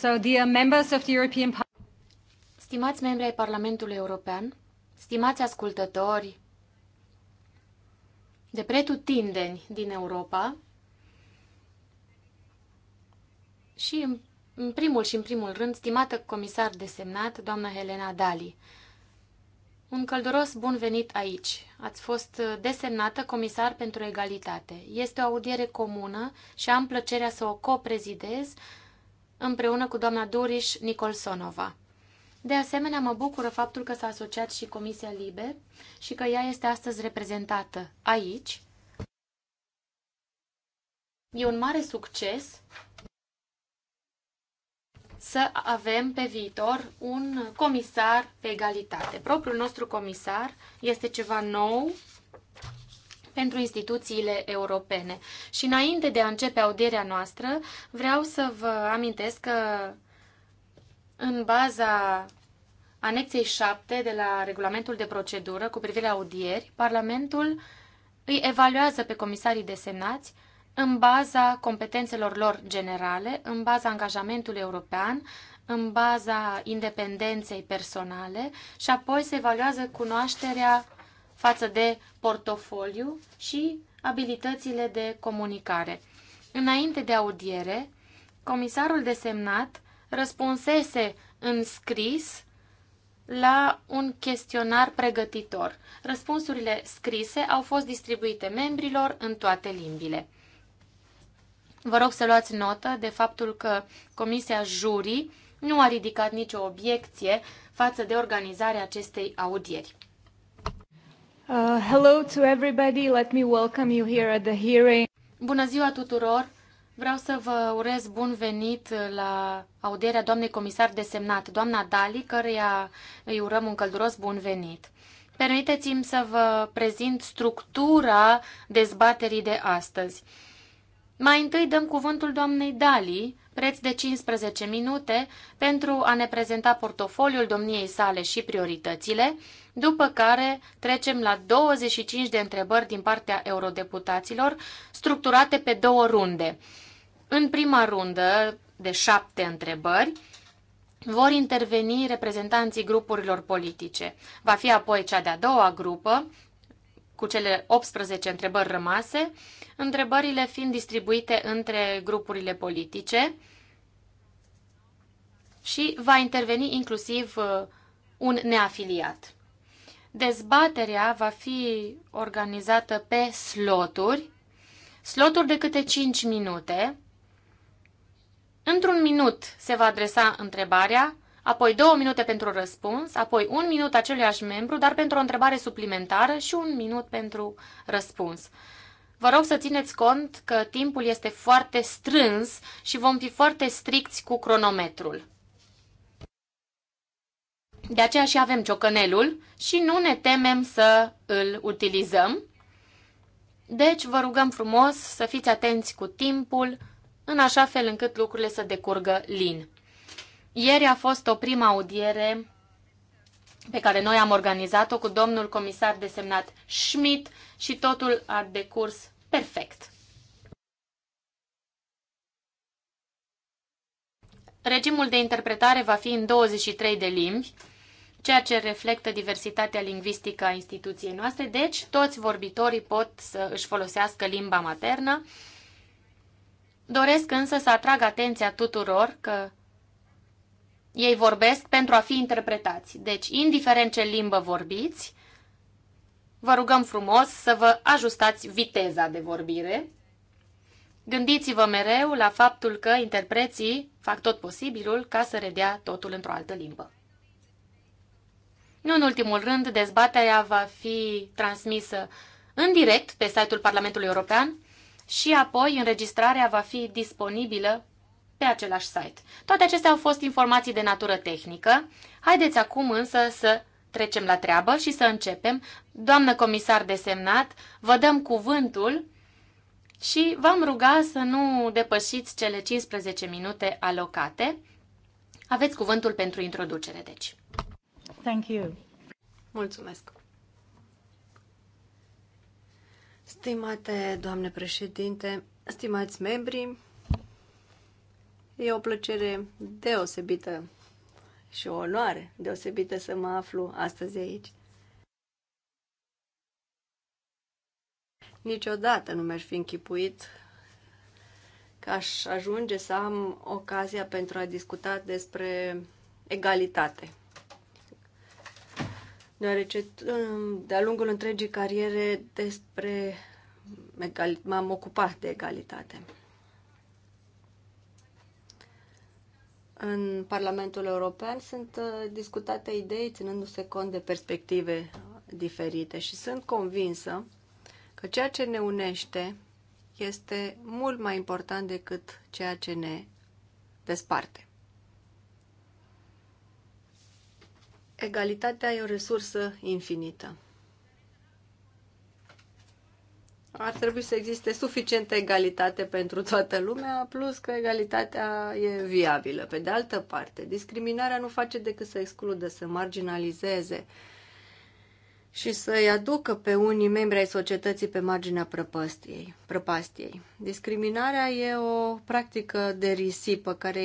So, dear members of the European Stimați membri ai Parlamentului European, stimați ascultători de pretutindeni din Europa și, în primul și în primul rând, stimată comisar desemnat, doamna Helena Dali, un călduros bun venit aici. Ați fost desemnată comisar pentru egalitate. Este o audiere comună și am plăcerea să o coprezidez prezidez împreună cu doamna Doriș Nicolsonova. De asemenea, mă bucură faptul că s-a asociat și Comisia Libe și că ea este astăzi reprezentată aici. E un mare succes să avem pe viitor un comisar pe egalitate. Propriul nostru comisar este ceva nou pentru instituțiile europene. Și înainte de a începe audierea noastră, vreau să vă amintesc că în baza anexei 7 de la regulamentul de procedură cu privire la audieri, Parlamentul îi evaluează pe comisarii desemnați în baza competențelor lor generale, în baza angajamentului european, în baza independenței personale și apoi se evaluează cunoașterea față de portofoliu și abilitățile de comunicare. Înainte de audiere, comisarul desemnat răspunsese în scris la un chestionar pregătitor. Răspunsurile scrise au fost distribuite membrilor în toate limbile. Vă rog să luați notă de faptul că Comisia Jurii nu a ridicat nicio obiecție față de organizarea acestei audieri. Uh, hello to everybody. Let me welcome you here at the hearing. Bună ziua tuturor. Vreau să vă urez bun venit la audierea doamnei comisar desemnat, doamna Dali, căreia îi urăm un călduros bun venit. Permiteți-mi să vă prezint structura dezbaterii de astăzi. Mai întâi dăm cuvântul doamnei Dali, preț de 15 minute pentru a ne prezenta portofoliul domniei sale și prioritățile, după care trecem la 25 de întrebări din partea eurodeputaților, structurate pe două runde. În prima rundă, de șapte întrebări, vor interveni reprezentanții grupurilor politice. Va fi apoi cea de-a doua grupă, cu cele 18 întrebări rămase, întrebările fiind distribuite între grupurile politice și va interveni inclusiv uh, un neafiliat. Dezbaterea va fi organizată pe sloturi, sloturi de câte 5 minute. Într-un minut se va adresa întrebarea, apoi două minute pentru răspuns, apoi un minut aceluiași membru, dar pentru o întrebare suplimentară și un minut pentru răspuns. Vă rog să țineți cont că timpul este foarte strâns și vom fi foarte stricți cu cronometrul. De aceea și avem ciocănelul și nu ne temem să îl utilizăm. Deci vă rugăm frumos să fiți atenți cu timpul, în așa fel încât lucrurile să decurgă lin. Ieri a fost o prima audiere pe care noi am organizat-o cu domnul comisar desemnat Schmidt și totul a decurs perfect. Regimul de interpretare va fi în 23 de limbi, ceea ce reflectă diversitatea lingvistică a instituției noastre, deci toți vorbitorii pot să își folosească limba maternă. Doresc însă să atrag atenția tuturor că ei vorbesc pentru a fi interpretați. Deci, indiferent ce limbă vorbiți, vă rugăm frumos să vă ajustați viteza de vorbire. Gândiți-vă mereu la faptul că interpreții fac tot posibilul ca să redea totul într-o altă limbă. Nu în ultimul rând, dezbaterea va fi transmisă în direct pe site-ul Parlamentului European și apoi înregistrarea va fi disponibilă pe același site. Toate acestea au fost informații de natură tehnică. Haideți acum însă să trecem la treabă și să începem. Doamnă comisar desemnat, vă dăm cuvântul și v-am ruga să nu depășiți cele 15 minute alocate. Aveți cuvântul pentru introducere, deci. Thank you. Mulțumesc. Stimate doamne președinte, stimați membri, E o plăcere deosebită și o onoare deosebită să mă aflu astăzi aici. Niciodată nu mi-aș fi închipuit că aș ajunge să am ocazia pentru a discuta despre egalitate. Deoarece de-a lungul întregii cariere despre m-am ocupat de egalitate. în Parlamentul European sunt uh, discutate idei ținându-se cont de perspective diferite și sunt convinsă că ceea ce ne unește este mult mai important decât ceea ce ne desparte. Egalitatea e o resursă infinită. ar trebui să existe suficientă egalitate pentru toată lumea, plus că egalitatea e viabilă. Pe de altă parte, discriminarea nu face decât să excludă, să marginalizeze și să-i aducă pe unii membri ai societății pe marginea prăpastiei. prăpastiei. Discriminarea e o practică de risipă care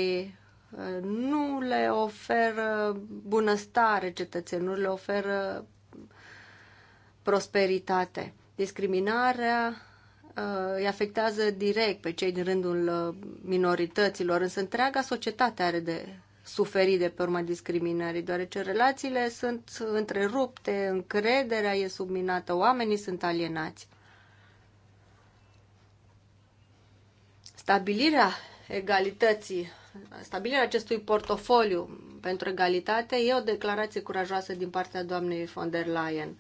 uh, nu le oferă bunăstare cetățenilor, le oferă prosperitate. Discriminarea uh, îi afectează direct pe cei din rândul uh, minorităților, însă întreaga societate are de suferit de pe urma discriminării, deoarece relațiile sunt întrerupte, încrederea e subminată, oamenii sunt alienați. Stabilirea egalității, stabilirea acestui portofoliu pentru egalitate e o declarație curajoasă din partea doamnei von der Leyen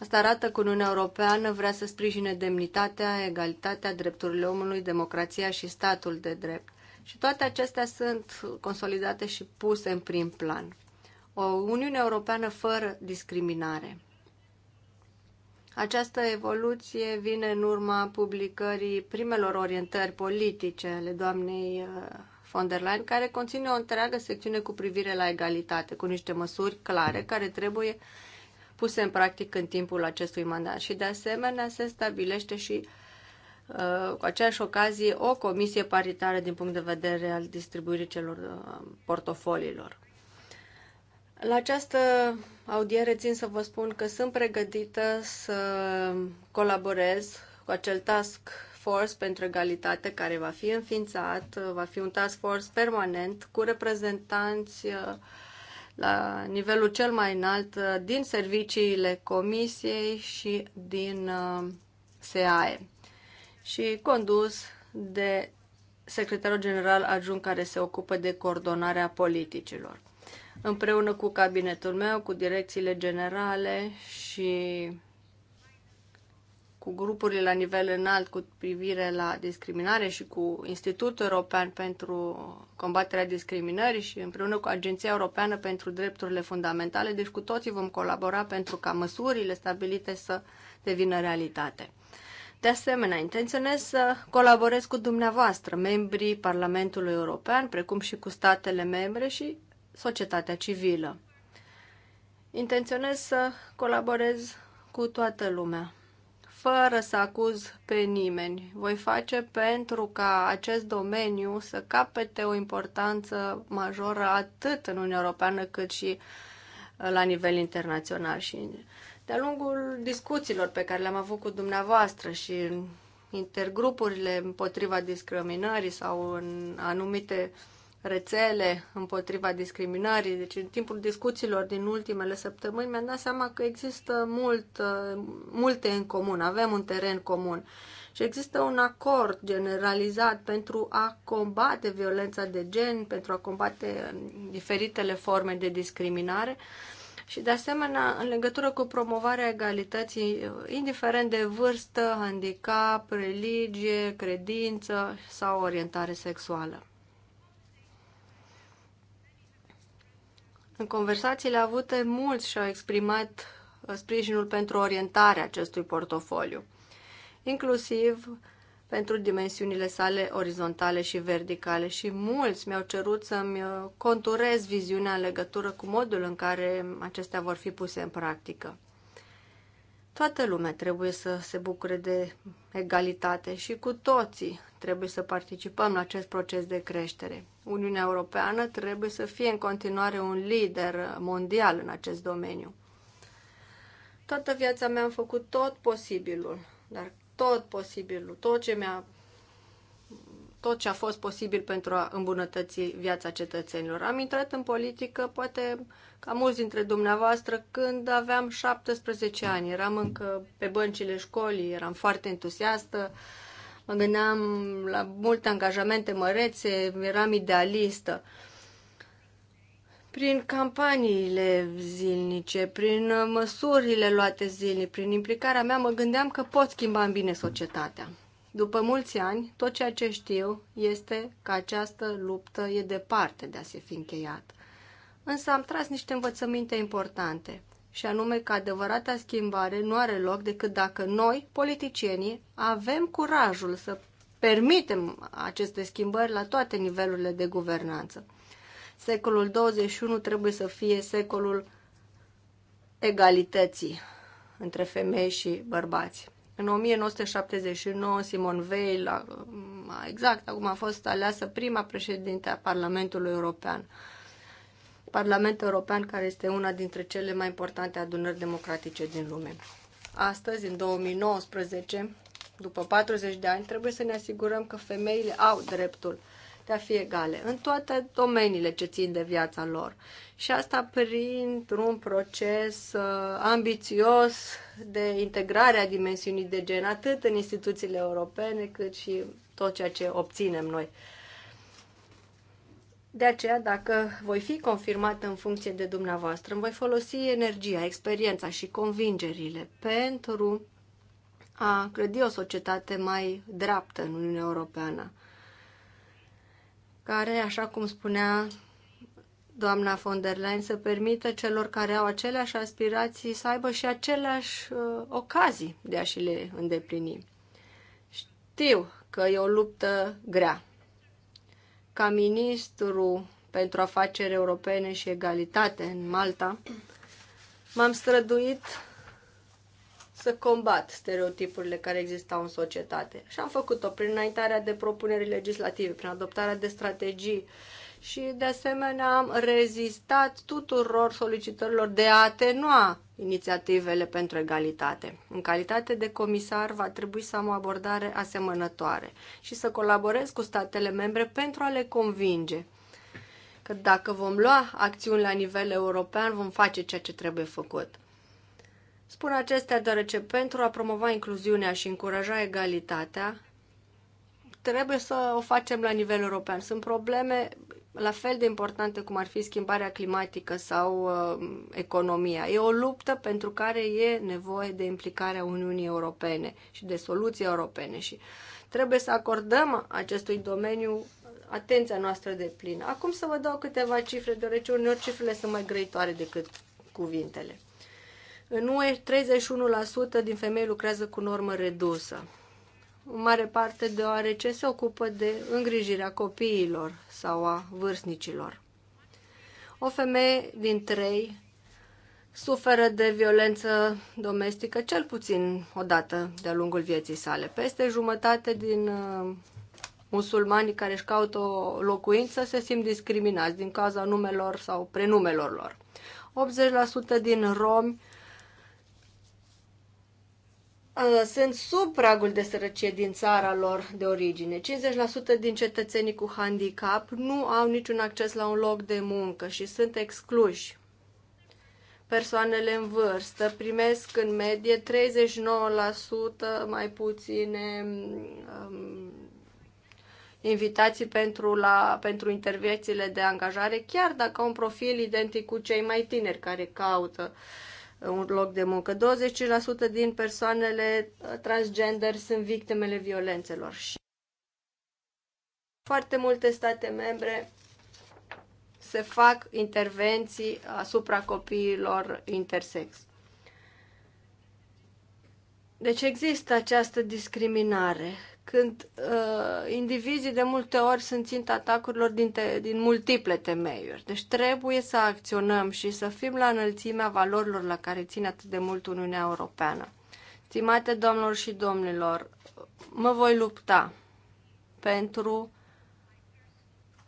Asta arată că Uniunea Europeană vrea să sprijine demnitatea, egalitatea, drepturile omului, democrația și statul de drept. Și toate acestea sunt consolidate și puse în prim plan. O Uniune Europeană fără discriminare. Această evoluție vine în urma publicării primelor orientări politice ale doamnei uh, von der Leyen, care conține o întreagă secțiune cu privire la egalitate, cu niște măsuri clare care trebuie puse în practic în timpul acestui mandat. Și de asemenea se stabilește și uh, cu aceeași ocazie o comisie paritară din punct de vedere al distribuirii celor uh, portofoliilor. La această audiere țin să vă spun că sunt pregătită să colaborez cu acel task force pentru egalitate care va fi înființat, va fi un task force permanent cu reprezentanți uh, la nivelul cel mai înalt uh, din serviciile Comisiei și din uh, SEAE și condus de secretarul general adjunct care se ocupă de coordonarea politicilor. Împreună cu cabinetul meu, cu direcțiile generale și cu grupurile la nivel înalt cu privire la discriminare și cu Institutul European pentru combaterea discriminării și împreună cu Agenția Europeană pentru Drepturile Fundamentale. Deci cu toții vom colabora pentru ca măsurile stabilite să devină realitate. De asemenea, intenționez să colaborez cu dumneavoastră, membrii Parlamentului European, precum și cu statele membre și societatea civilă. Intenționez să colaborez cu toată lumea fără să acuz pe nimeni. Voi face pentru ca acest domeniu să capete o importanță majoră atât în Uniunea Europeană cât și uh, la nivel internațional și de-a lungul discuțiilor pe care le-am avut cu dumneavoastră și intergrupurile împotriva discriminării sau în anumite uh, rețele împotriva discriminării. Deci, în timpul discuțiilor din ultimele săptămâni, mi-am dat seama că există mult, multe în comun, avem un teren comun. Și există un acord generalizat pentru a combate violența de gen, pentru a combate diferitele forme de discriminare și, de asemenea, în legătură cu promovarea egalității, indiferent de vârstă, handicap, religie, credință sau orientare sexuală. În conversațiile avute, mulți și-au exprimat uh, sprijinul pentru orientarea acestui portofoliu, inclusiv pentru dimensiunile sale orizontale și verticale și mulți mi-au cerut să-mi uh, conturez viziunea în legătură cu modul în care acestea vor fi puse în practică. Toată lumea trebuie să se bucure de egalitate și cu toții trebuie să participăm la acest proces de creștere. Uniunea Europeană trebuie să fie în continuare un lider mondial în acest domeniu. Toată viața mea am făcut tot posibilul, dar tot posibilul, tot ce mi-a tot ce a fost posibil pentru a îmbunătăți viața cetățenilor. Am intrat în politică, poate ca mulți dintre dumneavoastră, când aveam 17 ani. Eram încă pe băncile școlii, eram foarte entuziastă, mă gândeam la multe angajamente mărețe, eram idealistă prin campaniile zilnice, prin măsurile luate zilnic, prin implicarea mea, mă gândeam că pot schimba în bine societatea. După mulți ani, tot ceea ce știu este că această luptă e departe de a se fi încheiat. Însă am tras niște învățăminte importante, și anume că adevărata schimbare nu are loc decât dacă noi, politicienii, avem curajul să permitem aceste schimbări la toate nivelurile de guvernanță. Secolul 21 trebuie să fie secolul egalității între femei și bărbați. În 1979, Simon Veil, exact, acum a fost aleasă prima președinte a Parlamentului European. Parlamentul European, care este una dintre cele mai importante adunări democratice din lume. Astăzi, în 2019, după 40 de ani, trebuie să ne asigurăm că femeile au dreptul de a fi egale în toate domeniile ce țin de viața lor. Și asta printr-un proces uh, ambițios de integrare a dimensiunii de gen, atât în instituțiile europene, cât și tot ceea ce obținem noi. De aceea, dacă voi fi confirmat în funcție de dumneavoastră, îmi voi folosi energia, experiența și convingerile pentru a clădi o societate mai dreaptă în Uniunea Europeană care, așa cum spunea doamna von der Leyen, să permită celor care au aceleași aspirații să aibă și aceleași uh, ocazii de a-și le îndeplini. Știu că e o luptă grea. Ca ministru pentru afaceri europene și egalitate în Malta, m-am străduit să combat stereotipurile care existau în societate. Și am făcut-o prin înaintarea de propuneri legislative, prin adoptarea de strategii și, de asemenea, am rezistat tuturor solicitărilor de a atenua inițiativele pentru egalitate. În calitate de comisar, va trebui să am o abordare asemănătoare și să colaborez cu statele membre pentru a le convinge că dacă vom lua acțiuni la nivel european, vom face ceea ce trebuie făcut. Spun acestea deoarece pentru a promova incluziunea și încuraja egalitatea, trebuie să o facem la nivel european. Sunt probleme la fel de importante cum ar fi schimbarea climatică sau uh, economia. E o luptă pentru care e nevoie de implicarea Uniunii Europene și de soluții europene și trebuie să acordăm acestui domeniu atenția noastră de plină. Acum să vă dau câteva cifre, deoarece uneori cifrele sunt mai grăitoare decât cuvintele. În UE, 31% din femei lucrează cu normă redusă. În mare parte deoarece se ocupă de îngrijirea copiilor sau a vârstnicilor. O femeie din trei suferă de violență domestică cel puțin o dată de-a lungul vieții sale. Peste jumătate din uh, musulmani care își caută o locuință se simt discriminați din cauza numelor sau prenumelor lor. 80% din romi Uh, sunt sub pragul de sărăcie din țara lor de origine. 50% din cetățenii cu handicap nu au niciun acces la un loc de muncă și sunt excluși. Persoanele în vârstă primesc în medie 39% mai puține um, invitații pentru, la, pentru intervențiile de angajare, chiar dacă au un profil identic cu cei mai tineri care caută uh, un loc de muncă. 25% din persoanele transgender sunt victimele violențelor și foarte multe state membre se fac intervenții asupra copiilor intersex. Deci există această discriminare când uh, indivizii de multe ori sunt țint atacurilor din, te, din multiple temeiuri. Deci trebuie să acționăm și să fim la înălțimea valorilor la care ține atât de mult Uniunea Europeană. Stimate domnilor și domnilor, mă voi lupta pentru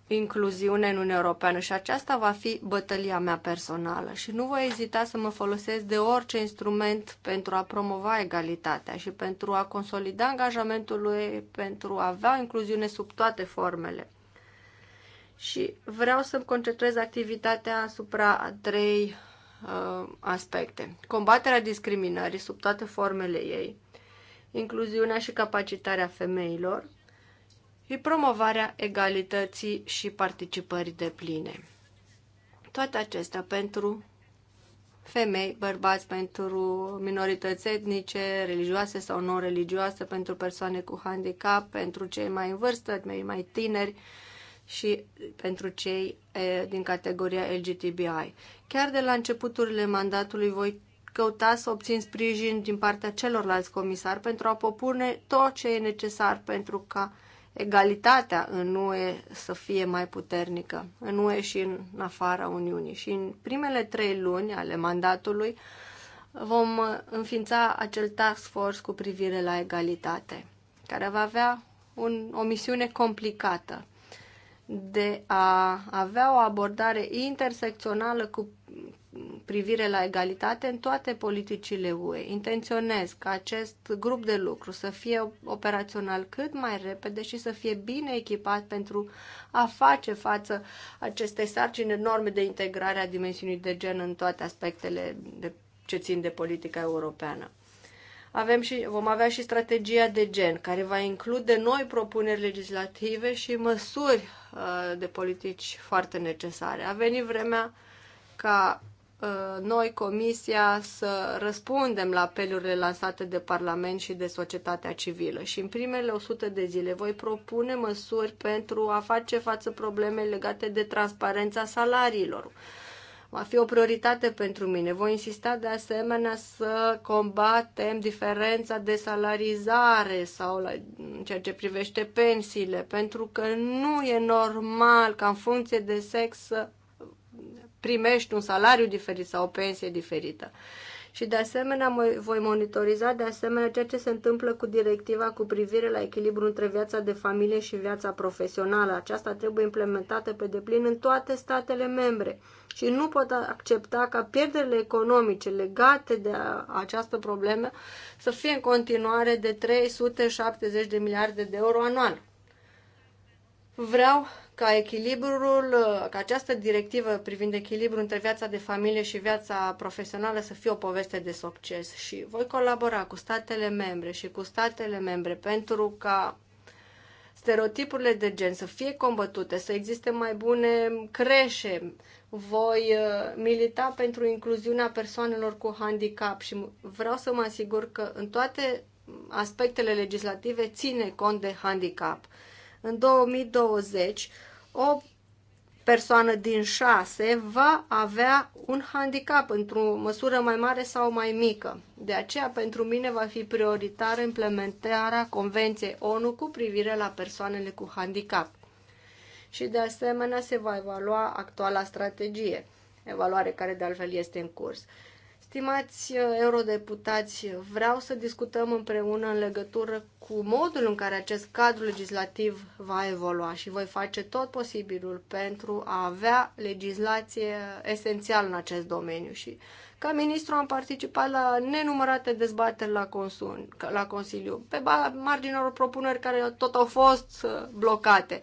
incluziune în Uniunea Europeană și aceasta va fi bătălia mea personală și nu voi ezita să mă folosesc de orice instrument pentru a promova egalitatea și pentru a consolida angajamentul lui pentru a avea incluziune sub toate formele. Și vreau să-mi concentrez activitatea asupra a trei uh, aspecte. Combaterea discriminării sub toate formele ei, incluziunea și capacitarea femeilor, e promovarea egalității și participării de pline. Toate acestea pentru femei, bărbați, pentru minorități etnice, religioase sau non-religioase, pentru persoane cu handicap, pentru cei mai în vârstă, cei mai tineri și pentru cei din categoria LGTBI. Chiar de la începuturile mandatului voi căuta să obțin sprijin din partea celorlalți comisari pentru a popune tot ce e necesar pentru ca egalitatea în UE să fie mai puternică, în UE și în afara Uniunii. Și în primele trei luni ale mandatului vom înființa acel task force cu privire la egalitate, care va avea un, o misiune complicată de a avea o abordare intersecțională cu privire la egalitate în toate politicile UE. Intenționez ca acest grup de lucru să fie operațional cât mai repede și să fie bine echipat pentru a face față acestei sarcini enorme de integrare a dimensiunii de gen în toate aspectele de, ce țin de politica europeană. Avem și, vom avea și strategia de gen, care va include noi propuneri legislative și măsuri uh, de politici foarte necesare. A venit vremea ca Uh, noi, Comisia, să răspundem la apelurile lansate de Parlament și de societatea civilă. Și în primele 100 de zile voi propune măsuri pentru a face față probleme legate de transparența salariilor. Va fi o prioritate pentru mine. Voi insista de asemenea să combatem diferența de salarizare sau la, în ceea ce privește pensiile, pentru că nu e normal ca în funcție de sex să primești un salariu diferit sau o pensie diferită. Și de asemenea voi monitoriza de asemenea ceea ce se întâmplă cu directiva cu privire la echilibru între viața de familie și viața profesională. Aceasta trebuie implementată pe deplin în toate statele membre și nu pot accepta ca pierderile economice legate de această problemă să fie în continuare de 370 de miliarde de euro anual. Vreau ca echilibrul, ca această directivă privind echilibrul între viața de familie și viața profesională să fie o poveste de succes și voi colabora cu statele membre și cu statele membre pentru ca stereotipurile de gen să fie combătute, să existe mai bune creșe, voi uh, milita pentru incluziunea persoanelor cu handicap și vreau să mă asigur că în toate aspectele legislative ține cont de handicap. În 2020 o persoană din șase va avea un handicap într-o măsură mai mare sau mai mică. De aceea, pentru mine va fi prioritară implementarea Convenției ONU cu privire la persoanele cu handicap. Și de asemenea se va evalua actuala strategie, evaluare care de altfel este în curs. Stimați uh, eurodeputați, vreau să discutăm împreună în legătură cu modul în care acest cadru legislativ va evolua și voi face tot posibilul pentru a avea legislație esențială în acest domeniu. Și ca ministru am participat la nenumărate dezbateri la, consum, la Consiliu, pe marginea unor propuneri care tot au fost uh, blocate.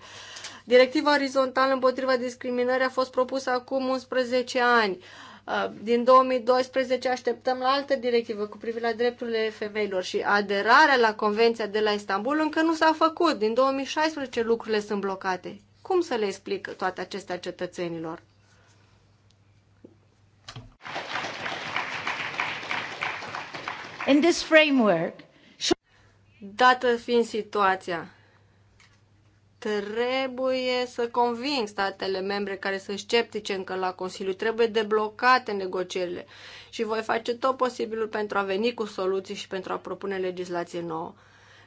Directiva orizontală împotriva discriminării a fost propusă acum 11 ani. Uh, Uh, din 2012 așteptăm la altă directivă cu privire la drepturile femeilor și aderarea la Convenția de la Istanbul încă nu s-a făcut. Din 2016 lucrurile sunt blocate. Cum să le explic toate acestea cetățenilor? In this framework, Dată fiind situația, Trebuie să conving statele membre care sunt sceptice încă la Consiliu. Trebuie deblocate negocierile și voi face tot posibilul pentru a veni cu soluții și pentru a propune legislație nouă.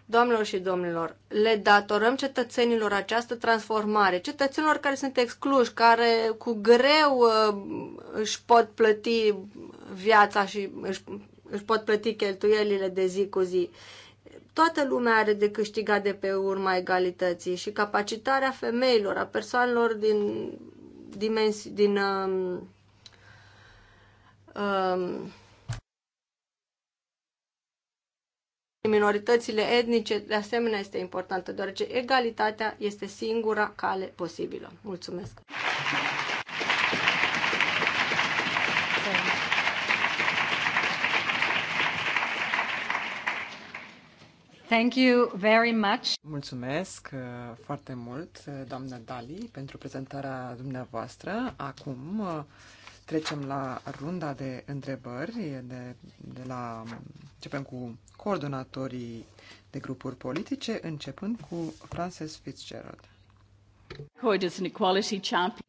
Doamnelor și domnilor, le datorăm cetățenilor această transformare, cetățenilor care sunt excluși, care cu greu uh, își pot plăti viața și își, își pot plăti cheltuielile de zi cu zi. Toată lumea are de câștigat de pe urma egalității și capacitarea femeilor, a persoanelor din dimensi, din um, um, minoritățile etnice, de asemenea, este importantă, deoarece egalitatea este singura cale posibilă. Mulțumesc! Thank you very much. Mulțumesc uh, foarte mult, uh, doamna Dali, pentru prezentarea dumneavoastră. Acum uh, trecem la runda de întrebări. De, de la, începem cu coordonatorii de grupuri politice, începând cu Frances Fitzgerald. an Equality Champion.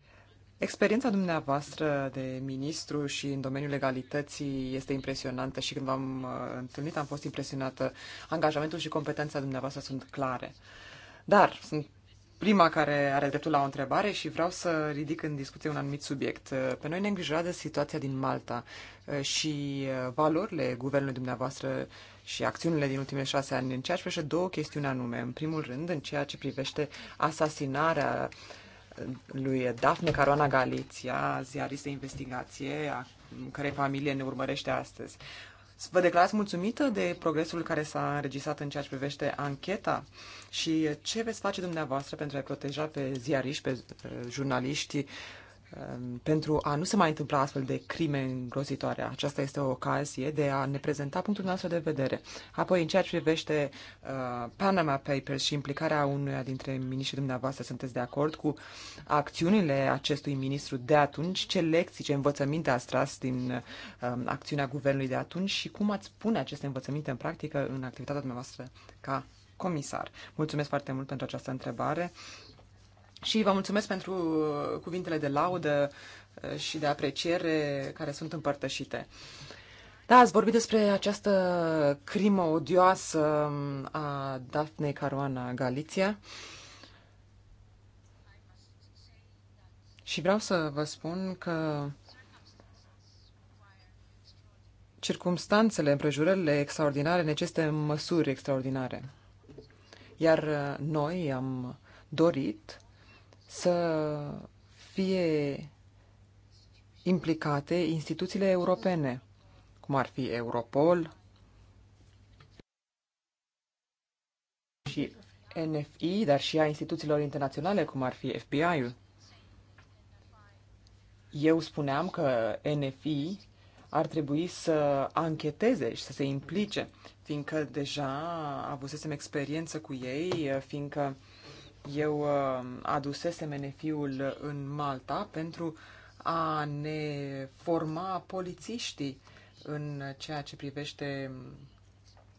Experiența dumneavoastră de ministru și în domeniul legalității este impresionantă și când v-am uh, întâlnit am fost impresionată. Angajamentul și competența dumneavoastră sunt clare. Dar sunt prima care are dreptul la o întrebare și vreau să ridic în discuție un anumit subiect. Uh, pe noi ne îngrijorează situația din Malta uh, și valorile guvernului dumneavoastră și acțiunile din ultimele șase ani în ceea ce privește două chestiuni anume. În primul rând, în ceea ce privește asasinarea uh, lui Dafne Caruana Galiția, ziarist de investigație, a cărei familie ne urmărește astăzi. Vă declarați mulțumită de progresul care s-a înregistrat în ceea ce privește ancheta și ce veți face dumneavoastră pentru a proteja pe ziariști, pe eh, jurnaliști Ehm, pentru a nu se mai întâmpla astfel de crime îngrozitoare. Aceasta este o ocazie de a ne prezenta punctul nostru de vedere. Apoi, în ceea ce privește uh, Panama Papers și implicarea unuia dintre miniștri dumneavoastră, sunteți de acord cu acțiunile acestui ministru de atunci? Ce lecții, ce învățăminte ați tras din uh, acțiunea guvernului de atunci și cum ați pune aceste învățăminte în practică în activitatea dumneavoastră ca comisar? Mulțumesc foarte mult pentru această întrebare. Uh, și vă mulțumesc pentru cuvintele de laudă uh, și de apreciere care sunt împărtășite. Da, ați vorbit despre această crimă odioasă um, a Daphne Caruana Galiția. Și vreau să vă spun că circumstanțele, împrejurările extraordinare necesită măsuri extraordinare. Iar uh, noi am dorit să fie implicate instituțiile europene, cum ar fi Europol și NFI, dar și a instituțiilor internaționale, cum ar fi FBI-ul. Eu spuneam că NFI ar trebui să ancheteze și să se implice, fiindcă deja avusesem experiență cu ei, fiindcă eu uh, adusesem NFI-ul în Malta pentru a ne forma polițiștii în ceea ce privește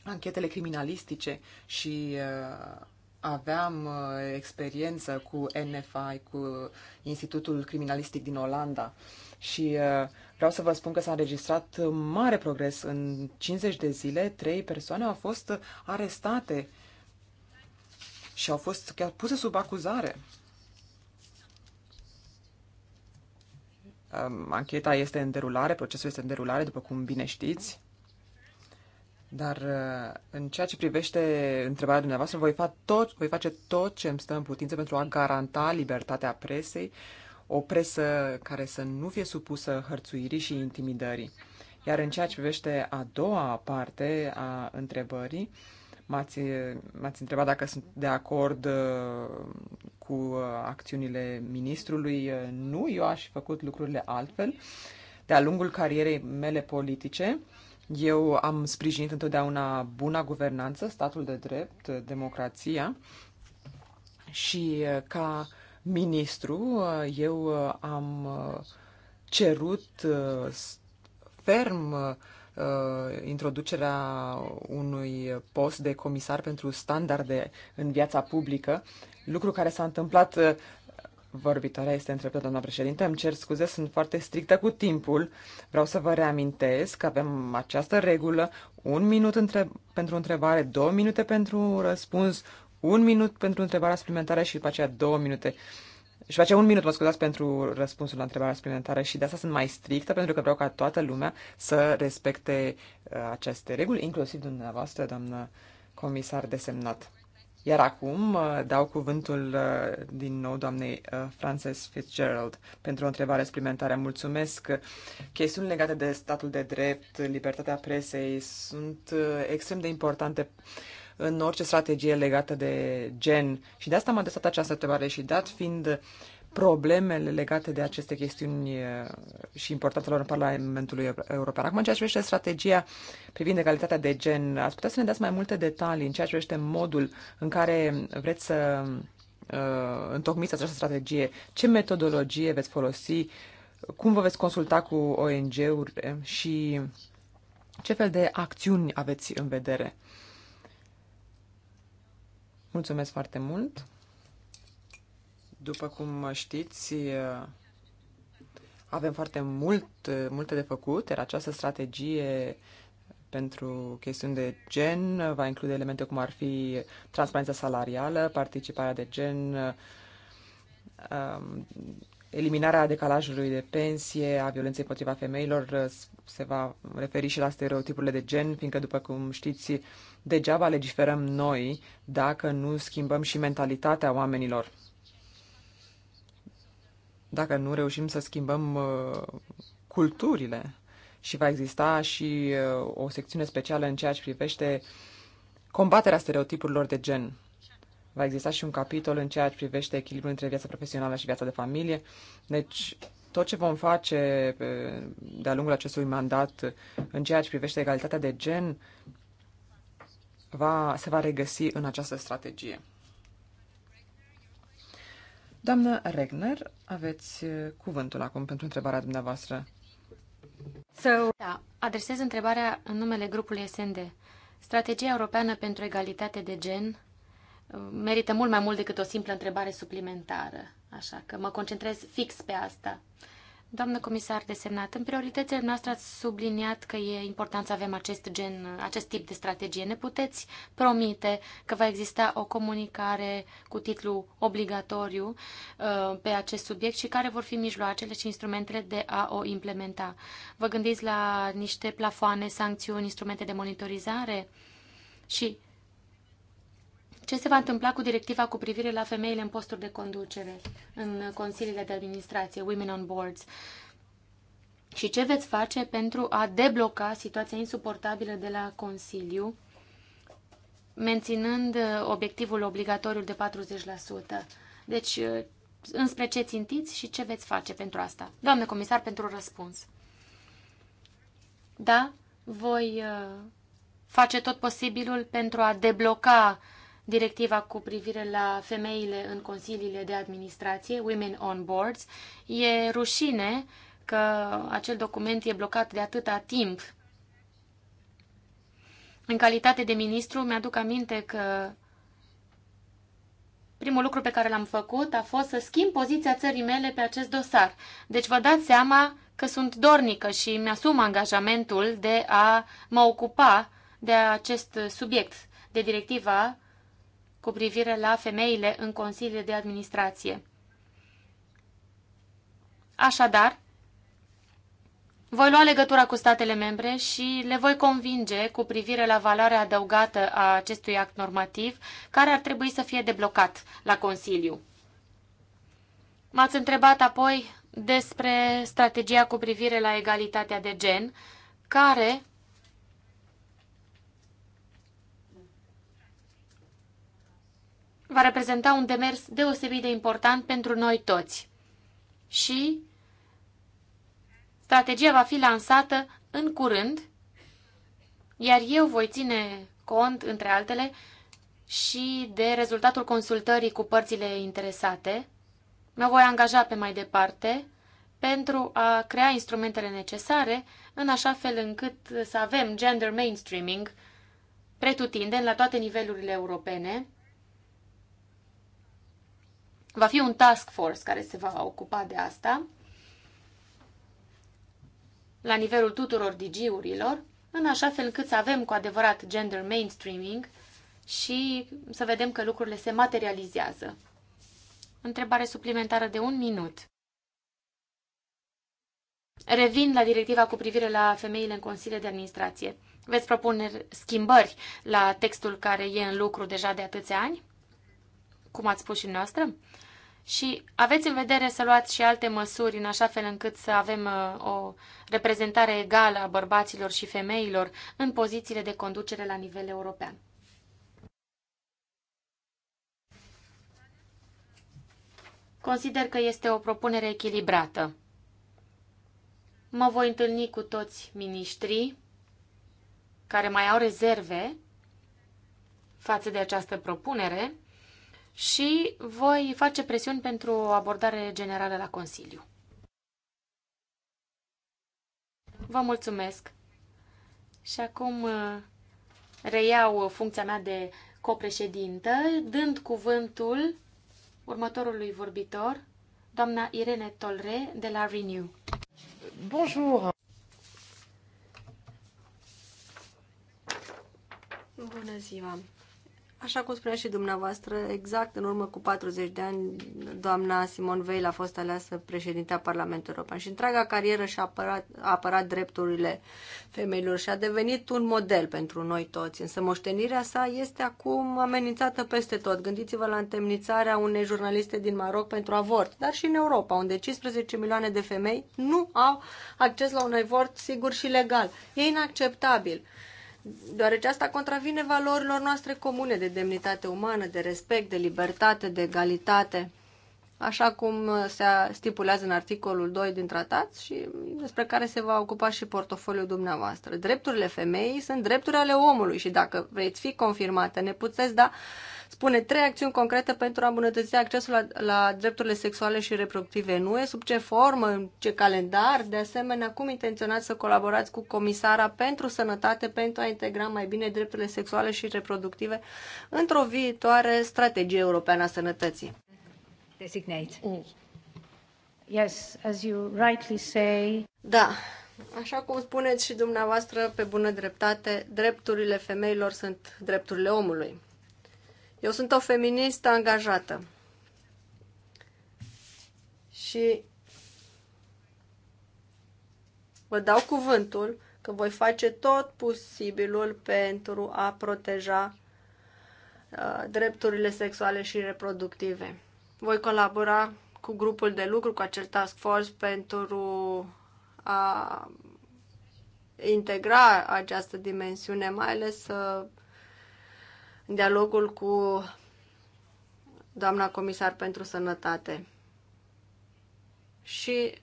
anchetele criminalistice și uh, aveam uh, experiență cu NFI, cu Institutul Criminalistic din Olanda și vreau să vă spun că s-a înregistrat mare progres. În 50 de zile, trei persoane au fost arestate și au fost chiar puse sub acuzare. Ancheta este în derulare, procesul este în derulare, după cum bine știți. Dar uh, în ceea ce privește întrebarea dumneavoastră, voi, fa tot, voi face tot ce îmi stă în putință pentru a garanta libertatea presei, o presă care să nu fie supusă hărțuirii și intimidării. Iar în ceea ce privește a doua parte a întrebării, uh, M-ați, m-ați întrebat dacă sunt de acord uh, cu uh, acțiunile ministrului. Uh, nu, eu aș fi făcut lucrurile altfel. De-a lungul carierei mele politice, eu am sprijinit întotdeauna buna guvernanță, statul de drept, democrația și ca ministru eu am cerut ferm uh, introducerea unui post de comisar pentru standarde în viața publică, lucru care s-a întâmplat uh, Vorbitoarea este întreptă, doamna președinte. Îmi cer scuze, sunt foarte strictă cu timpul. Vreau să vă reamintesc că avem această regulă. Un minut între... pentru întrebare, două minute pentru răspuns, un minut pentru întrebarea suplimentară și după aceea două minute uh, își face un minut, mă scuzați, pentru răspunsul la întrebarea suplimentară și de asta sunt mai strictă, pentru că vreau ca toată lumea să respecte uh, aceste reguli, inclusiv dumneavoastră, doamnă comisar desemnat. Iar acum uh, dau cuvântul uh, din nou doamnei Frances Fitzgerald pentru o întrebare suplimentară. Mulțumesc. Chestiuni legate de statul de drept, libertatea presei sunt extrem de importante în orice strategie legată de gen. Și de asta m-a adresat această întrebare și dat fiind problemele legate de aceste chestiuni și importanța lor în Parlamentul European. Acum, în ceea ce privește strategia privind egalitatea de gen, ați putea să ne dați mai multe detalii în ceea ce privește modul în care vreți să uh, întocmiți această strategie, ce metodologie veți folosi, cum vă veți consulta cu ONG-uri și ce fel de acțiuni aveți în vedere. Mulțumesc foarte mult! După cum știți, avem foarte mult, multe de făcut, iar această strategie pentru chestiuni de gen va include elemente cum ar fi transparența salarială, participarea de gen, um, eliminarea decalajului de pensie, a violenței împotriva femeilor, uh, se va referi și la stereotipurile de gen, fiindcă, după cum știți, degeaba legiferăm noi dacă nu schimbăm și mentalitatea oamenilor. Dacă nu reușim să schimbăm uh, culturile și va exista și uh, o secțiune specială în ceea ce privește combaterea stereotipurilor de gen va exista și un capitol în ceea ce privește echilibrul între viața profesională și viața de familie. Deci, tot ce vom face de-a lungul acestui mandat în ceea ce privește egalitatea de gen va, se va regăsi în această strategie. Doamnă Regner, aveți eh, cuvântul acum pentru întrebarea dumneavoastră. So, da, adresez întrebarea în numele grupului SND. Strategia Europeană pentru Egalitate de Gen merită mult mai mult decât o simplă întrebare suplimentară. Așa că mă concentrez fix pe asta. Doamnă comisar desemnat, în prioritățile noastre ați subliniat că e important să avem acest gen, acest tip de strategie. Ne puteți promite că va exista o comunicare cu titlu obligatoriu uh, pe acest subiect și care vor fi mijloacele și instrumentele de a o implementa? Vă gândiți la niște plafoane, sancțiuni, instrumente de monitorizare? Și ce se va întâmpla cu directiva cu privire la femeile în posturi de conducere, în consiliile de administrație, Women on Boards, și ce veți face pentru a debloca situația insuportabilă de la Consiliu, menținând uh, obiectivul obligatoriu de 40%. Deci, uh, înspre ce țintiți și ce veți face pentru asta? Doamne comisar, pentru răspuns. Da, voi uh, face tot posibilul pentru a debloca uh, directiva cu privire la femeile în consiliile de administrație, Women on Boards. E rușine că acel document e blocat de atâta timp. În calitate de ministru, mi-aduc aminte că primul lucru pe care l-am făcut a fost să schimb poziția țării mele pe acest dosar. Deci vă dați seama că sunt dornică și mi-asum angajamentul de a mă ocupa de acest subiect, de directiva cu privire la femeile în consiliile de administrație. Așadar, voi lua legătura cu statele membre și le voi convinge cu privire la valoarea adăugată a acestui act normativ, care ar trebui să fie deblocat la Consiliu. M-ați întrebat apoi despre strategia cu privire la egalitatea de gen, care va reprezenta un demers deosebit de important pentru noi toți. Și strategia va fi lansată în curând, iar eu voi ține cont, între altele, și de rezultatul consultării cu părțile interesate. Mă voi angaja pe mai departe pentru a crea instrumentele necesare în așa fel încât să avem gender mainstreaming pretutindeni la toate nivelurile europene, Va fi un task force care se va ocupa de asta la nivelul tuturor DG-urilor, în așa fel încât să avem cu adevărat gender mainstreaming și să vedem că lucrurile se materializează. Întrebare suplimentară de un minut. Revin la directiva cu privire la femeile în Consiliul de Administrație. Veți propune schimbări la textul care e în lucru deja de atâția ani? cum ați spus și noastră, și aveți în vedere să luați și alte măsuri în așa fel încât să avem uh, o reprezentare egală a bărbaților și femeilor în pozițiile de conducere la nivel european. Consider că este o propunere echilibrată. Mă voi întâlni cu toți miniștrii care mai au rezerve față de această propunere și voi face presiuni pentru o abordare generală la Consiliu. Vă mulțumesc! Și acum uh, reiau funcția mea de copreședintă, dând cuvântul următorului vorbitor, doamna Irene Tolre de la Renew. Bonjour! Bună ziua! Așa cum spunea și dumneavoastră, exact în urmă cu 40 de ani, doamna Simon Veil a fost aleasă președintea Parlamentului European și întreaga carieră și-a apărat, a apărat drepturile femeilor și a devenit un model pentru noi toți. Însă moștenirea sa este acum amenințată peste tot. Gândiți-vă la întemnițarea unei jurnaliste din Maroc pentru avort, dar și în Europa, unde 15 milioane de femei nu au acces la un avort sigur și legal. E inacceptabil deoarece asta contravine valorilor noastre comune de demnitate umană, de respect, de libertate, de egalitate, așa cum se stipulează în articolul 2 din tratat și despre care se va ocupa și portofoliul dumneavoastră. Drepturile femeii sunt drepturile ale omului și dacă veți fi confirmate, ne puteți da uh, spune trei acțiuni concrete pentru a îmbunătăți accesul la, la drepturile sexuale și reproductive în UE, sub ce formă, în ce calendar, de asemenea, cum intenționați să colaborați cu Comisara pentru Sănătate pentru a integra mai bine drepturile sexuale și reproductive într-o viitoare strategie europeană a sănătății. Designate. Mm. Yes, as you rightly say. Da, Așa cum spuneți și dumneavoastră, pe bună dreptate, drepturile femeilor sunt drepturile omului. Eu sunt o feministă angajată. Și vă dau cuvântul că voi face tot posibilul pentru a proteja uh, drepturile sexuale și reproductive. Voi colabora cu grupul de lucru, cu acel task force, pentru a integra această dimensiune, mai ales uh, dialogul cu doamna comisar pentru sănătate. Și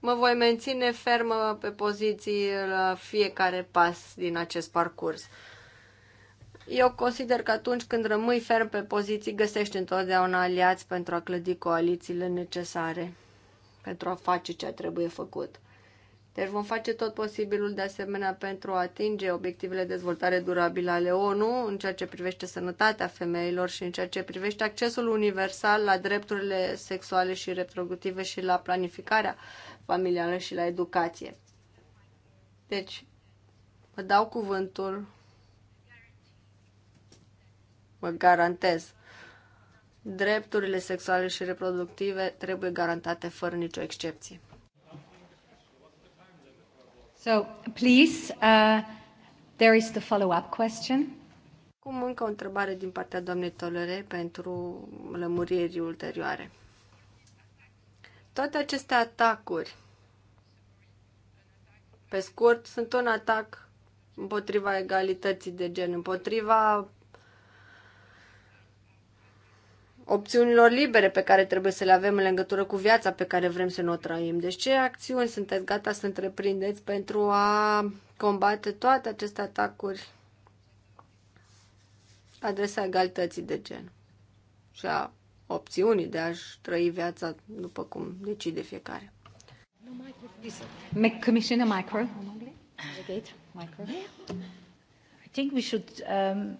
mă voi menține fermă pe poziții la fiecare pas din acest parcurs. Eu consider că atunci când rămâi ferm pe poziții, găsești întotdeauna aliați pentru a clădi coalițiile necesare, pentru a face ce trebuie făcut. Deci vom face tot posibilul de asemenea pentru a atinge obiectivele de dezvoltare durabilă ale ONU în ceea ce privește sănătatea femeilor și în ceea ce privește accesul universal la drepturile sexuale și reproductive și la planificarea familială și la educație. Deci, vă dau cuvântul, vă garantez, drepturile sexuale și reproductive trebuie garantate fără nicio excepție. So, please, uh, there is the follow-up question. Cum încă o întrebare din partea doamnei Tolere pentru lămuriri ulterioare. Toate aceste atacuri, pe scurt, sunt un atac împotriva egalității de gen, împotriva opțiunilor libere pe care trebuie să le avem în legătură cu viața pe care vrem să ne o trăim. Deci ce acțiuni sunteți gata să întreprindeți pentru a combate toate aceste atacuri adresa egalității de gen și a opțiunii de a-și trăi viața după cum decide fiecare. Commissioner Micro. I think we should um,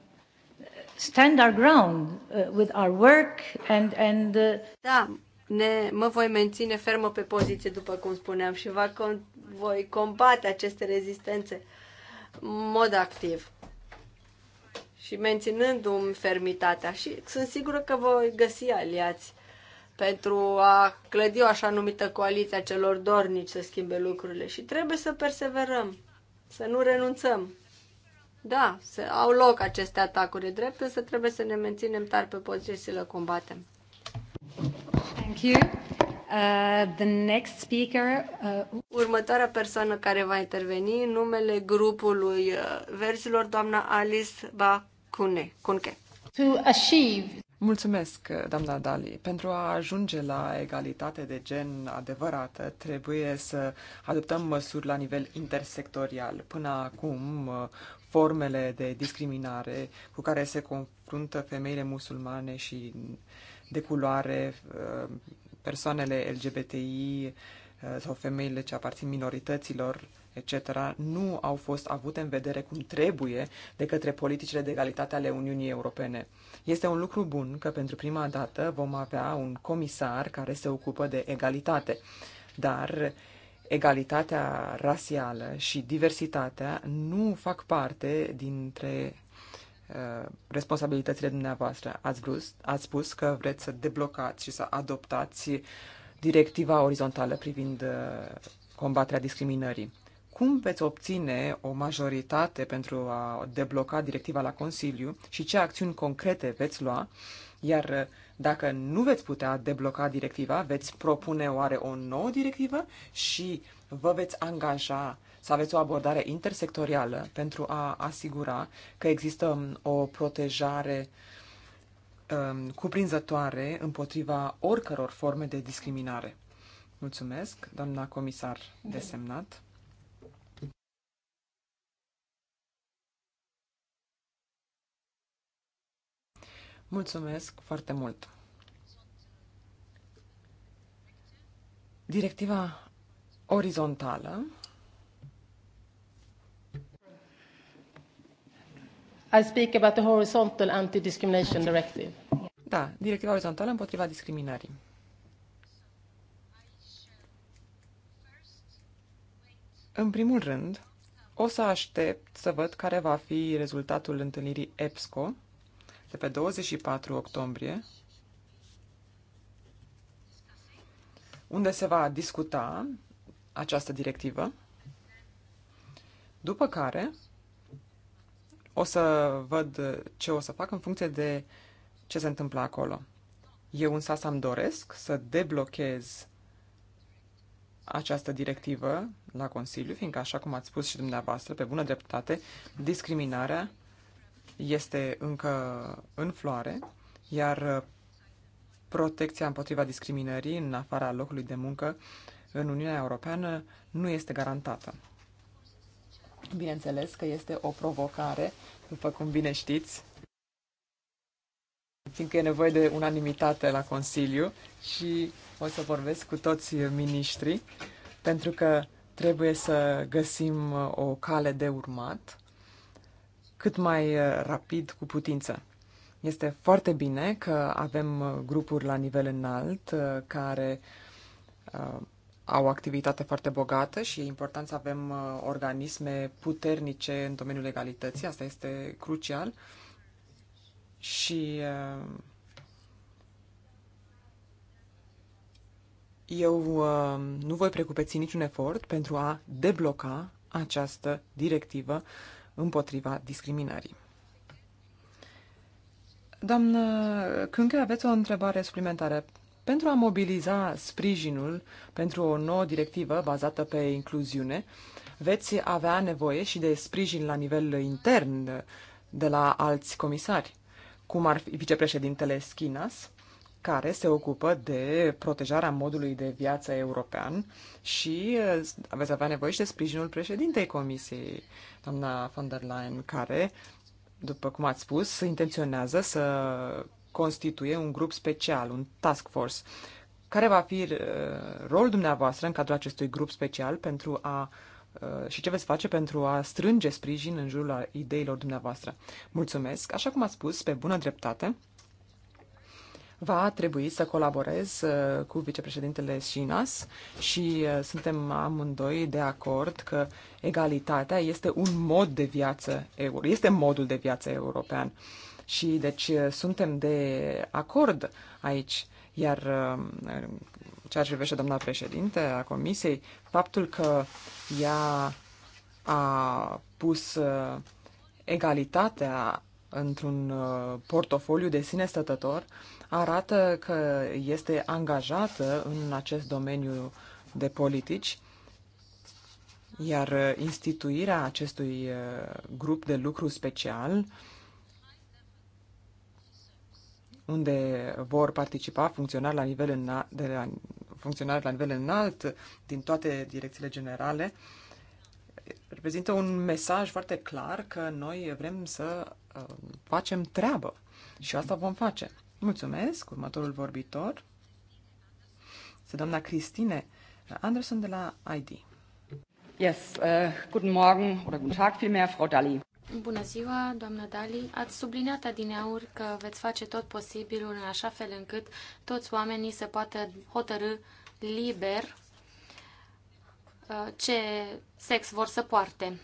stand our ground uh, with our work and and uh... da ne mă voi menține fermă pe poziție după cum spuneam și va con- voi combate aceste rezistențe în mod activ și menținându-mi fermitatea și sunt sigură că voi găsi aliați pentru a clădi o așa numită coaliție a celor dornici să schimbe lucrurile și trebuie să perseverăm, să nu renunțăm. Da, se, au loc aceste atacuri drept, însă trebuie să ne menținem tari pe poziție și să le combatem. Thank you. Uh, the next speaker, uh... Următoarea persoană care va interveni în numele grupului uh, verzilor, doamna Alice Bacune. Cunche. To achieve Mulțumesc, doamna Dali. Pentru a ajunge la egalitate de gen adevărată, trebuie să adoptăm măsuri la nivel intersectorial. Până acum, formele de discriminare cu care se confruntă femeile musulmane și de culoare, uh, persoanele LGBTI uh, sau femeile ce aparțin minorităților, etc., nu au fost avute în vedere cum trebuie de către politicile de egalitate ale Uniunii Europene. Este un lucru bun că pentru prima dată vom avea un comisar care se ocupă de egalitate, dar egalitatea rasială și diversitatea nu fac parte dintre uh, responsabilitățile dumneavoastră. Ați, vrut, ați spus că vreți să deblocați și să adoptați directiva orizontală privind uh, combaterea discriminării. Cum veți obține o majoritate pentru a debloca directiva la Consiliu și ce acțiuni concrete veți lua? Iar uh, dacă nu veți putea debloca directiva, veți propune oare o nouă directivă și vă veți angaja să aveți o abordare intersectorială pentru a asigura că există um, o protejare um, cuprinzătoare împotriva oricăror forme de discriminare. Mulțumesc, doamna comisar da. desemnat. Mulțumesc foarte mult! Directiva orizontală I speak about the horizontal anti-discrimination directive. Da, directiva orizontală împotriva discriminării. În primul rând, o să aștept să văd care va fi rezultatul întâlnirii EPSCO de pe 24 octombrie, unde se va discuta această directivă, după care o să văd ce o să fac în funcție de ce se întâmplă acolo. Eu însă să-mi doresc să deblochez această directivă la Consiliu, fiindcă, așa cum ați spus și dumneavoastră, pe bună dreptate, discriminarea este încă în floare, iar uh, protecția împotriva discriminării în afara locului de muncă în Uniunea Europeană nu este garantată. Bineînțeles că este o provocare, după cum bine știți, fiindcă e nevoie de unanimitate la Consiliu și o să vorbesc cu toți miniștrii, pentru că trebuie să găsim uh, o cale de urmat cât mai uh, rapid cu putință. Este foarte bine că avem uh, grupuri la nivel înalt uh, care au activitate foarte bogată și e important să avem organisme puternice în domeniul legalității. Asta este crucial. Și eu nu voi precupeți niciun efort pentru a debloca această directivă împotriva discriminării. Doamnă Câncă, aveți o întrebare suplimentară. Pentru a mobiliza sprijinul pentru o nouă directivă bazată pe incluziune, veți avea nevoie și de sprijin la nivel intern de la alți comisari, cum ar fi vicepreședintele Schinas, care se ocupă de protejarea modului de viață european și uh, aveți avea nevoie și de sprijinul președintei Comisiei, doamna von der Leyen, care, după cum ați spus, intenționează să constituie un grup special, un task force. Care va fi uh, rolul dumneavoastră în cadrul acestui grup special pentru a uh, și ce veți face pentru a strânge sprijin în jurul ideilor dumneavoastră. Mulțumesc! Așa cum ați spus, pe bună dreptate, va trebui să colaborez uh, cu vicepreședintele Sinas și uh, suntem amândoi de acord că egalitatea este un mod de viață, este modul de viață european. Și deci uh, suntem de acord aici. Iar um, ceea ce privește doamna președinte a Comisiei, faptul că ea a pus egalitatea într-un portofoliu de sine stătător, arată că este angajată în acest domeniu de politici, iar instituirea acestui uh, grup de lucru special unde vor participa funcționari la nivel înalt, de la, funcționari la nivel înalt din toate direcțiile generale, reprezintă un mesaj foarte clar că noi vrem să uh, facem treabă și asta vom face. Mulțumesc. Următorul vorbitor este doamna Cristine Anderson de la ID. Yes, uh, guten Morgen oder guten Tag vielmehr, Frau Dali. Bună ziua, doamnă Dali. Ați subliniat adineauri că veți face tot posibilul în așa fel încât toți oamenii să poată hotărâ liber uh, ce sex vor să poarte.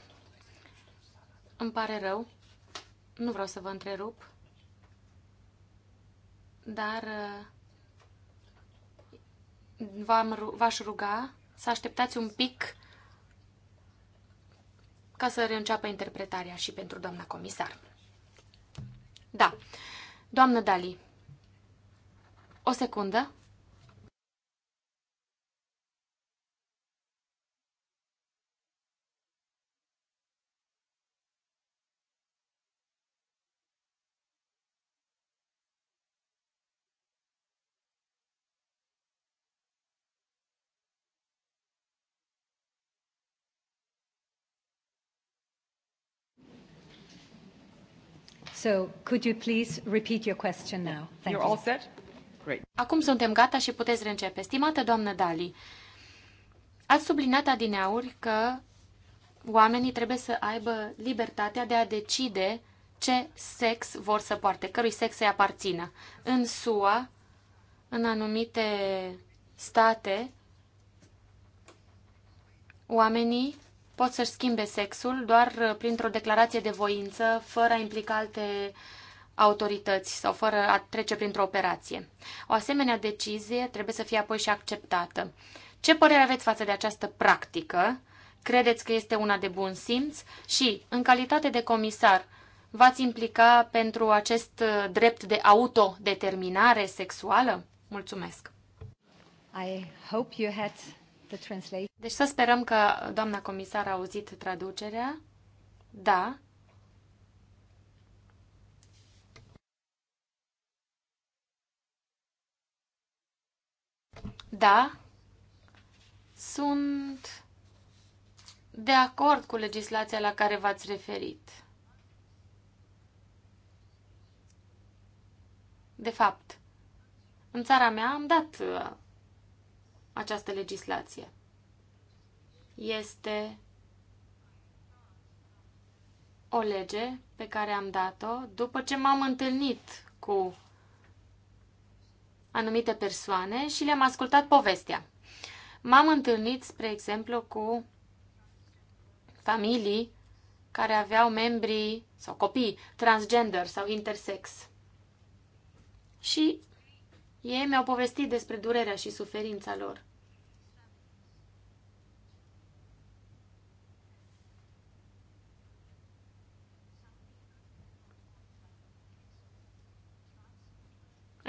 Îmi pare rău, nu vreau să vă întrerup, dar uh, v-aș ruga să așteptați un pic ca să reînceapă interpretarea și pentru doamna comisar. Da. Doamnă Dali, o secundă. So, could you please repeat your question now? Thank You're you. all set? Great. Acum suntem gata și puteți reîncepe. Stimată doamnă Dali, ați subliniat adineauri că oamenii trebuie să aibă libertatea de a decide ce sex vor să poarte, cărui sex să-i aparțină. În SUA, în anumite state, oamenii pot să-și schimbe sexul doar uh, printr-o declarație de voință, fără a implica alte autorități sau fără a trece printr-o operație. O asemenea decizie trebuie să fie apoi și acceptată. Ce părere aveți față de această practică? Credeți că este una de bun simț? Și, în calitate de comisar, v-ați implica pentru acest uh, drept de autodeterminare sexuală? Mulțumesc! I hope you had deci să sperăm că doamna comisar a auzit traducerea. Da. Da. Sunt de acord cu legislația la care v-ați referit. De fapt, în țara mea am dat această legislație. Este o lege pe care am dat-o după ce m-am întâlnit cu anumite persoane și le-am ascultat povestea. M-am întâlnit, spre exemplu, cu familii care aveau membrii sau copii transgender sau intersex. Și ei mi-au povestit despre durerea și suferința lor.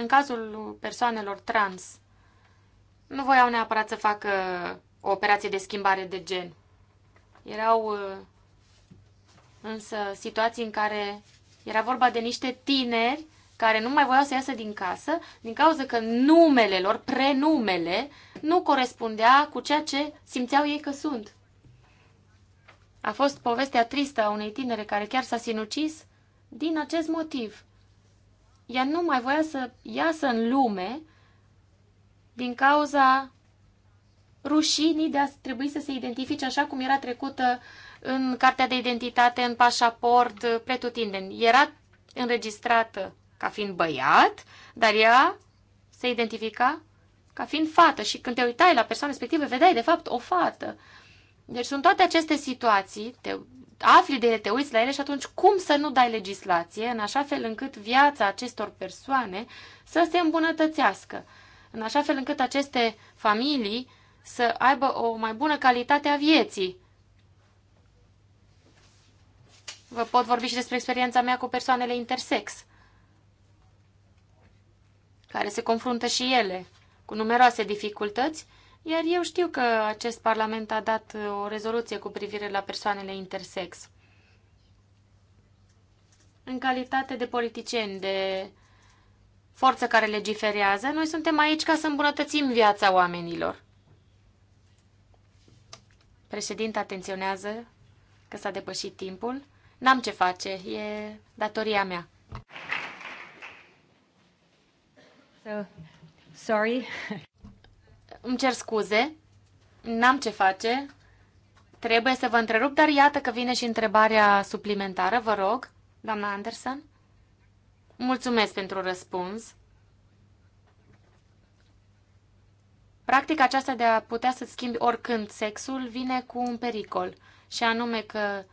În cazul persoanelor trans, nu voiau neapărat să facă o operație de schimbare de gen. Erau uh, însă situații în care era vorba de niște tineri care nu mai voiau să iasă din casă din cauza că numele lor, prenumele, nu corespundea cu ceea ce simțeau ei că sunt. A fost povestea tristă a unei tinere care chiar s-a sinucis din acest motiv ea nu mai voia să iasă în lume din cauza rușinii de a trebui să se identifice așa cum era trecută în cartea de identitate, în pașaport, uh, pretutindeni. Era înregistrată ca fiind băiat, dar ea se identifica ca fiind fată și când te uitai la persoana respectivă, vedeai de fapt o fată. Deci sunt toate aceste situații, te afli de ele, te uiți la ele și atunci cum să nu dai legislație în așa fel încât viața acestor persoane să se îmbunătățească, în așa fel încât aceste familii să aibă o mai bună calitate a vieții. Vă pot vorbi și despre experiența mea cu persoanele intersex, care se confruntă și ele cu numeroase dificultăți iar eu știu că acest parlament a dat o rezoluție cu privire la persoanele intersex. În calitate de politicieni, de forță care legiferează, noi suntem aici ca să îmbunătățim viața oamenilor. Președinte atenționează că s-a depășit timpul. N-am ce face, e datoria mea. So, sorry. Îmi cer scuze, n-am ce face, trebuie să vă întrerup, dar iată că vine și întrebarea suplimentară, vă rog, doamna Anderson. Mulțumesc pentru răspuns. Practic aceasta de a putea să-ți schimbi oricând sexul vine cu un pericol, și anume că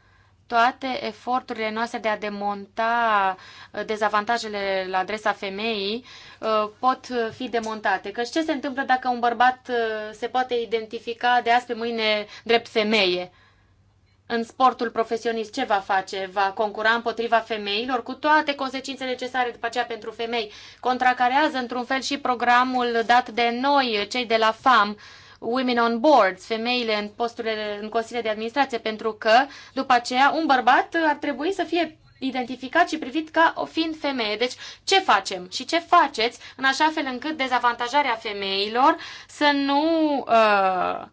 toate eforturile noastre de a demonta uh, dezavantajele la adresa femeii uh, pot fi demontate. Că ce se întâmplă dacă un bărbat uh, se poate identifica de azi pe mâine drept femeie? În sportul profesionist ce va face? Va concura împotriva femeilor cu toate consecințele necesare după aceea pentru femei. Contracarează într-un fel și programul dat de noi, cei de la FAM, uh, women on boards, femeile în posturile în consiliile de administrație, pentru că după aceea un bărbat ar trebui să fie identificat și privit ca o fiind femeie. Deci ce facem și ce faceți în așa fel încât dezavantajarea femeilor să nu uh,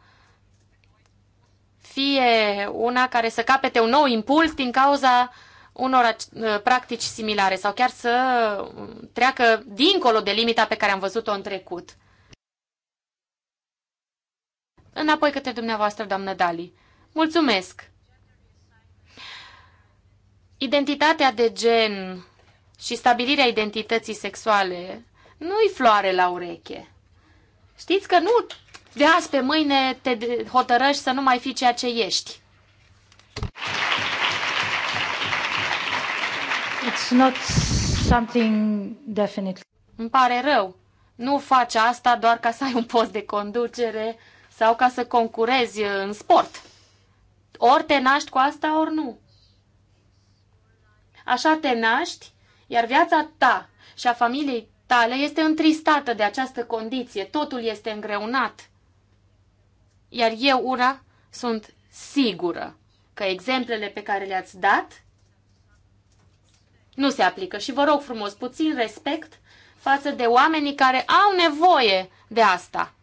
fie una care să capete un nou impuls din cauza unor uh, practici similare sau chiar să treacă dincolo de limita pe care am văzut-o în trecut. Înapoi către dumneavoastră, doamnă Dali. Mulțumesc! Identitatea de gen și stabilirea identității sexuale nu-i floare la ureche. Știți că nu de azi pe mâine te hotărăști să nu mai fii ceea ce ești. It's not something definitely. Îmi pare rău. Nu faci asta doar ca să ai un post de conducere sau ca să concurezi în sport. Ori te naști cu asta, ori nu. Așa te naști, iar viața ta și a familiei tale este întristată de această condiție. Totul este îngreunat. Iar eu, una, sunt sigură că exemplele pe care le-ați dat nu se aplică și vă rog frumos puțin respect față de oamenii care au nevoie de asta.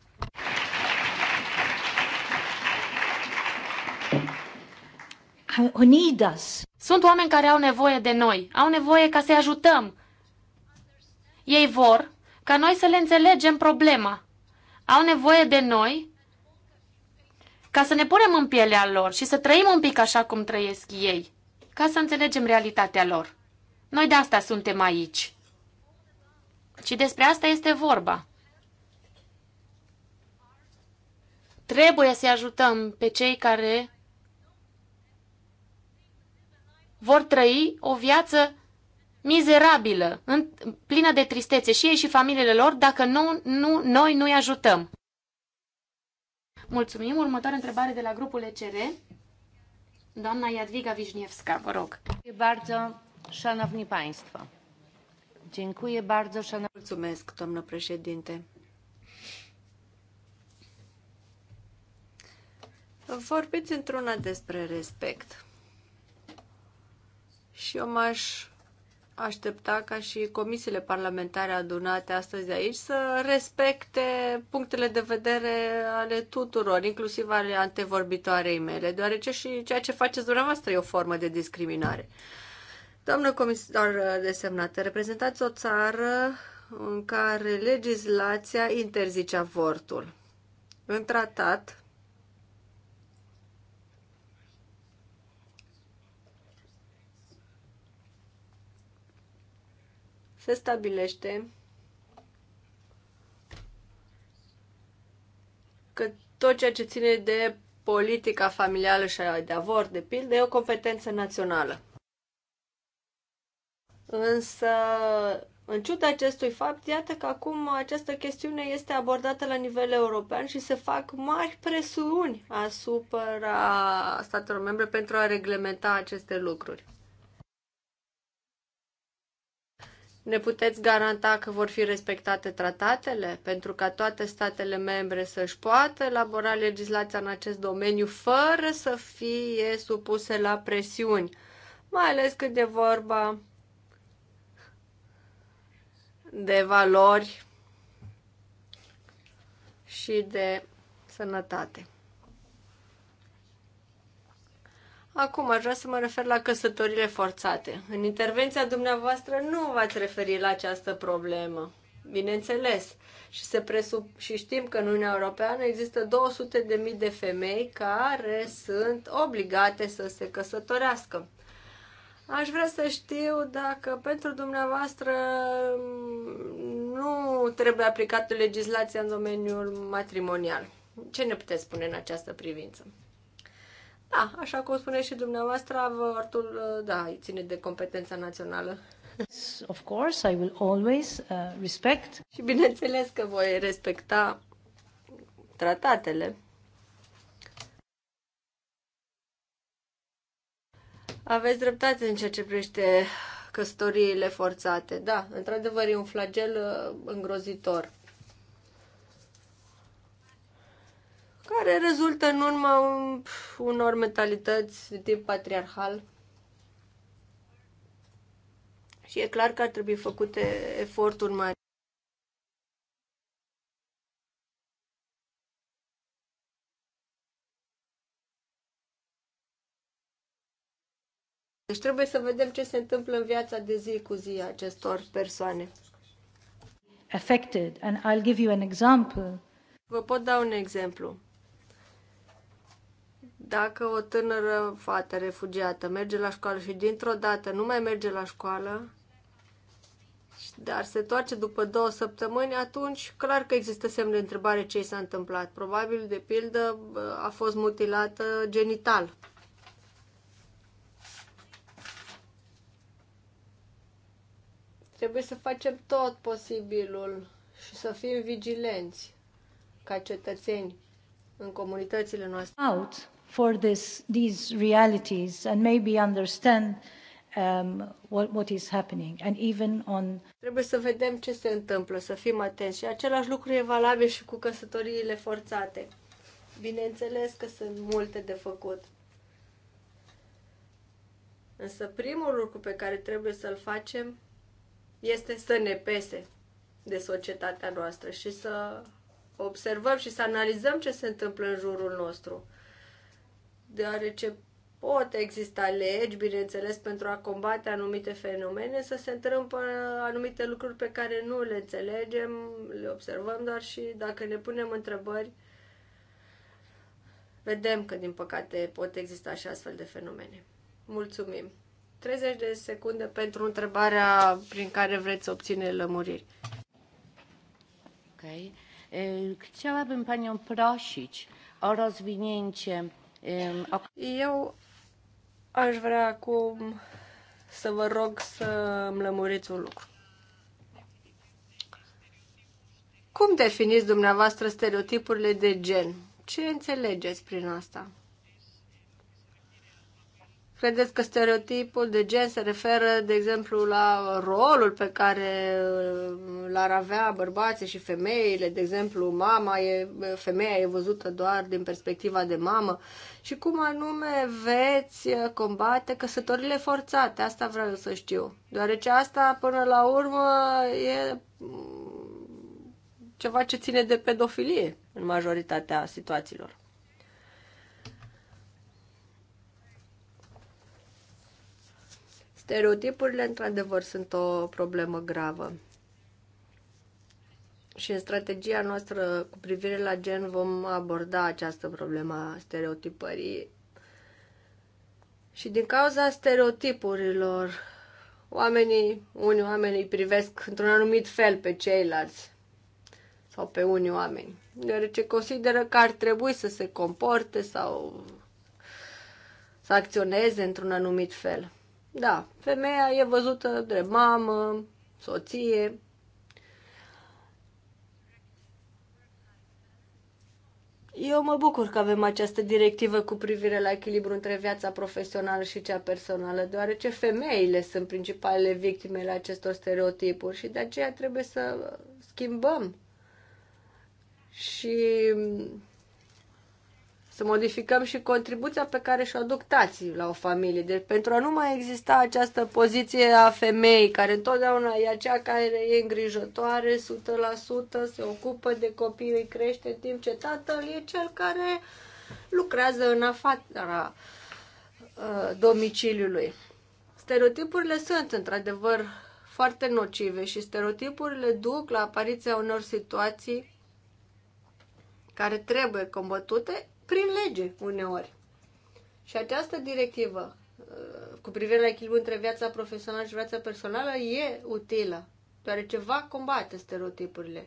who need us. Sunt oameni care au nevoie de noi, au nevoie ca să-i ajutăm. Ei vor ca noi să le înțelegem problema. Au nevoie de noi ca să ne punem în pielea lor și să trăim un pic așa cum trăiesc ei, ca să înțelegem realitatea lor. Noi de asta suntem aici. Și despre asta este vorba. Trebuie să ajutăm pe cei care vor trăi o viață mizerabilă, în, plină de tristețe și ei și familiile lor, dacă nu, nu, noi nu-i ajutăm. Mulțumim. Următoarea întrebare de la grupul ECR. Doamna Jadwiga Wiśniewska, vă rog. Bardzo, szanowni państwo. Dziękuję bardzo, szanowni... Mulțumesc, doamnă președinte. Vorbiți într-una despre respect și eu m-aș aștepta ca și comisiile parlamentare adunate astăzi aici să respecte punctele de vedere ale tuturor, inclusiv ale antevorbitoarei mele, deoarece și ceea ce faceți dumneavoastră e o formă de discriminare. Doamnă comisar desemnată, reprezentați o țară în care legislația interzice avortul. În tratat se stabilește că tot ceea ce ține de politica familială și de avort, de pildă, e o competență națională. Însă, în ciuda acestui fapt, iată că acum această chestiune este abordată la nivel european și se fac mari presiuni asupra statelor membre pentru a reglementa aceste lucruri. Ne puteți garanta că vor fi respectate tratatele pentru ca toate statele membre să-și poată elabora legislația în acest domeniu fără să fie supuse la presiuni, mai ales când e vorba de valori și de sănătate. Acum aș vrea să mă refer la căsătorile forțate. În intervenția dumneavoastră nu v-ați referit la această problemă. Bineînțeles. Și, se presup... și știm că în Uniunea Europeană există 200.000 de, de femei care sunt obligate să se căsătorească. Aș vrea să știu dacă pentru dumneavoastră mm, nu trebuie aplicată legislația în domeniul matrimonial. Ce ne puteți spune în această privință? Da, așa cum spune și dumneavoastră, avortul, uh, da, ține de competența națională. Of course, I will always uh, respect. Și bineînțeles că voi respecta tratatele. Aveți dreptate în ceea ce privește căsătoriile forțate. Da, într-adevăr e un flagel uh, îngrozitor. care rezultă în urma unor mentalități de tip patriarhal. Și e clar că ar trebui făcute eforturi mari. Deci trebuie să vedem ce se întâmplă în viața de zi cu zi a acestor persoane. Affected. And I'll give you an example. Vă pot da un exemplu. Dacă o tânără fată refugiată merge la școală și dintr-o dată nu mai merge la școală, dar se toarce după două săptămâni, atunci clar că există semne de întrebare ce i s-a întâmplat. Probabil, de pildă, a fost mutilată genital. Trebuie să facem tot posibilul și să fim vigilenți ca cetățeni în comunitățile noastre. Out for this, these realities and maybe understand um, what, what is happening and even on Trebuie să vedem ce se întâmplă, să fim atenți și același lucru e valabil și cu căsătoriile forțate. Bineînțeles că sunt multe de făcut. Însă primul lucru pe care trebuie să-l facem este să ne pese de societatea noastră și să observăm și să analizăm ce se întâmplă în jurul nostru deoarece pot exista legi, bineînțeles, pentru a combate anumite fenomene, să se întâmplă anumite lucruri pe care nu le înțelegem, le observăm doar și dacă ne punem întrebări, vedem că, din păcate, pot exista și astfel de fenomene. Mulțumim! 30 de secunde pentru întrebarea prin care vreți să obține lămuriri. Ok. Eh, chciałabym Panią prosić o rozwinięcie eu aș vrea acum să vă rog să îmi lămuriți un lucru. Cum definiți dumneavoastră stereotipurile de gen? Ce înțelegeți prin asta? Credeți că stereotipul de gen se referă, de exemplu, la rolul pe care uh, l-ar avea bărbații și femeile? De exemplu, mama e, femeia e văzută doar din perspectiva de mamă. Și cum anume veți uh, combate căsătorile forțate? Asta vreau eu să știu. Deoarece asta, până la urmă, e mm, ceva ce ține de pedofilie în majoritatea situațiilor. Stereotipurile, într-adevăr, sunt o problemă gravă. Și în strategia noastră cu privire la gen vom aborda această problemă a stereotipării. Și din cauza stereotipurilor, oamenii, unii oameni privesc într-un anumit fel pe ceilalți sau pe unii oameni, deoarece consideră că ar trebui să se comporte sau să acționeze într-un anumit fel. Da, femeia e văzută drept mamă, soție. Eu mă bucur că avem această directivă cu privire la echilibru între viața profesională și cea personală, deoarece femeile sunt principalele victimele acestor stereotipuri și de aceea trebuie să schimbăm și să modificăm și contribuția pe care și-o aduc tații la o familie. Deci pentru a nu mai exista această poziție a femeii, care întotdeauna e aceea care e îngrijătoare 100%, se ocupă de copii, îi crește, în timp ce tatăl e cel care lucrează în afara uh, domiciliului. Stereotipurile sunt, într-adevăr, foarte nocive și stereotipurile duc la apariția unor situații care trebuie combătute prin lege uneori. Și această directivă uh, cu privire la echilibru între viața profesională și viața personală e utilă, deoarece va combate stereotipurile.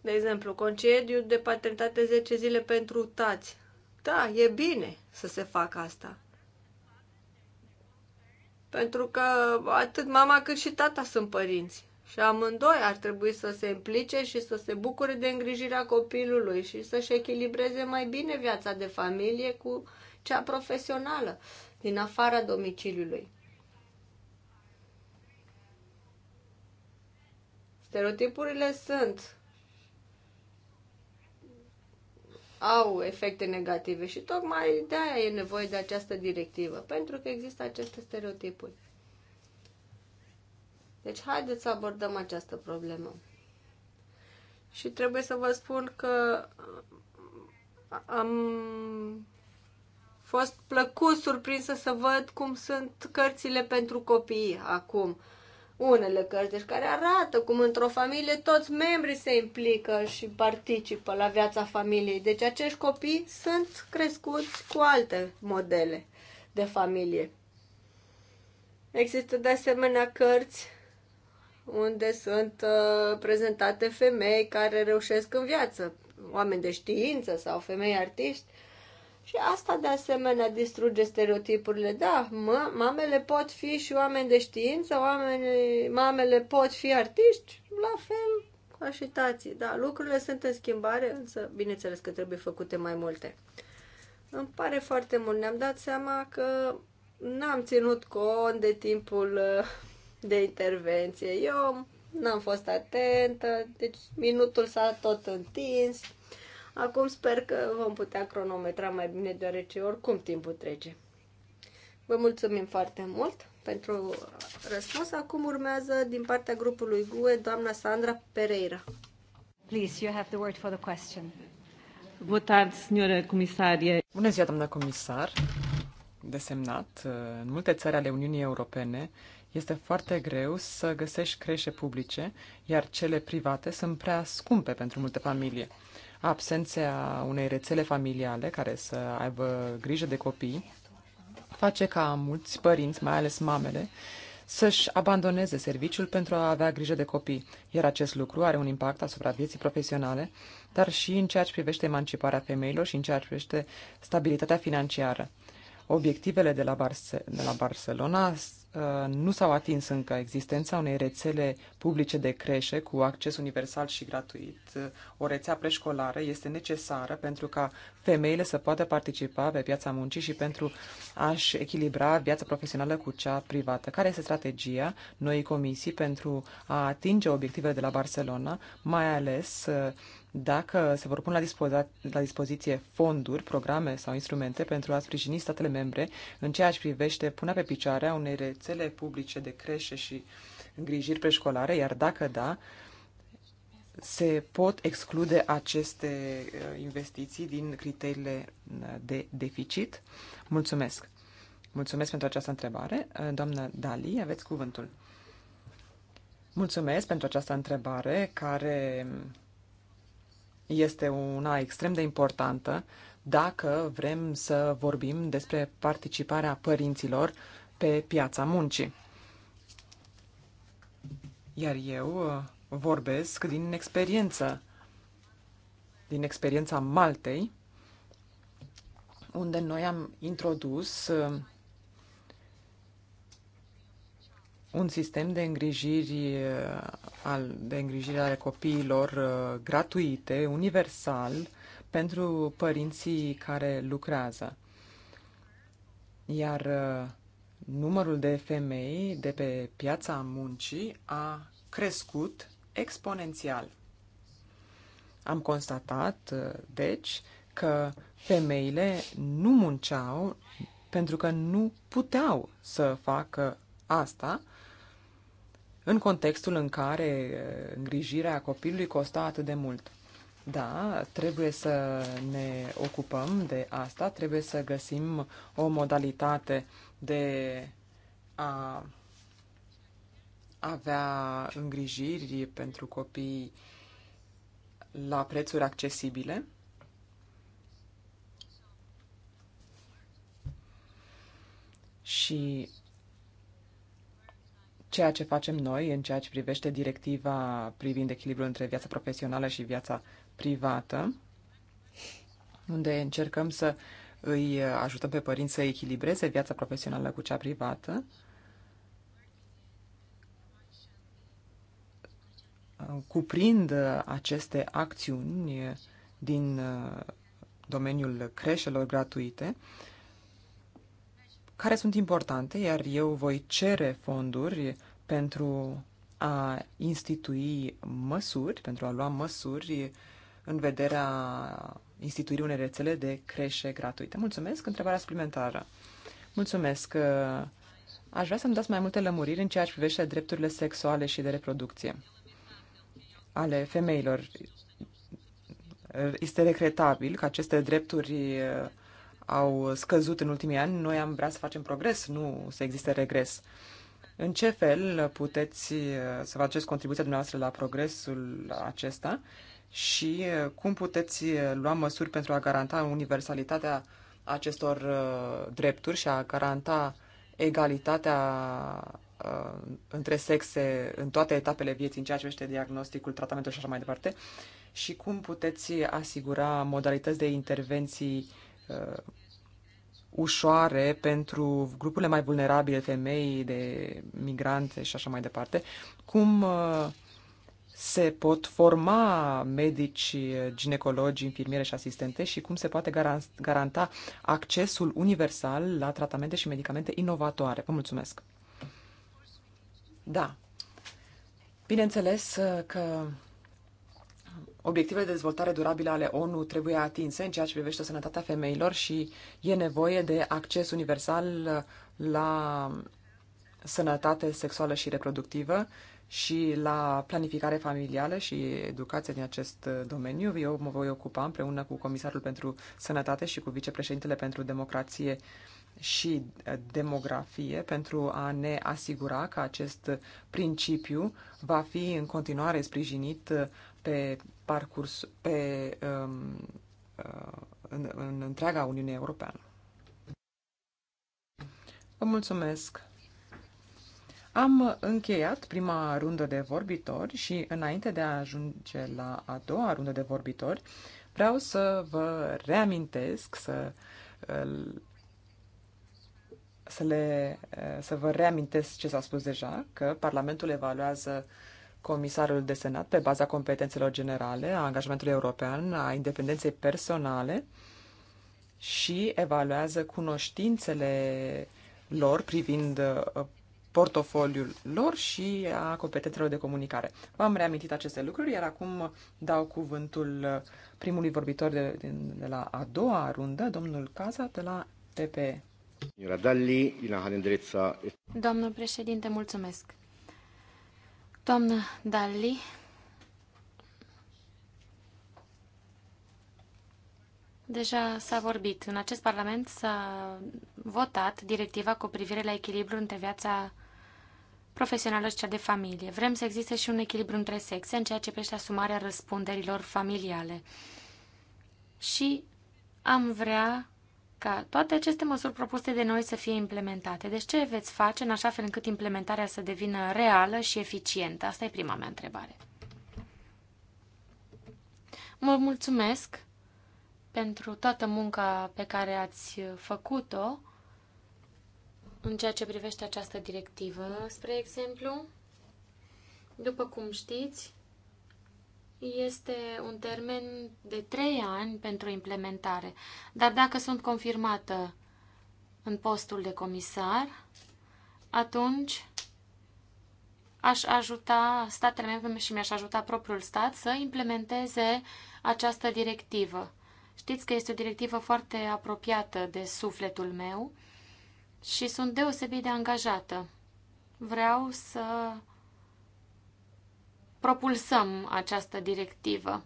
De exemplu, concediu de paternitate 10 zile pentru tați. Da, e bine să se facă asta. Pentru că atât mama cât și tata sunt părinți. Și amândoi ar trebui să se implice și să se bucure de îngrijirea copilului și să-și echilibreze mai bine viața de familie cu cea profesională din afara domiciliului. Stereotipurile sunt au efecte negative și tocmai de aia e nevoie de această directivă, pentru că există aceste stereotipuri. Deci haideți să abordăm această problemă. Și trebuie să vă spun că am fost plăcut surprinsă să văd cum sunt cărțile pentru copii acum. Unele cărți, deci care arată cum într-o familie toți membrii se implică și participă la viața familiei. Deci acești copii sunt crescuți cu alte modele de familie. Există de asemenea cărți unde sunt uh, prezentate femei care reușesc în viață, oameni de știință sau femei artiști. Și asta de asemenea distruge stereotipurile. Da, mă, mamele pot fi și oameni de știință, oameni, mamele pot fi artiști, la fel ca și tații. Da, lucrurile sunt în schimbare, însă bineînțeles că trebuie făcute mai multe. Îmi pare foarte mult, ne-am dat seama că n-am ținut cont de timpul uh, de intervenție. Eu n-am fost atentă, deci minutul s-a tot întins. Acum sper că vom putea cronometra mai bine, deoarece oricum timpul trece. Vă mulțumim foarte mult pentru răspuns. Acum urmează din partea grupului GUE doamna Sandra Pereira. Please, you have the word for the question. Votați, signore comisarie. Bună ziua, doamna comisar, desemnat. În multe țări ale Uniunii Europene, este foarte greu să găsești creșe publice, iar cele private sunt prea scumpe pentru multe familii. Absența unei rețele familiale care să aibă grijă de copii face ca mulți părinți, mai ales mamele, să-și abandoneze serviciul pentru a avea grijă de copii, iar acest lucru are un impact asupra vieții profesionale, dar și în ceea ce privește emanciparea femeilor și în ceea ce privește stabilitatea financiară. Obiectivele de la, Barce- de la Barcelona Uh, nu s-au atins încă existența unei rețele publice de creșe cu acces universal și gratuit. Uh, o rețea preșcolară este necesară pentru ca femeile să poată participa pe piața muncii și pentru a-și echilibra viața profesională cu cea privată. Care este strategia noii comisii pentru a atinge obiectivele de la Barcelona, mai ales uh, dacă se vor pune la, dispoza- la dispoziție fonduri, programe sau instrumente pentru a sprijini statele membre în ceea ce privește punea pe picioare a unei rețele publice de creșe și îngrijiri preșcolare, iar dacă da, se pot exclude aceste uh, investiții din criteriile uh, de deficit? Mulțumesc! Mulțumesc pentru această întrebare. Uh, doamna Dali, aveți cuvântul. Mulțumesc pentru această întrebare care este una extrem de importantă dacă vrem să vorbim despre participarea părinților pe piața muncii. Iar eu uh, vorbesc din experiență, din experiența Maltei, unde noi am introdus uh, un sistem de îngrijiri, uh, al, de îngrijire ale copiilor uh, gratuite, universal, pentru părinții care lucrează. Iar uh, numărul de femei de pe piața muncii a crescut exponențial. Am constatat, deci, că femeile nu munceau pentru că nu puteau să facă asta în contextul în care eh, îngrijirea copilului costa atât de mult. Da, trebuie să ne ocupăm de asta, trebuie să găsim o modalitate de a avea îngrijiri pentru copii la prețuri accesibile. Și ceea ce facem noi în ceea ce privește directiva privind echilibrul între viața profesională și viața privată, unde încercăm să îi ajutăm pe părinți să echilibreze viața profesională cu cea privată. Cuprind aceste acțiuni din domeniul creșelor gratuite, uh, care sunt importante, iar eu voi cere fonduri pentru a institui măsuri, pentru a lua măsuri în vederea instituirii unei rețele de creșe gratuite. Mulțumesc. Întrebarea suplimentară. Mulțumesc. Aș vrea să-mi dați mai multe lămuriri în ceea ce privește drepturile sexuale și de reproducție ale femeilor. Este regretabil că aceste drepturi au scăzut în ultimii ani, noi am vrea să facem progres, nu să existe regres. În ce fel puteți uh, să faceți contribuția dumneavoastră la progresul acesta și uh, cum puteți uh, lua măsuri pentru a garanta universalitatea acestor drepturi și a garanta egalitatea între sexe în toate etapele vieții, în ceea ce privește diagnosticul, tratamentul și așa mai departe, și cum puteți asigura modalități de intervenții uh, uh, ușoare pentru grupurile mai vulnerabile, femei, de migrante și așa mai departe, cum uh, se pot forma medici, ginecologi, infirmiere și asistente și cum se poate garanta accesul universal la tratamente și medicamente inovatoare. Vă mulțumesc! Da. Bineînțeles uh, că obiectivele de dezvoltare durabilă ale ONU trebuie atinse în ceea ce privește sănătatea femeilor și e nevoie de acces universal la sănătate sexuală și reproductivă și la planificare familială și educație din acest domeniu. Eu mă voi ocupa împreună cu Comisarul pentru Sănătate și cu Vicepreședintele pentru Democrație și demografie pentru a ne asigura că acest principiu va fi în continuare sprijinit pe parcurs, pe um, uh, în, în întreaga Uniune Europeană. Vă mulțumesc! Am încheiat prima rundă de vorbitori și înainte de a ajunge la a doua rundă de vorbitori, vreau să vă reamintesc, să, uh, să, le, uh, să vă reamintesc ce s-a spus deja, că Parlamentul evaluează uh, comisarul de senat, pe baza competențelor generale, a angajamentului european, a independenței personale și evaluează cunoștințele lor privind uh, portofoliul lor și a competențelor de comunicare. V-am reamintit aceste lucruri, iar acum dau cuvântul uh, primului vorbitor de, de la a doua rundă, domnul Caza, de la PPE. Domnul președinte, mulțumesc. Doamnă Dalli, Deja s-a vorbit. În acest Parlament s-a votat directiva cu privire la echilibru între viața profesională și cea de familie. Vrem să existe și un echilibru între sexe în ceea ce privește asumarea răspunderilor familiale. Și am vrea ca toate aceste măsuri propuse de noi să fie implementate. Deci ce veți face în așa fel încât implementarea să devină reală și eficientă? Asta e prima mea întrebare. Mă mulțumesc pentru toată munca pe care ați făcut-o în ceea ce privește această directivă, spre exemplu. După cum știți, este un termen de trei ani pentru implementare. Dar dacă sunt confirmată în postul de comisar, atunci aș ajuta statele membre și mi-aș ajuta propriul stat să implementeze această directivă. Știți că este o directivă foarte apropiată de sufletul meu și sunt deosebit de angajată. Vreau să propulsăm această directivă,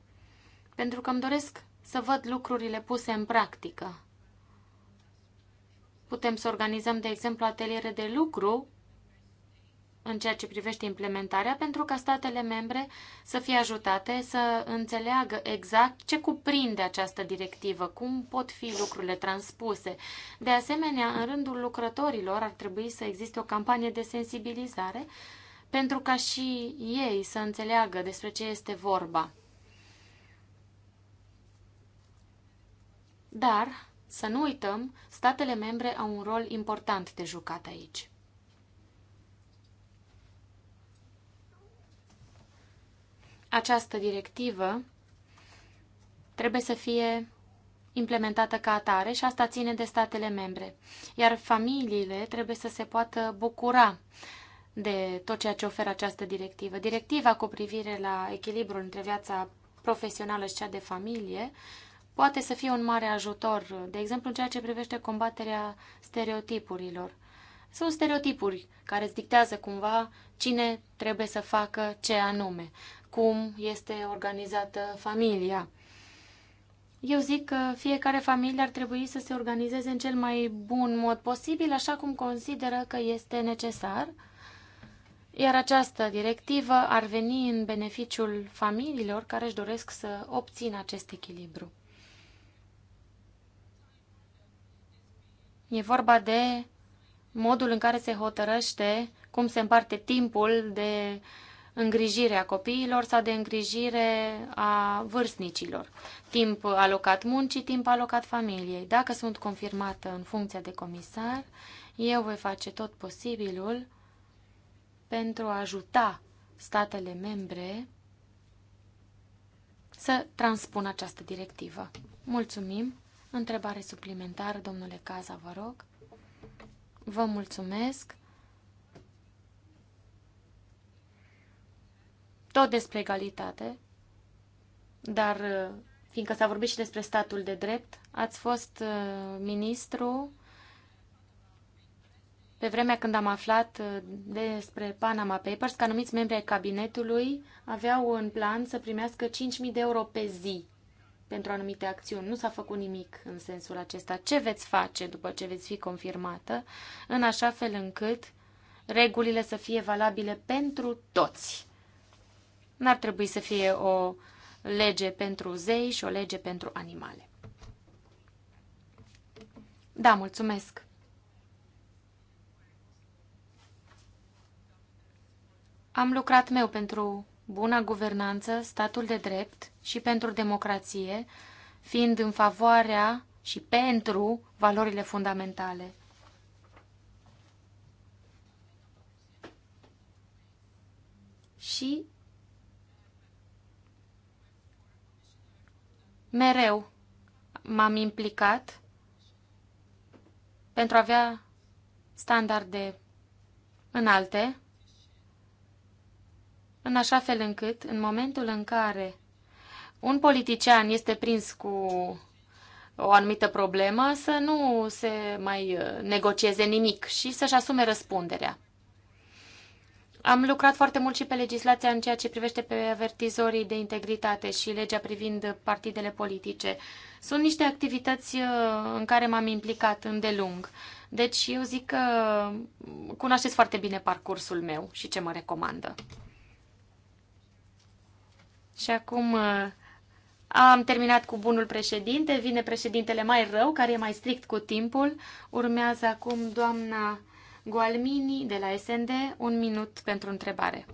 pentru că îmi doresc să văd lucrurile puse în practică. Putem să organizăm, de exemplu, ateliere de lucru în ceea ce privește implementarea, pentru ca statele membre să fie ajutate să înțeleagă exact ce cuprinde această directivă, cum pot fi lucrurile transpuse. De asemenea, în rândul lucrătorilor ar trebui să existe o campanie de sensibilizare pentru ca și ei să înțeleagă despre ce este vorba. Dar, să nu uităm, statele membre au un rol important de jucat aici. Această directivă trebuie să fie implementată ca atare și asta ține de statele membre, iar familiile trebuie să se poată bucura de tot ceea ce oferă această directivă. Directiva cu privire la echilibrul între viața profesională și cea de familie poate să fie un mare ajutor, de exemplu în ceea ce privește combaterea stereotipurilor. Sunt stereotipuri care îți dictează cumva cine trebuie să facă ce anume, cum este organizată familia. Eu zic că fiecare familie ar trebui să se organizeze în cel mai bun mod posibil, așa cum consideră că este necesar, iar această directivă ar veni în beneficiul familiilor care își doresc să obțină acest echilibru. E vorba de modul în care se hotărăște cum se împarte timpul de îngrijire a copiilor sau de îngrijire a vârstnicilor. Timp alocat muncii, timp alocat familiei. Dacă sunt confirmată în funcția de comisar, eu voi face tot posibilul pentru a ajuta statele membre să transpună această directivă. Mulțumim! Întrebare suplimentară, domnule Caza, vă rog. Vă mulțumesc! Tot despre egalitate, dar fiindcă s-a vorbit și despre statul de drept, ați fost uh, ministru pe vremea când am aflat uh, despre Panama Papers că anumiți membri ai cabinetului aveau în plan să primească 5.000 de euro pe zi pentru anumite acțiuni. Nu s-a făcut nimic în sensul acesta. Ce veți face după ce veți fi confirmată, în așa fel încât regulile să fie valabile pentru toți? N-ar trebui să fie o lege pentru zei și o lege pentru animale. Da, mulțumesc! Am lucrat meu pentru buna guvernanță, statul de drept și pentru democrație, fiind în favoarea și pentru valorile fundamentale. Și mereu m-am implicat pentru a avea standarde înalte în așa fel încât, în momentul în care un politician este prins cu o anumită problemă, să nu se mai uh, negocieze nimic și să-și asume răspunderea. Am lucrat foarte mult și pe legislația în ceea ce privește pe avertizorii de integritate și legea privind partidele politice. Sunt niște activități uh, în care m-am implicat îndelung. Deci eu zic că cunoașteți foarte bine parcursul meu și ce mă recomandă. Și acum uh, am terminat cu bunul președinte, vine președintele mai rău, care e mai strict cu timpul. Urmează acum doamna Gualmini de la SND, un minut pentru întrebare.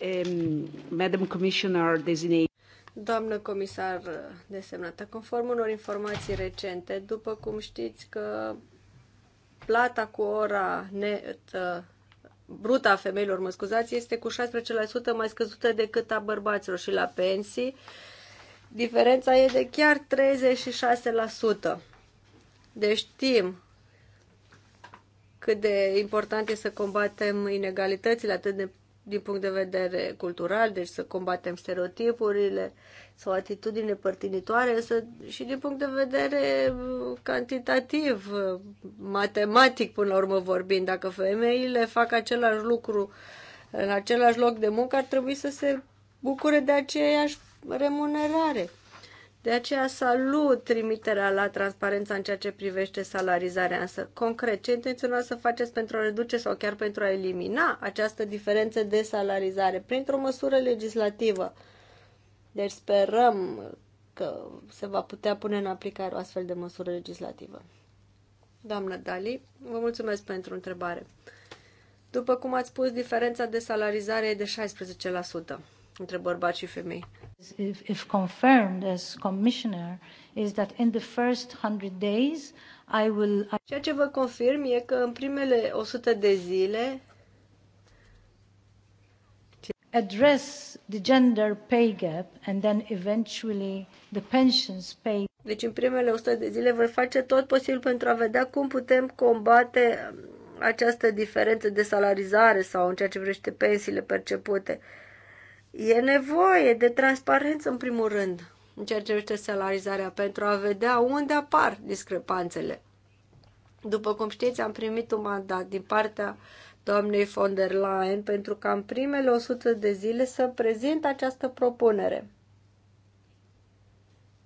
Um, Madam Commissioner designate. Doamnă comisar desemnată, conform unor informații recente, după cum știți că plata cu ora netă bruta a femeilor, mă scuzați, este cu 16% mai scăzută decât a bărbaților și la pensii. Diferența e de chiar 36%. Deci știm cât de important e să combatem inegalitățile atât de din punct de vedere cultural, deci să combatem stereotipurile sau atitudine părtinitoare, însă și din punct de vedere uh, cantitativ, uh, matematic până la urmă vorbind. Dacă femeile fac același lucru în același loc de muncă, ar trebui să se bucure de aceeași remunerare. De aceea salut trimiterea la transparența în ceea ce privește salarizarea, însă concret, ce intenționați să faceți pentru a reduce sau chiar pentru a elimina această diferență de salarizare printr-o măsură legislativă? Deci sperăm că se va putea pune în aplicare o astfel de măsură legislativă. Doamnă Dali, vă mulțumesc pentru întrebare. După cum ați spus, diferența de salarizare e de 16% între bărbați și femei. If, if confirmed as commissioner, is that in the first 100 days I will... I... Ceea ce vă confirm e că în primele 100 de zile address the gender pay gap and then eventually the pensions pay. Deci în primele 100 de zile vor face tot posibil pentru a vedea cum putem combate um, această diferență de salarizare sau în ceea ce privește pensiile percepute E nevoie de transparență, în primul rând, în ceea ce privește salarizarea, pentru a vedea unde apar discrepanțele. După cum știți, am primit un mandat din partea doamnei von der Leyen pentru ca în primele 100 de zile să prezint această propunere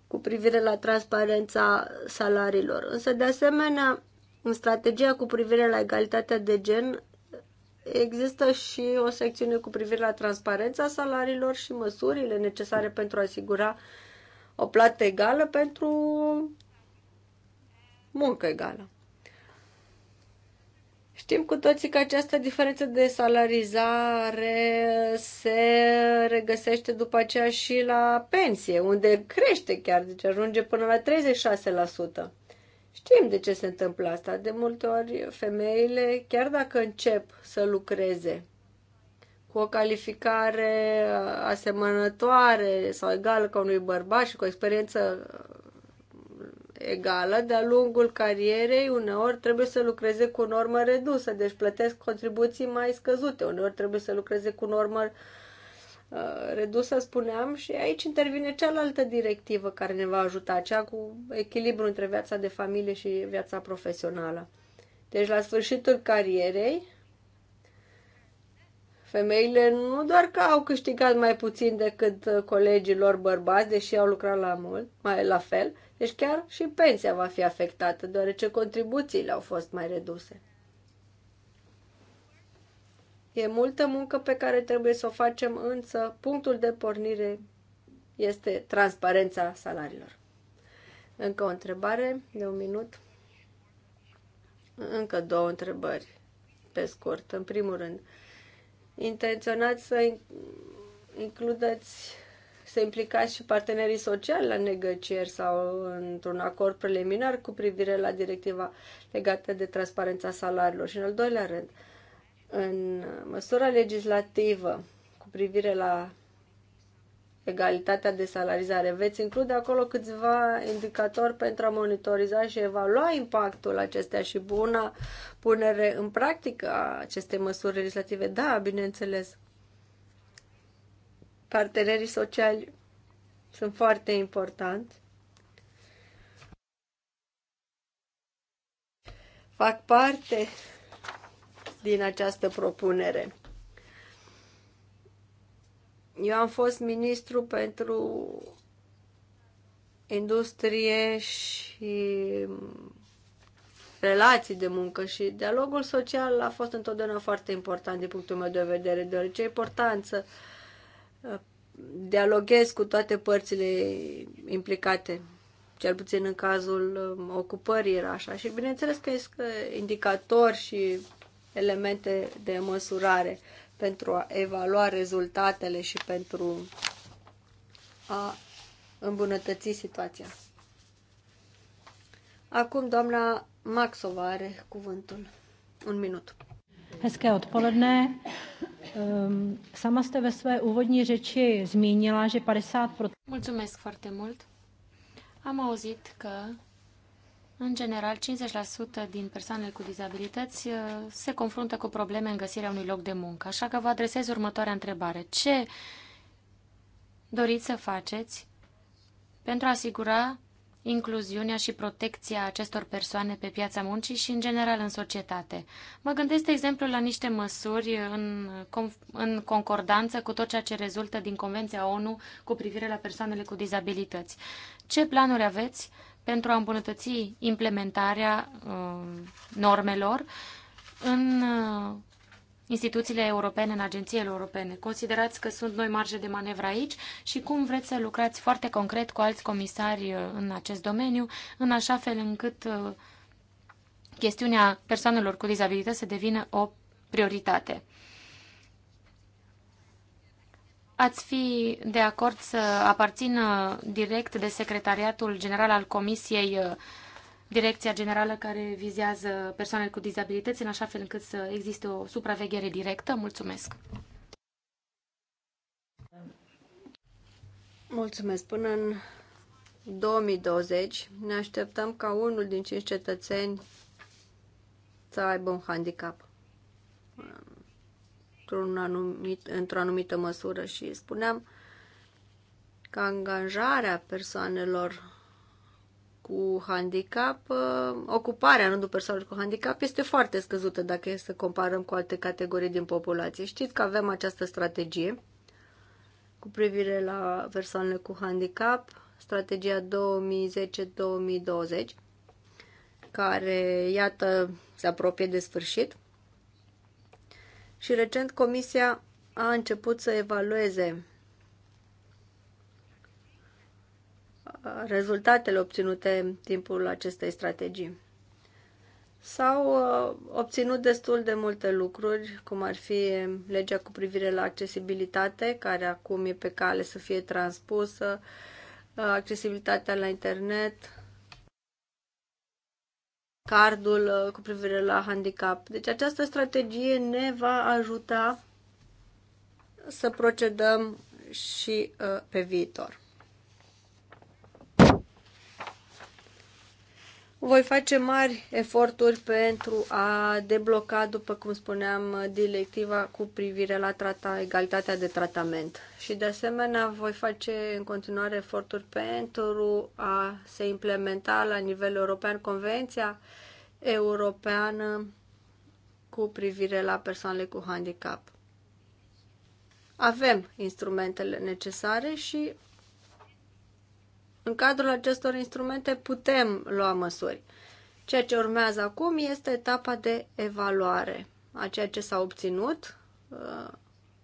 cu privire la transparența salariilor. Însă, de asemenea, în strategia cu privire la egalitatea de gen există și o secțiune cu privire la transparența salariilor și măsurile necesare pentru a asigura o plată egală pentru muncă egală. Știm cu toții că această diferență de salarizare se regăsește după aceea și la pensie, unde crește chiar, deci ajunge până la 36%. Știm de ce se întâmplă asta. De multe ori femeile, chiar dacă încep să lucreze cu o calificare asemănătoare sau egală ca unui bărbat și cu o experiență uh, egală, de-a lungul carierei, uneori trebuie să lucreze cu normă redusă, deci plătesc contribuții mai scăzute, uneori trebuie să lucreze cu normă uh, Uh, redusă, spuneam, și aici intervine cealaltă directivă care ne va ajuta, cea cu echilibru între viața de familie și viața profesională. Deci, la sfârșitul carierei, femeile nu doar că au câștigat mai puțin decât uh, colegii lor bărbați, deși au lucrat la mult, mai la fel, deci chiar și pensia va fi afectată, deoarece contribuțiile au fost mai reduse. E multă muncă pe care trebuie să o facem, însă punctul de pornire este transparența salariilor. Încă o întrebare de un minut. Încă două întrebări, pe scurt. În primul rând, intenționați să includeți, să implicați și partenerii sociali la negocieri sau într-un acord preliminar cu privire la directiva legată de transparența salariilor. Și în al doilea rând, în măsura legislativă cu privire la egalitatea de salarizare, veți include acolo câțiva indicatori pentru a monitoriza și evalua impactul acestea și buna punere în practică a acestei măsuri legislative. Da, bineînțeles. Partenerii sociali sunt foarte importanti. Fac parte din această propunere. Eu am fost ministru pentru industrie și relații de muncă și dialogul social a fost întotdeauna foarte important din punctul meu de vedere, deoarece e important să uh, dialoghez cu toate părțile implicate, cel puțin în cazul uh, ocupării era așa. Și bineînțeles că indicator și elemente de măsurare pentru a evalua rezultatele și pentru a îmbunătăți situația. Acum doamna Maxova are cuvântul. Un minut. Hezké odpoledne. Ehm, sama jste ve své úvodní řeči zmínila, že 50%... Mulțumesc foarte mult. Am auzit că în general, 50% din persoanele cu dizabilități uh, se confruntă cu probleme în găsirea unui loc de muncă. Așa că vă adresez următoarea întrebare. Ce doriți să faceți pentru a asigura incluziunea și protecția acestor persoane pe piața muncii și, în general, în societate. Mă gândesc, de exemplu, la niște măsuri în, în concordanță cu tot ceea ce rezultă din Convenția ONU cu privire la persoanele cu dizabilități. Ce planuri aveți pentru a îmbunătăți implementarea uh, normelor în uh, instituțiile europene, în agențiile europene. Considerați că sunt noi marge de manevră aici și cum vreți să lucrați foarte concret cu alți comisari uh, în acest domeniu, în așa fel încât chestiunea persoanelor cu dizabilități să devină o prioritate ați fi de acord să aparțină direct de Secretariatul General al Comisiei uh, direcția generală care vizează persoanele cu dizabilități, în așa fel încât să existe o supraveghere directă? Mulțumesc! Mulțumesc! Până în 2020 ne așteptăm ca unul din cinci cetățeni să aibă un handicap într-un anumit, într-o anumită măsură și spuneam că angajarea persoanelor cu handicap, uh, ocuparea rândul persoanelor cu handicap este foarte scăzută dacă e să comparăm cu alte categorii din populație. Știți că avem această strategie cu privire la persoanele cu handicap, strategia 2010-2020, care, iată, se apropie de sfârșit. Și recent Comisia a început să evalueze uh, rezultatele obținute în timpul acestei strategii. S-au uh, obținut destul de multe lucruri, cum ar fi legea cu privire la accesibilitate, care acum e pe cale să fie transpusă, uh, accesibilitatea la internet, cardul uh, cu privire la handicap. Deci această strategie ne va ajuta să procedăm și uh, pe viitor. Voi face mari eforturi pentru a debloca, după cum spuneam, directiva cu privire la trata, egalitatea de tratament. Și de asemenea voi face în continuare eforturi pentru a se implementa la nivel european Convenția Europeană cu privire la persoanele cu handicap. Avem instrumentele necesare și în cadrul acestor instrumente putem lua măsuri. Ceea ce urmează acum este etapa de evaluare a ceea ce s-a obținut uh,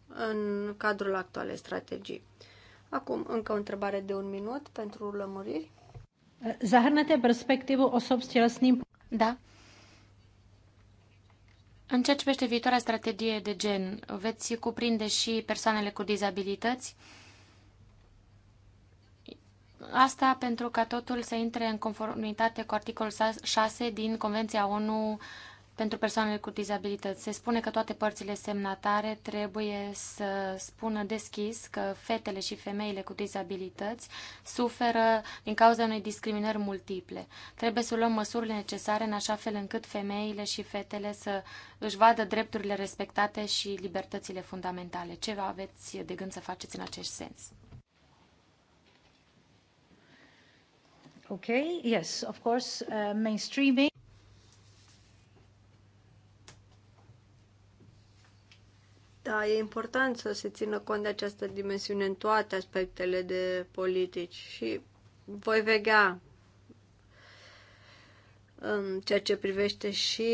în cadrul actualei strategii. Acum, încă o întrebare de un minut pentru lămuriri. Zahărnete perspectivul osob s tělesným... Da. În ceea ce privește viitoarea strategie de gen, veți cuprinde și persoanele cu dizabilități? Asta pentru ca totul să intre în conformitate cu articolul 6 din Convenția ONU pentru persoanele cu dizabilități. Se spune că toate părțile semnatare trebuie să spună deschis că fetele și femeile cu dizabilități suferă din cauza unei discriminări multiple. Trebuie să luăm măsurile necesare în așa fel încât femeile și fetele să își vadă drepturile respectate și libertățile fundamentale. Ce aveți de gând să faceți în acest sens? Okay, yes, of course, uh, mainstreaming. Da, e important să se țină cont de această dimensiune în toate aspectele de politici și voi vegea în um, ceea ce privește și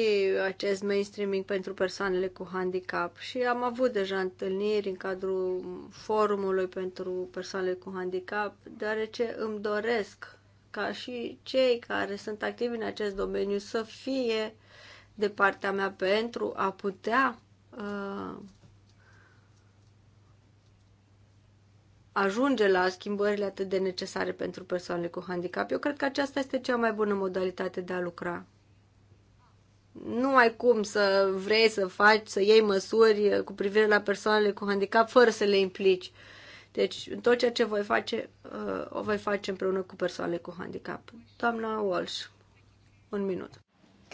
acest mainstreaming pentru persoanele cu handicap. Și am avut deja întâlniri în cadrul forumului pentru persoanele cu handicap, deoarece îmi doresc ca și cei care sunt activi în acest domeniu să fie de partea mea pentru a putea uh, ajunge la schimbările atât de necesare pentru persoanele cu handicap. Eu cred că aceasta este cea mai bună modalitate de a lucra. Nu ai cum să vrei să faci, să iei măsuri cu privire la persoanele cu handicap fără să le implici. Uh, deci, în tot ceea ce voi face, uh, o voi face împreună cu persoane cu handicap. Doamna Walsh, un minut.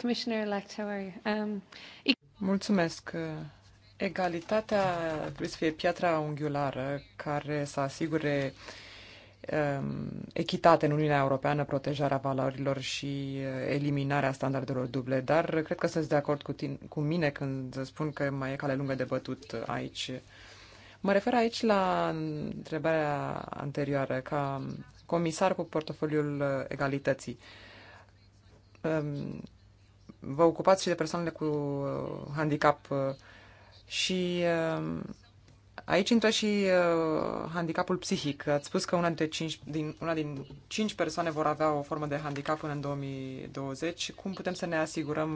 Commissioner-elect, how are you? Um, Mulțumesc. Egalitatea trebuie să fie piatra unghiulară care să asigure um, echitate în Uniunea Europeană, protejarea valorilor și uh, eliminarea standardelor duble, dar cred că sunteți de acord cu, tine, cu mine când spun că mai e cale lungă de bătut aici. Mă refer aici la întrebarea anterioară, ca comisar cu portofoliul uh, egalității. Um, vă ocupați și de persoanele cu uh, handicap uh, și um, aici intră și handicapul psihic. Ați spus că una, dintre cinci, din, una din cinci persoane vor avea o formă de handicap până în 2020. Cum putem să ne asigurăm,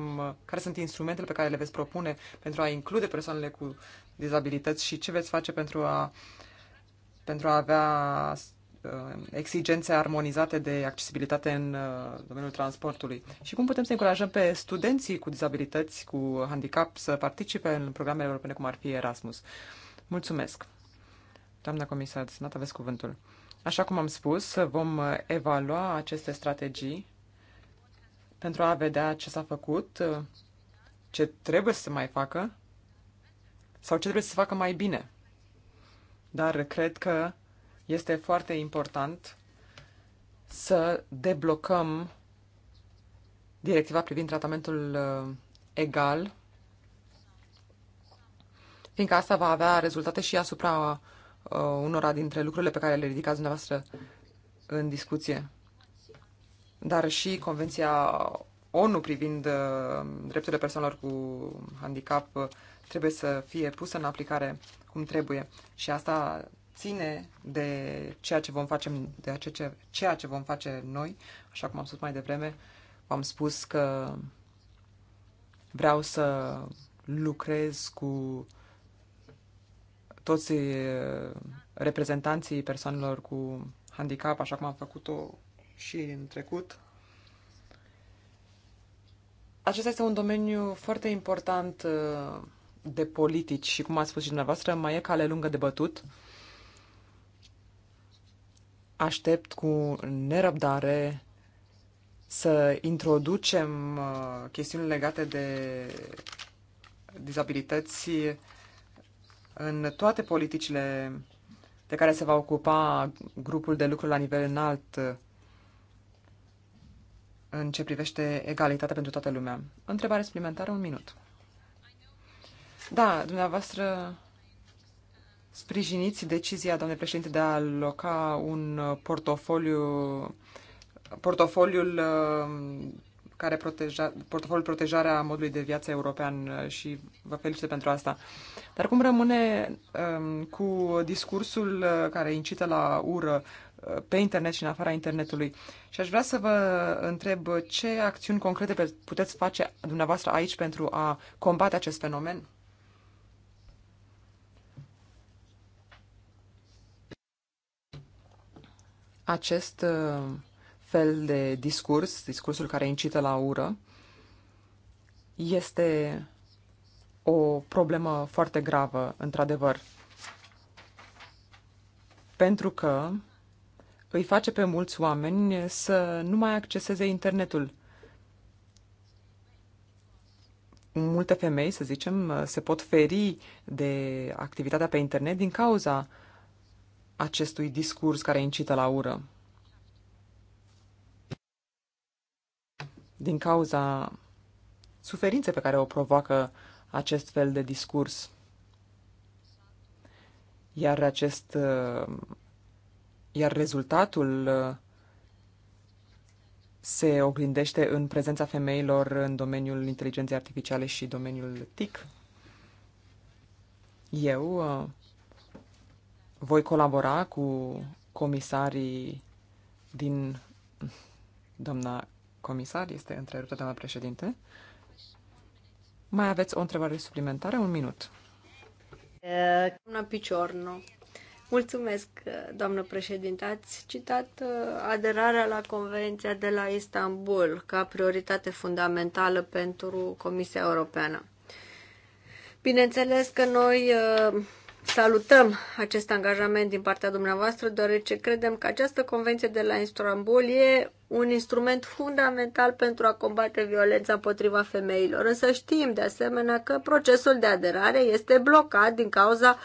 care sunt instrumentele pe care le veți propune pentru a include persoanele cu dizabilități și ce veți face pentru a, pentru a avea uh, exigențe armonizate de accesibilitate în uh, domeniul transportului și cum putem să încurajăm pe studenții cu dizabilități, cu handicap, să participe în programele europene cum ar fi Erasmus. Mulțumesc! Doamna comisar, Nata, aveți cuvântul. Așa cum am spus, vom uh, evalua aceste strategii pentru a vedea ce s-a făcut, ce trebuie să se mai facă sau ce trebuie să se facă mai bine. Dar cred că este foarte important să deblocăm directiva privind tratamentul uh, egal, fiindcă asta va avea rezultate și asupra uh, unora dintre lucrurile pe care le ridicați dumneavoastră în discuție. Dar și Convenția ONU privind uh, drepturile persoanelor cu handicap uh, trebuie să fie pusă în aplicare cum trebuie. Și asta ține de ceea ce vom face, de ce, ceea ce vom face noi, așa cum am spus mai devreme, v-am spus că vreau să lucrez cu toți reprezentanții persoanelor cu handicap, așa cum am făcut-o și în trecut. Acesta este un domeniu foarte important de politici și, cum a spus și dumneavoastră, mai e cale lungă de bătut. Aștept cu nerăbdare să introducem uh, chestiuni legate de dizabilități în toate politicile de care se va ocupa grupul de lucru la nivel înalt în ce privește egalitatea pentru toată lumea. Întrebare suplimentară, un minut. Da, dumneavoastră sprijiniți decizia, doamne președinte, de a aloca un portofoliu, portofoliul uh, care proteja, portofoliul protejarea modului de viață european uh, și vă felicit pentru asta. Dar cum rămâne um, cu discursul uh, care incită la ură pe internet și în afara internetului? Și aș vrea să vă întreb ce acțiuni concrete puteți face dumneavoastră aici pentru a combate acest fenomen? acest uh, fel de discurs, discursul care incită la ură, este o problemă foarte gravă, într-adevăr. Pentru că îi face pe mulți oameni să nu mai acceseze internetul. Multe femei, să zicem, se pot feri de activitatea pe internet din cauza uh, acestui discurs care incită la ură. Din cauza suferinței pe care o provoacă acest fel de discurs. Iar acest uh, iar rezultatul uh, se oglindește în prezența femeilor în domeniul inteligenței artificiale și domeniul TIC. Eu uh, voi colabora cu comisarii din... Doamna comisar este întreruptă, doamna președinte. Mai aveți o întrebare suplimentară? Un minut. Doamna Piciorno, mulțumesc, doamnă președinte. Ați citat uh, aderarea la Convenția de la Istanbul ca prioritate fundamentală pentru Comisia Europeană. Bineînțeles că noi uh, Salutăm acest angajament din partea dumneavoastră, deoarece credem că această convenție de la Istanbul e un instrument fundamental pentru a combate violența împotriva femeilor. Însă știm de asemenea că procesul de aderare este blocat din cauza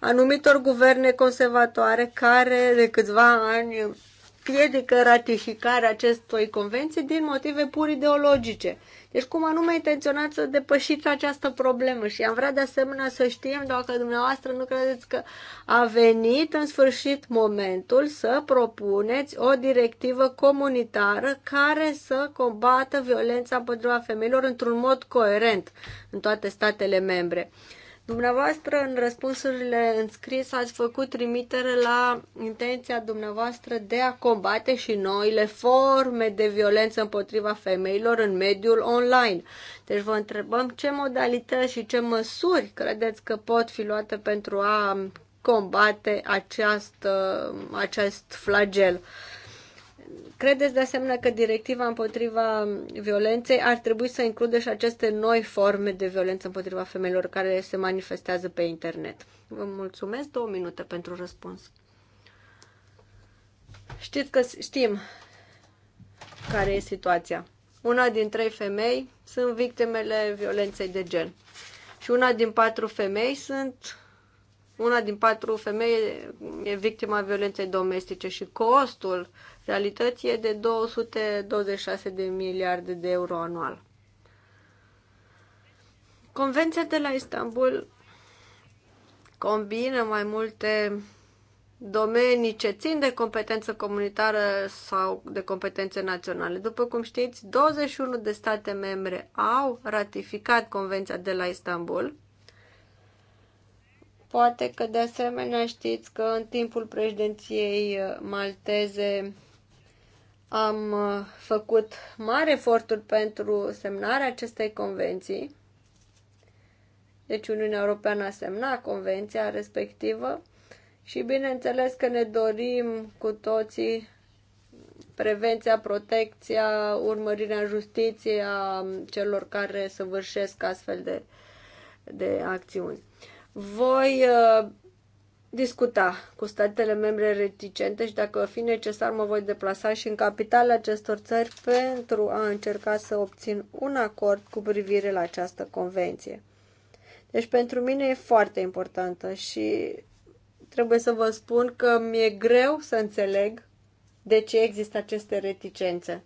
anumitor guverne conservatoare care de câțiva ani piedică ratificarea acestui convenție din motive pur ideologice. Deci cum anume intenționați să depășiți această problemă și am vrea de asemenea să știm dacă dumneavoastră nu credeți că a venit în sfârșit momentul să propuneți o directivă comunitară care să combată violența împotriva femeilor într-un mod coerent în toate statele membre. Dumneavoastră, în răspunsurile înscris, ați făcut trimitere la intenția dumneavoastră de a combate și noile forme de violență împotriva femeilor în mediul online. Deci vă întrebăm ce modalități și ce măsuri credeți că pot fi luate pentru a combate această, acest flagel. Uh, Credeți de asemenea că directiva împotriva violenței ar trebui să includă și aceste noi forme de violență împotriva femeilor care se manifestează pe internet? Vă mulțumesc. Două minute pentru răspuns. Știți că știm care e situația. Una din trei femei sunt victimele violenței de gen. Și una din patru femei sunt una din patru femei e victima violenței domestice și costul uh, realității e de 226 de miliarde de euro anual. Convenția de la Istanbul combină mai multe domenii ce țin de competență comunitară sau de competențe naționale. După cum știți, 21 de state membre au ratificat Convenția de la Istanbul. Poate că de asemenea știți că în timpul președinției malteze am uh, făcut mari eforturi pentru semnarea acestei convenții. Deci Uniunea Europeană a semnat convenția respectivă și bineînțeles că ne dorim cu toții prevenția, protecția, urmărirea justiției a celor care săvârșesc astfel de, de acțiuni. Voi uh, discuta cu statele membre reticente și dacă va fi necesar mă voi deplasa și în capitala acestor țări pentru a încerca să obțin un acord cu privire la această convenție. Deci pentru mine e foarte importantă și trebuie să vă spun că mi-e greu să înțeleg de ce există aceste reticențe.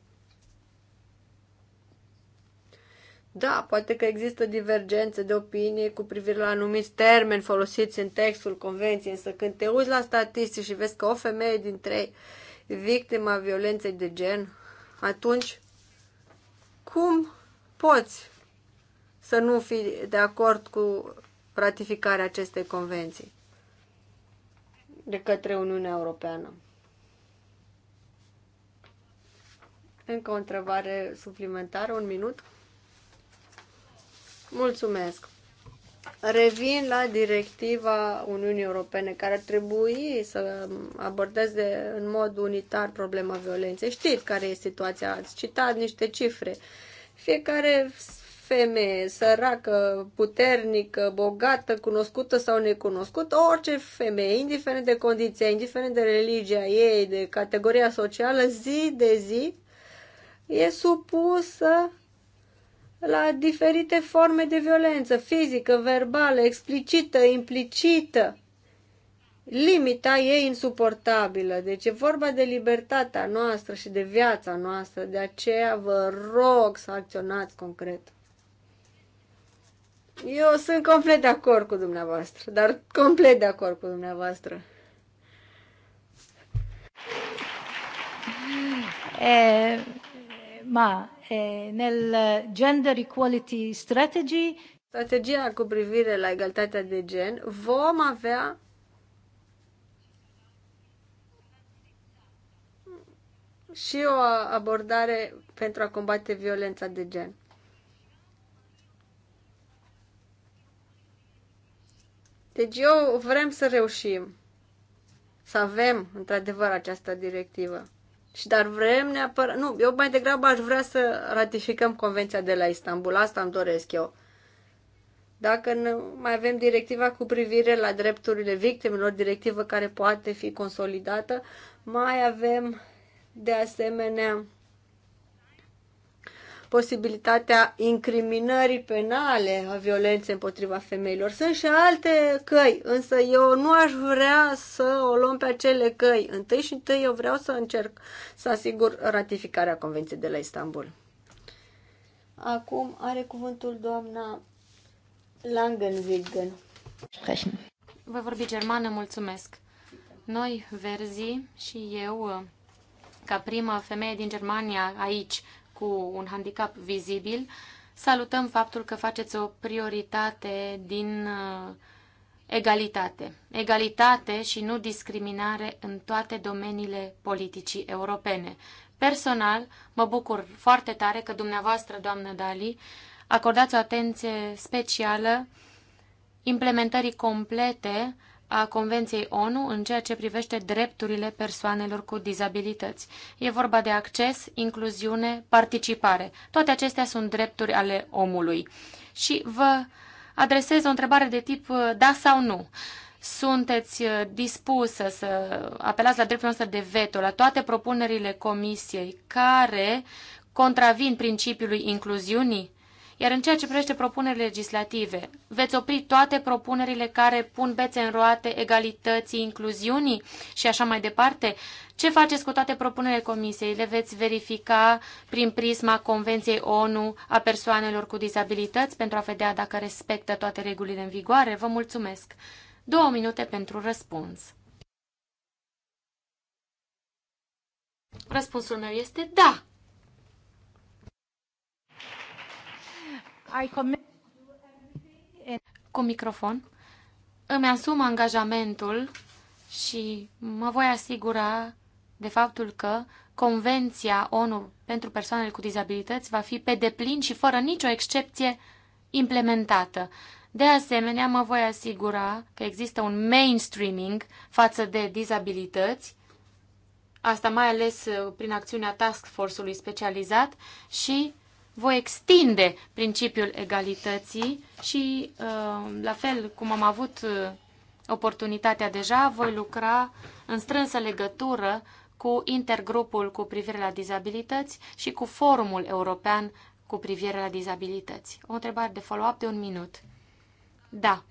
Da, poate că există divergențe de opinie cu privire la anumiți termeni folosiți în textul convenției, însă când te uiți la statistici și vezi că o femeie din trei victima violenței de gen, atunci cum poți să nu fii de acord cu ratificarea acestei convenții de către Uniunea Europeană? Încă o întrebare suplimentară, un minut. Mulțumesc. Revin la directiva Uniunii Europene care ar trebui să abordeze în mod unitar problema violenței. Știți care e situația, ați citat niște cifre. Fiecare femeie săracă, puternică, bogată, cunoscută sau necunoscută, orice femeie, indiferent de condiția, indiferent de religia ei, de categoria socială, zi de zi e supusă la diferite forme de violență fizică, verbală, explicită, implicită. Limita e insuportabilă, deci e vorba de libertatea noastră și de viața noastră, de aceea vă rog să acționați concret. Eu sunt complet de acord cu dumneavoastră, dar complet de acord cu dumneavoastră. E, eh, ma, Eh, nel eh, Gender Equality Strategy. Strategia cu privire la egalitatea de gen, vom avea și o abordare pentru a combate violența de gen. Deci eu vrem să reușim să avem într-adevăr această directivă. Și dar vrem neapărat... Nu, eu mai degrabă aș vrea să ratificăm Convenția de la Istanbul. Asta îmi doresc eu. Dacă nu, mai avem directiva cu privire la drepturile victimelor, directivă care poate fi consolidată, mai avem de asemenea posibilitatea incriminării penale a violenței împotriva femeilor. Sunt și alte căi, însă eu nu aș vrea să o luăm pe acele căi. Întâi și întâi eu vreau să încerc să asigur ratificarea Convenției de la Istanbul. Acum are cuvântul doamna Langenwiggen. Vă vorbi germană, mulțumesc. Noi, Verzi și eu, ca prima femeie din Germania aici, cu un handicap vizibil, salutăm faptul că faceți o prioritate din uh, egalitate. Egalitate și nu discriminare în toate domeniile politicii europene. Personal, mă bucur foarte tare că dumneavoastră, doamnă Dali, acordați o atenție specială implementării complete a Convenției ONU în ceea ce privește drepturile persoanelor cu dizabilități. E vorba de acces, incluziune, participare. Toate acestea sunt drepturi ale omului. Și vă adresez o întrebare de tip uh, da sau nu. Sunteți uh, dispusă să apelați la dreptul nostru de veto, la toate propunerile comisiei care contravin principiului incluziunii? Iar în ceea ce privește propuneri legislative, veți opri toate propunerile care pun bețe în roate egalității, incluziunii și așa mai departe? Ce faceți cu toate propunerile comisiei? Le veți verifica prin prisma Convenției ONU a persoanelor cu dizabilități pentru a vedea dacă respectă toate regulile în vigoare? Vă mulțumesc! Două minute pentru răspuns. Răspunsul meu este da! Cu microfon. Îmi asum angajamentul și mă voi asigura de faptul că Convenția ONU pentru persoanele cu dizabilități va fi pe deplin și fără nicio excepție implementată. De asemenea, mă voi asigura că există un mainstreaming față de dizabilități, asta mai ales prin acțiunea task force-ului specializat și voi extinde principiul egalității și, uh, la fel cum am avut uh, oportunitatea deja, voi lucra în strânsă legătură cu intergrupul cu privire la dizabilități și cu Forumul European cu privire la dizabilități. O întrebare de follow-up de un minut. Da.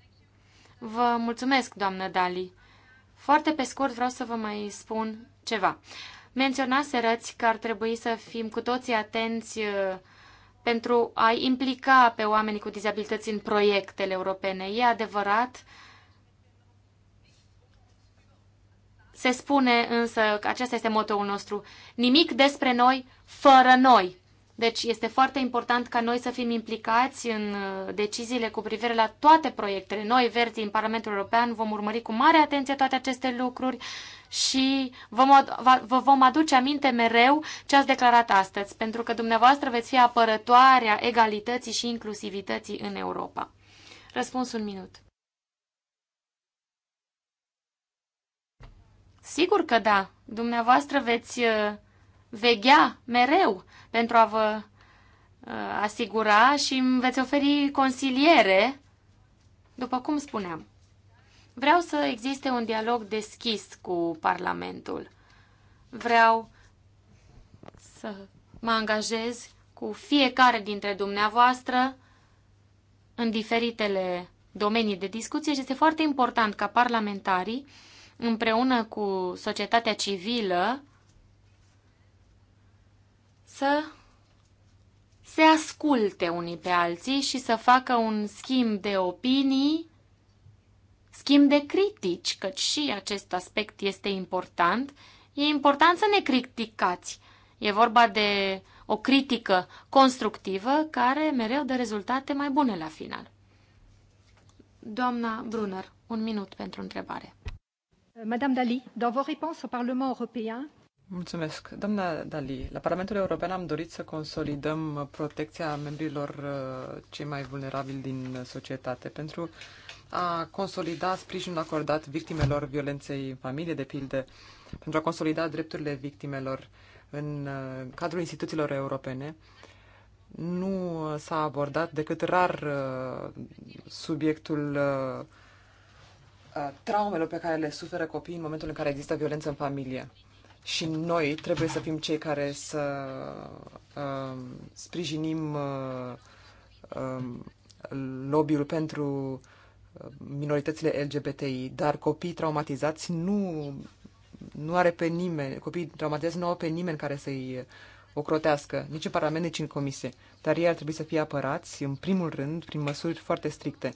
Vă mulțumesc, doamnă Dali. Foarte pe scurt vreau să vă mai spun ceva. Menționaserăți că ar trebui să fim cu toții atenți uh, pentru a implica pe oamenii cu dizabilități în proiectele europene. E adevărat, se spune însă că acesta este motoul nostru, nimic despre noi fără noi. Deci este foarte important ca noi să fim implicați în uh, deciziile cu privire la toate proiectele. Noi, verzii, în Parlamentul European, vom urmări cu mare atenție toate aceste lucruri și vă vom aduce aminte mereu ce ați declarat astăzi, pentru că dumneavoastră veți fi apărătoarea egalității și inclusivității în Europa. Răspuns un minut. Sigur că da, dumneavoastră veți uh, veghea mereu pentru a vă uh, asigura și îmi veți oferi consiliere, după cum spuneam. Vreau să existe un dialog deschis cu Parlamentul. Vreau să mă angajez cu fiecare dintre dumneavoastră în diferitele domenii de discuție și este foarte important ca parlamentarii împreună cu societatea civilă să se asculte unii pe alții și să facă un schimb de opinii schimb de critici, căci și acest aspect este important. E important să ne criticați. E vorba de o critică constructivă care mereu dă rezultate mai bune la final. Doamna Brunner, un minut pentru întrebare. Madame Dali, dans vos réponses au Parlement européen, Mulțumesc. Doamna Dali, la Parlamentul European am dorit să consolidăm protecția membrilor uh, cei mai vulnerabili din societate. Pentru a consolida sprijinul acordat victimelor violenței în familie, de pildă, pentru a consolida drepturile victimelor în uh, cadrul instituțiilor europene. Nu s-a abordat decât rar uh, subiectul uh, traumelor pe care le suferă copiii în momentul în care există violență în familie. Și noi trebuie să fim cei care să uh, sprijinim uh, uh, lobby-ul pentru uh, minoritățile LGBTI, dar copii traumatizați nu, nu are pe nimeni, copiii traumatizați nu au pe nimeni care să-i ocrotească, nici în Parlament, nici în Comisie. Dar ei ar trebui să fie apărați, în primul rând, prin măsuri foarte stricte.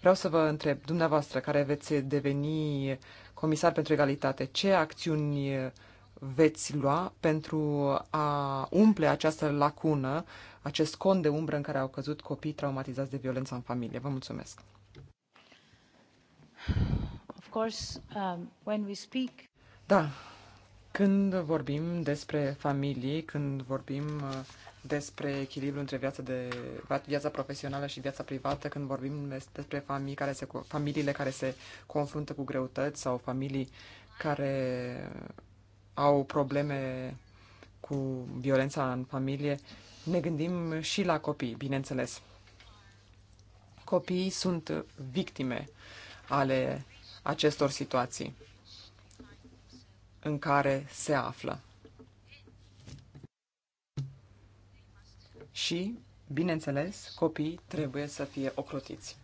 Vreau să vă întreb, dumneavoastră, care veți deveni comisar pentru egalitate, ce acțiuni veți lua pentru a umple această lacună, acest cont de umbră în care au căzut copii traumatizați de violența în familie? Vă mulțumesc! Of course, um, when we speak... Da, când vorbim despre familie, când vorbim uh, despre echilibru între viața, de, viața profesională și viața privată, când vorbim despre familii care se, familiile care se confruntă cu greutăți sau familii care au probleme cu violența în familie, ne gândim și la copii, bineînțeles. Copiii sunt victime uh, ale acestor situații în care se află. Și, bineînțeles, copiii trebuie să fie ocrotiți.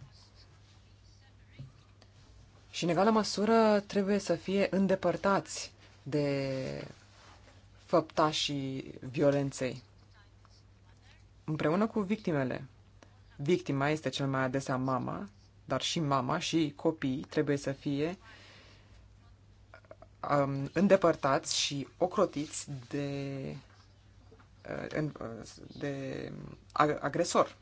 Și, în egală măsură, trebuie să fie îndepărtați de făptașii violenței. Împreună cu victimele. Victima este cel mai adesea mama, dar și mama și copiii trebuie să fie um, îndepărtați și ocrotiți de, uh, uh, de agresor.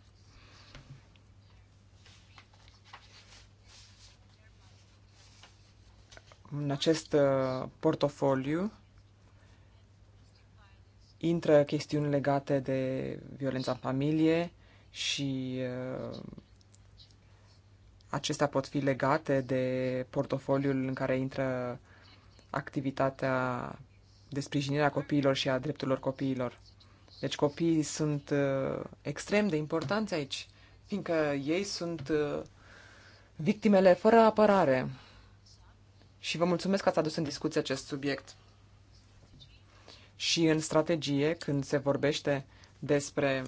În acest uh, portofoliu intră chestiuni legate de violența în familie și uh, Acestea pot fi legate de portofoliul în care intră activitatea de sprijinire a copiilor și a drepturilor copiilor. Deci copiii sunt uh, extrem de importanți aici, fiindcă ei sunt uh, victimele fără apărare. Și vă mulțumesc că ați adus în discuție acest subiect. Și în strategie, când se vorbește despre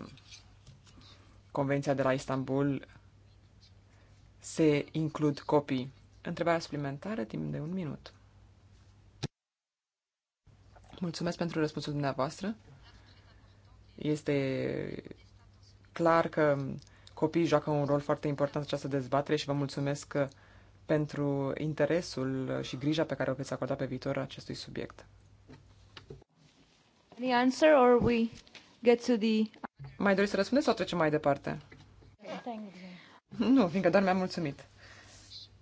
Convenția de la Istanbul se includ copii? Întrebarea suplimentară timp de un minut. Mulțumesc pentru răspunsul dumneavoastră. Este clar că copiii joacă un rol foarte important în această dezbatere și vă mulțumesc pentru interesul și grija pe care o veți acorda pe viitor acestui subiect. Any answer or we get to the... Mai doriți să răspundeți sau trecem mai departe? Okay. Nu, fiindcă doar mi-am mulțumit.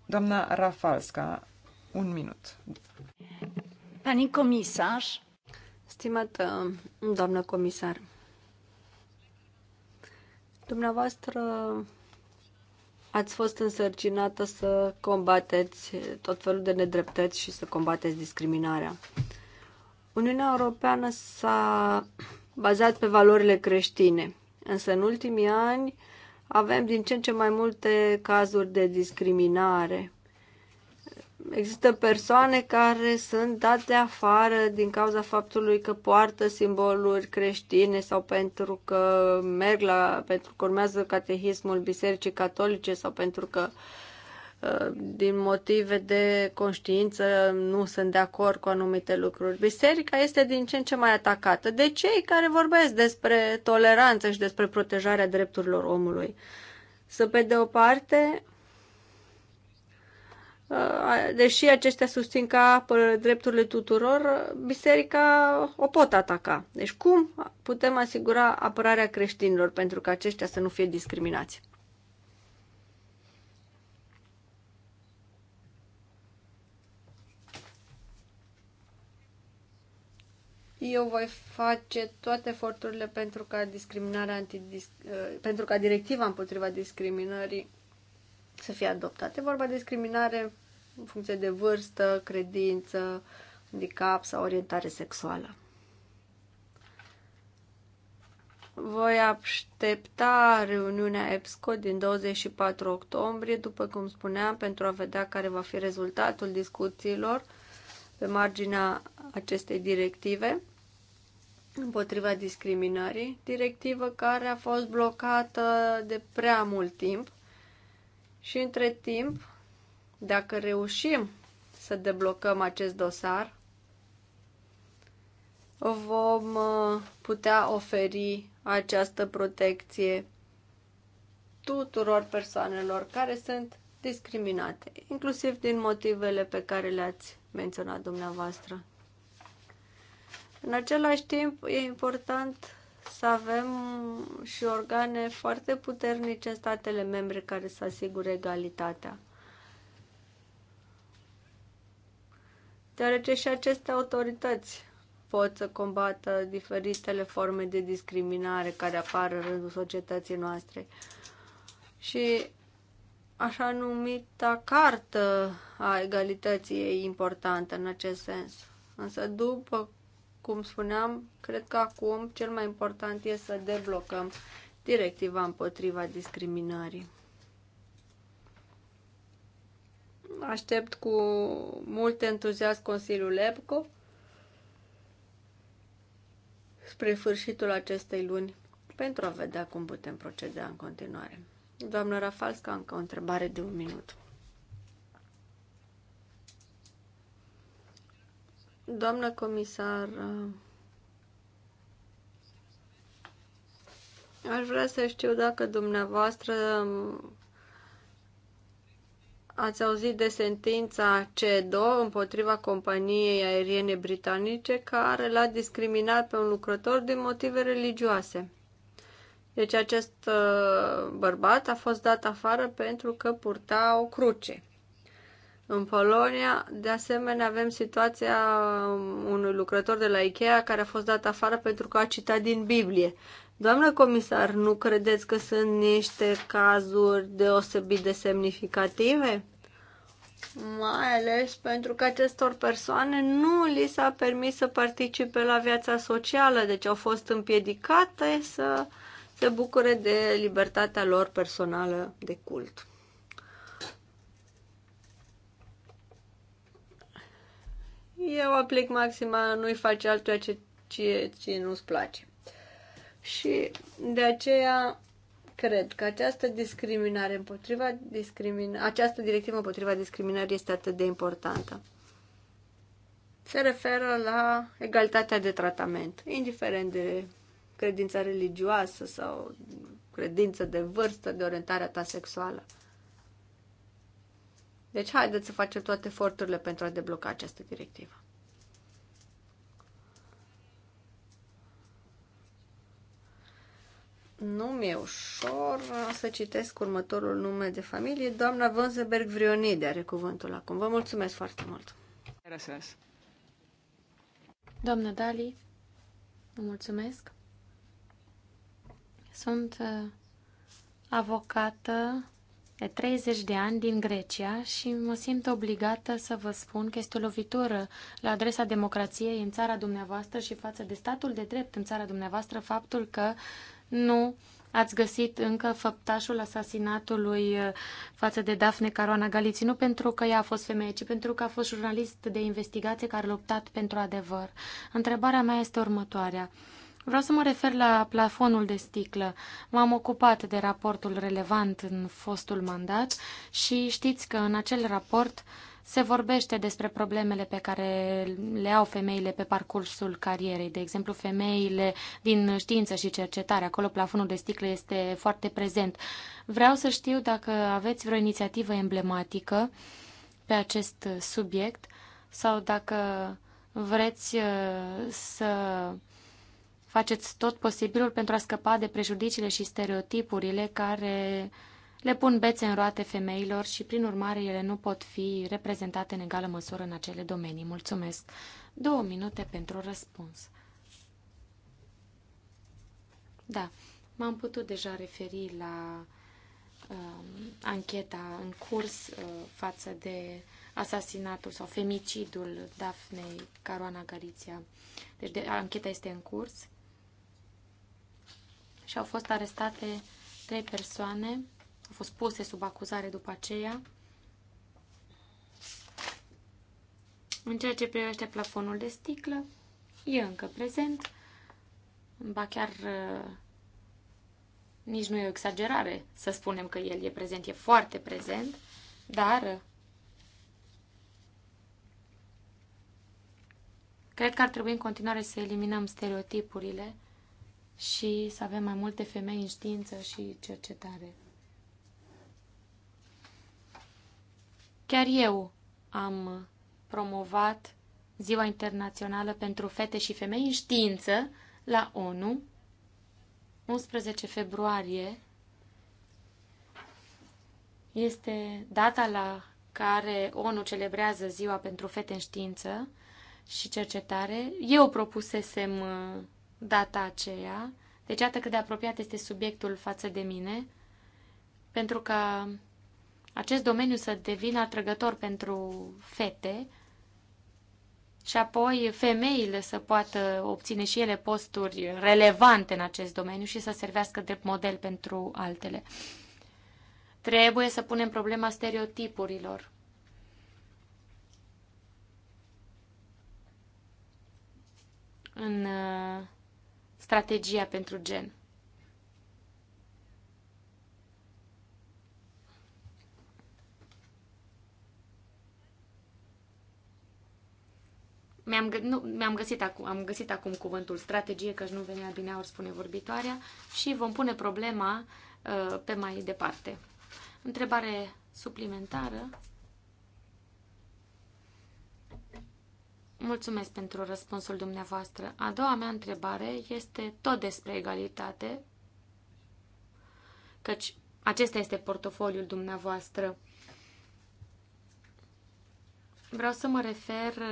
Doamna Rafalska, un minut. Pani comisar. Stimată doamnă comisar, dumneavoastră ați fost însărcinată să combateți tot felul de nedreptăți și să combateți discriminarea. Uniunea Europeană s-a bazat pe valorile creștine, însă în ultimii ani avem din ce în ce mai multe cazuri de discriminare. Există persoane care sunt date afară din cauza faptului că poartă simboluri creștine sau pentru că merg la, pentru că urmează catehismul bisericii catolice sau pentru că uh, Uh, din motive de conștiință nu sunt de acord cu anumite lucruri. Biserica este din ce în ce mai atacată de cei care vorbesc despre toleranță și despre protejarea drepturilor omului. Să pe de o parte, uh, deși aceștia susțin că apără drepturile tuturor, biserica o pot ataca. Deci cum putem asigura apărarea creștinilor pentru că aceștia să nu fie discriminați? Eu voi face toate eforturile pentru ca discriminarea uh, pentru ca directiva împotriva discriminării să fie adoptată. E vorba de discriminare în funcție de vârstă, credință, handicap sau orientare sexuală. Voi aștepta reuniunea EPSCO din 24 octombrie, după cum spuneam, pentru a vedea care va fi rezultatul discuțiilor pe marginea acestei directive împotriva discriminării, directivă care a fost blocată de prea mult timp și între timp, dacă reușim să deblocăm acest dosar, vom uh, putea oferi această protecție tuturor persoanelor care sunt discriminate, inclusiv din motivele pe care le-ați menționat dumneavoastră. În același timp, e important să avem și organe foarte puternice în statele membre care să asigure egalitatea. Deoarece și aceste autorități pot să combată diferitele forme de discriminare care apar în rândul societății noastre. Și așa numita cartă a egalității e importantă în acest sens. Însă după cum spuneam, cred că acum cel mai important este să deblocăm directiva împotriva discriminării. Aștept cu mult entuziasm Consiliul EPCO spre sfârșitul acestei luni pentru a vedea cum putem proceda în continuare. Doamnă Rafalska, încă o întrebare de un minut. Doamnă comisar, aș vrea să știu dacă dumneavoastră ați auzit de sentința CEDO împotriva companiei aeriene britanice care l-a discriminat pe un lucrător din motive religioase. Deci acest uh, bărbat a fost dat afară pentru că purta o cruce. În Polonia, de asemenea, avem situația unui lucrător de la Ikea care a fost dat afară pentru că a citat din Biblie. Doamnă comisar, nu credeți că sunt niște cazuri deosebit de semnificative? Mai ales pentru că acestor persoane nu li s-a permis să participe la viața socială, deci au fost împiedicate să se bucure de libertatea lor personală de cult. Eu aplic maxima, nu-i face altuia ce, ce, ce nu-ți place. Și de aceea cred că această discriminare împotriva discrimin... această directivă împotriva discriminării este atât de importantă. Se referă la egalitatea de tratament, indiferent de credința religioasă sau credință de vârstă, de orientarea ta sexuală. Deci haideți să facem toate eforturile pentru a debloca această directivă. Nu mi-e ușor să citesc următorul nume de familie. Doamna Vânzeberg Vrionide are cuvântul acum. Vă mulțumesc foarte mult. Gracias. Doamna Dali, vă mulțumesc. Sunt uh, avocată de 30 de ani din Grecia și mă simt obligată să vă spun că este o lovitură la adresa democrației în țara dumneavoastră și față de statul de drept în țara dumneavoastră faptul că nu ați găsit încă făptașul asasinatului uh, față de Dafne Caruana Galiți, nu pentru că ea a fost femeie, ci pentru că a fost jurnalist de investigație care a luptat pentru adevăr. Întrebarea mea este următoarea. Vreau să mă refer la plafonul de sticlă. M-am ocupat de raportul relevant în fostul mandat și știți că în acel raport se vorbește despre problemele pe care le au femeile pe parcursul carierei, de exemplu femeile din știință și cercetare, acolo plafonul de sticlă este foarte prezent. Vreau să știu dacă aveți vreo inițiativă emblematică pe acest subiect sau dacă vreți uh, să Faceți tot posibilul pentru a scăpa de prejudiciile și stereotipurile care le pun bețe în roate femeilor și, prin urmare, ele nu pot fi reprezentate în egală măsură în acele domenii. Mulțumesc! Două minute pentru răspuns. Da, m-am putut deja referi la uh, ancheta în curs uh, față de asasinatul sau femicidul Dafnei Caruana Gariția. Deci de, ancheta este în curs și au fost arestate trei persoane, au fost puse sub acuzare după aceea. În ceea ce privește plafonul de sticlă, e încă prezent, ba chiar uh, nici nu e o exagerare să spunem că el e prezent, e foarte prezent, dar uh, cred că ar trebui în continuare să eliminăm stereotipurile și să avem mai multe femei în știință și cercetare. Chiar eu am promovat Ziua Internațională pentru Fete și Femei în Știință la ONU, 11 februarie, este data la care ONU celebrează Ziua pentru Fete în Știință și Cercetare. Eu propusesem uh, data aceea, deci atât cât de apropiat este subiectul față de mine, pentru că acest domeniu să devină atrăgător pentru fete și apoi femeile să poată obține și ele posturi relevante în acest domeniu și să servească drept model pentru altele. Trebuie să punem problema stereotipurilor. În uh, strategia pentru gen. Mi-am, gă- nu, mi-am găsit acum, am găsit acum cuvântul strategie, că nu venea bine ori spune vorbitoarea, și vom pune problema uh, pe mai departe. Întrebare suplimentară. Mulțumesc pentru răspunsul dumneavoastră. A doua mea întrebare este tot despre egalitate, căci acesta este portofoliul dumneavoastră. Vreau să mă refer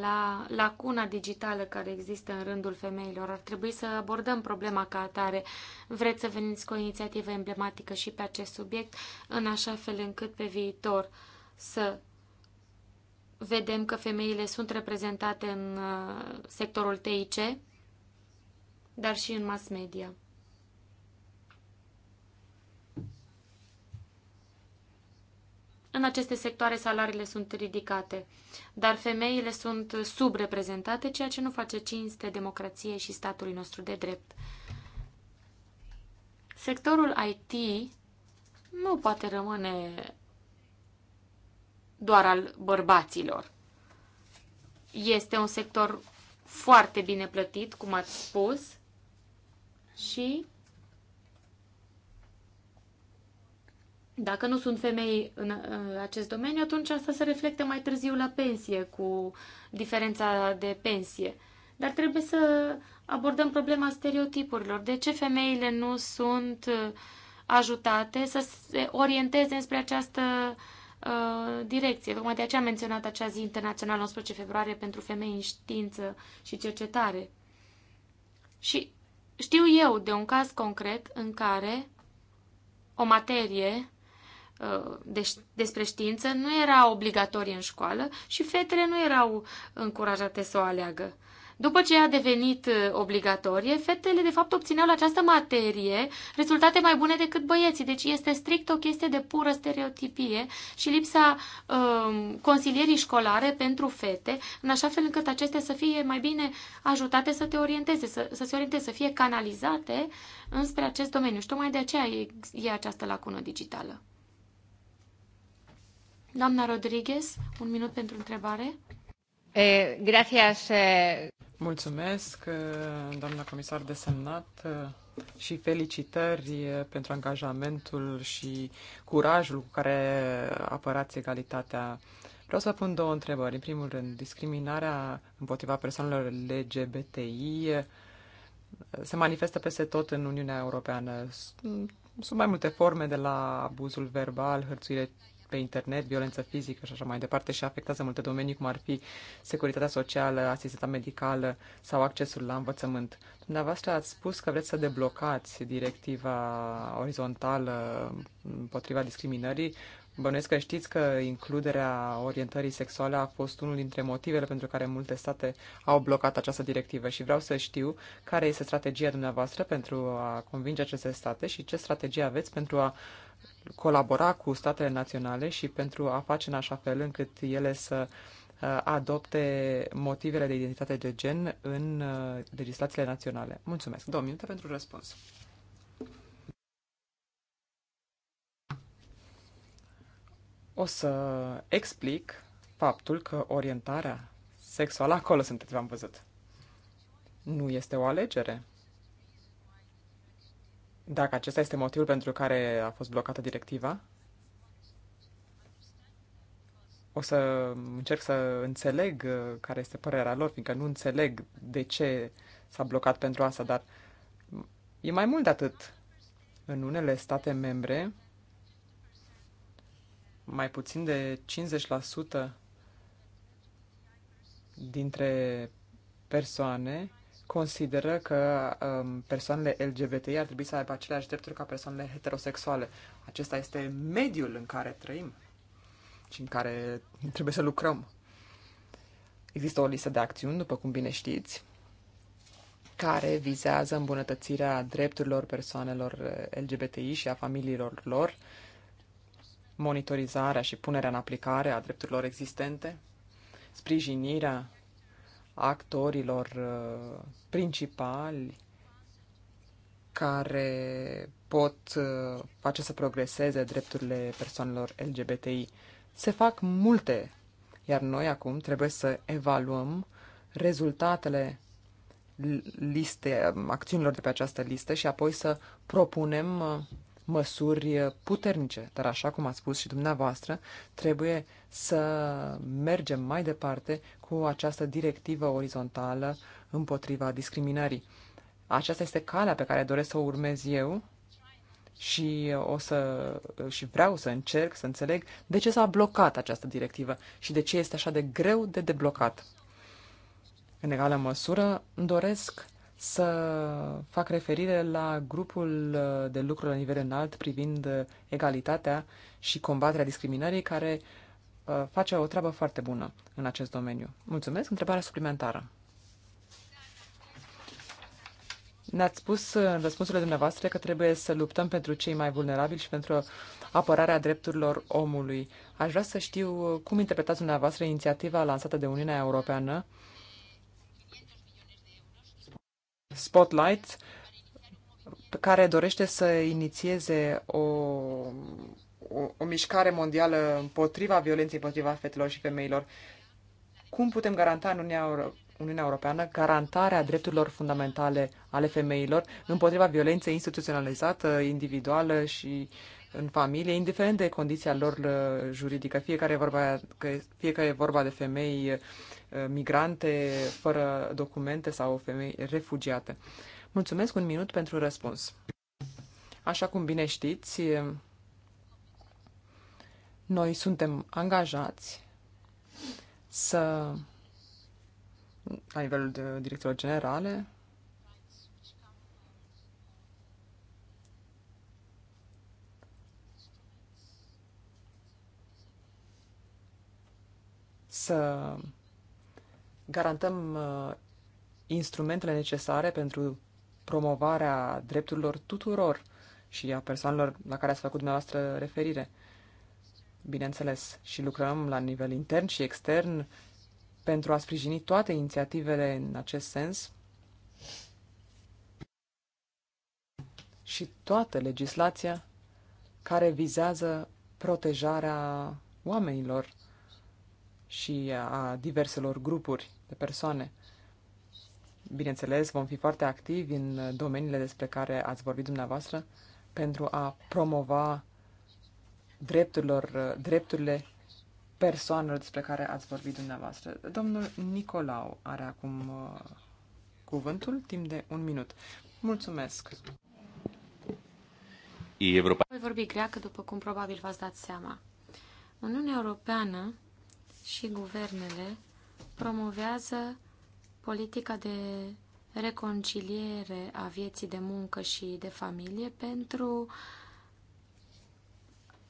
la lacuna digitală care există în rândul femeilor. Ar trebui să abordăm problema ca atare. Vreți să veniți cu o inițiativă emblematică și pe acest subiect, în așa fel încât pe viitor să vedem că femeile sunt reprezentate în uh, sectorul TIC, dar și în mass media. În aceste sectoare salariile sunt ridicate, dar femeile sunt subreprezentate, ceea ce nu face cinste democrației și statului nostru de drept. Sectorul IT nu poate rămâne doar al bărbaților. Este un sector foarte bine plătit, cum ați spus, și dacă nu sunt femei în acest domeniu, atunci asta se reflectă mai târziu la pensie, cu diferența de pensie. Dar trebuie să abordăm problema stereotipurilor. De ce femeile nu sunt ajutate să se orienteze spre această uh, Uh, direcție. Tocmai de aceea am menționat acea zi internațională 11 februarie pentru femei în știință și cercetare. Și știu eu de un caz concret în care o materie uh, de, despre știință nu era obligatorie în școală și fetele nu erau încurajate să o aleagă. După ce a devenit uh, obligatorie, fetele de fapt obțineau la această materie rezultate mai bune decât băieții. Deci este strict o chestie de pură stereotipie și lipsa um, consilierii școlare pentru fete, în așa fel încât acestea să fie mai bine ajutate să te orienteze, să, să se orienteze, să fie canalizate înspre acest domeniu. Și tocmai de aceea e, e această lacună digitală. Doamna Rodriguez, un minut pentru întrebare. Eh, gracias, eh... Mulțumesc, uh, doamna comisar desemnat, uh, și felicitări uh, pentru angajamentul și curajul cu care apărați egalitatea. Vreau să vă pun două întrebări. În primul rând, discriminarea împotriva persoanelor LGBTI se manifestă peste tot în Uniunea Europeană. Sunt mai multe forme, de la abuzul verbal, hărțuire pe internet, violență fizică și așa mai departe și afectează multe domenii, cum ar fi securitatea socială, asistența medicală sau accesul la învățământ. Dumneavoastră ați spus că vreți să deblocați directiva orizontală împotriva discriminării. Bănuiesc că știți că includerea orientării sexuale a fost unul dintre motivele pentru care multe state au blocat această directivă și vreau să știu care este strategia dumneavoastră pentru a convinge aceste state și ce strategie aveți pentru a colabora cu statele naționale și pentru a face în așa fel încât ele să uh, adopte motivele de identitate de gen în uh, legislațiile naționale. Mulțumesc. Două minute pentru răspuns. O să explic faptul că orientarea sexuală, acolo sunteți, v-am văzut, nu este o alegere. Dacă acesta este motivul pentru care a fost blocată directiva, o să încerc să înțeleg uh, care este părerea lor, fiindcă nu înțeleg de ce s-a blocat pentru asta, dar e mai mult de atât. În unele state membre, mai puțin de 50% dintre persoane consideră că um, persoanele LGBTI ar trebui să aibă aceleași drepturi ca persoanele heterosexuale. Acesta este mediul în care trăim și în care trebuie să lucrăm. Există o listă de acțiuni, după cum bine știți, care vizează îmbunătățirea drepturilor persoanelor uh, LGBTI și a familiilor lor, monitorizarea și punerea în aplicare a drepturilor existente, sprijinirea actorilor uh, principali care pot uh, face să progreseze drepturile persoanelor LGBTI. Se fac multe, iar noi acum trebuie să evaluăm rezultatele liste, acțiunilor de pe această listă și apoi să propunem uh, măsuri puternice, dar așa cum ați spus și dumneavoastră, trebuie să mergem mai departe cu această directivă orizontală împotriva discriminării. Aceasta este calea pe care doresc să o urmez eu și o să și vreau să încerc să înțeleg de ce s-a blocat această directivă și de ce este așa de greu de deblocat. În egală măsură, îmi doresc să fac referire la grupul uh, de lucru la nivel înalt privind uh, egalitatea și combaterea discriminării, care uh, face o treabă foarte bună în acest domeniu. Mulțumesc. Întrebarea suplimentară. Ne-ați spus în răspunsurile dumneavoastră că trebuie să luptăm pentru cei mai vulnerabili și pentru apărarea drepturilor omului. Aș vrea să știu cum interpretați dumneavoastră inițiativa lansată de Uniunea Europeană uh, Spotlight, care dorește să inițieze o, o, o mișcare mondială împotriva violenței împotriva fetelor și femeilor. Cum putem garanta în Uniunea Europeană Uniunea Europeană garantarea drepturilor fundamentale ale femeilor împotriva violenței instituționalizată, individuală și în familie, indiferent de condiția lor uh, juridică, fiecare vorba, că fie că e vorba de femei uh, migrante fără documente sau femei refugiate. Mulțumesc un minut pentru răspuns. Așa cum bine știți, uh, noi suntem angajați să, la nivelul de directorilor generale, să garantăm uh, instrumentele necesare pentru promovarea drepturilor tuturor și a persoanelor la care ați făcut dumneavoastră referire. Bineînțeles, și lucrăm la nivel intern și extern pentru a sprijini toate inițiativele în acest sens și toată legislația care vizează protejarea oamenilor și a diverselor grupuri de persoane. Bineînțeles, vom fi foarte activi în domeniile despre care ați vorbit dumneavoastră pentru a promova drepturilor, drepturile persoanelor despre care ați vorbit dumneavoastră. Domnul Nicolau are acum uh, cuvântul, timp de un minut. Mulțumesc! Europa. Voi vorbi greacă, după cum probabil v-ați dat seama. Uniunea Europeană și guvernele promovează politica de reconciliere a vieții de muncă și de familie pentru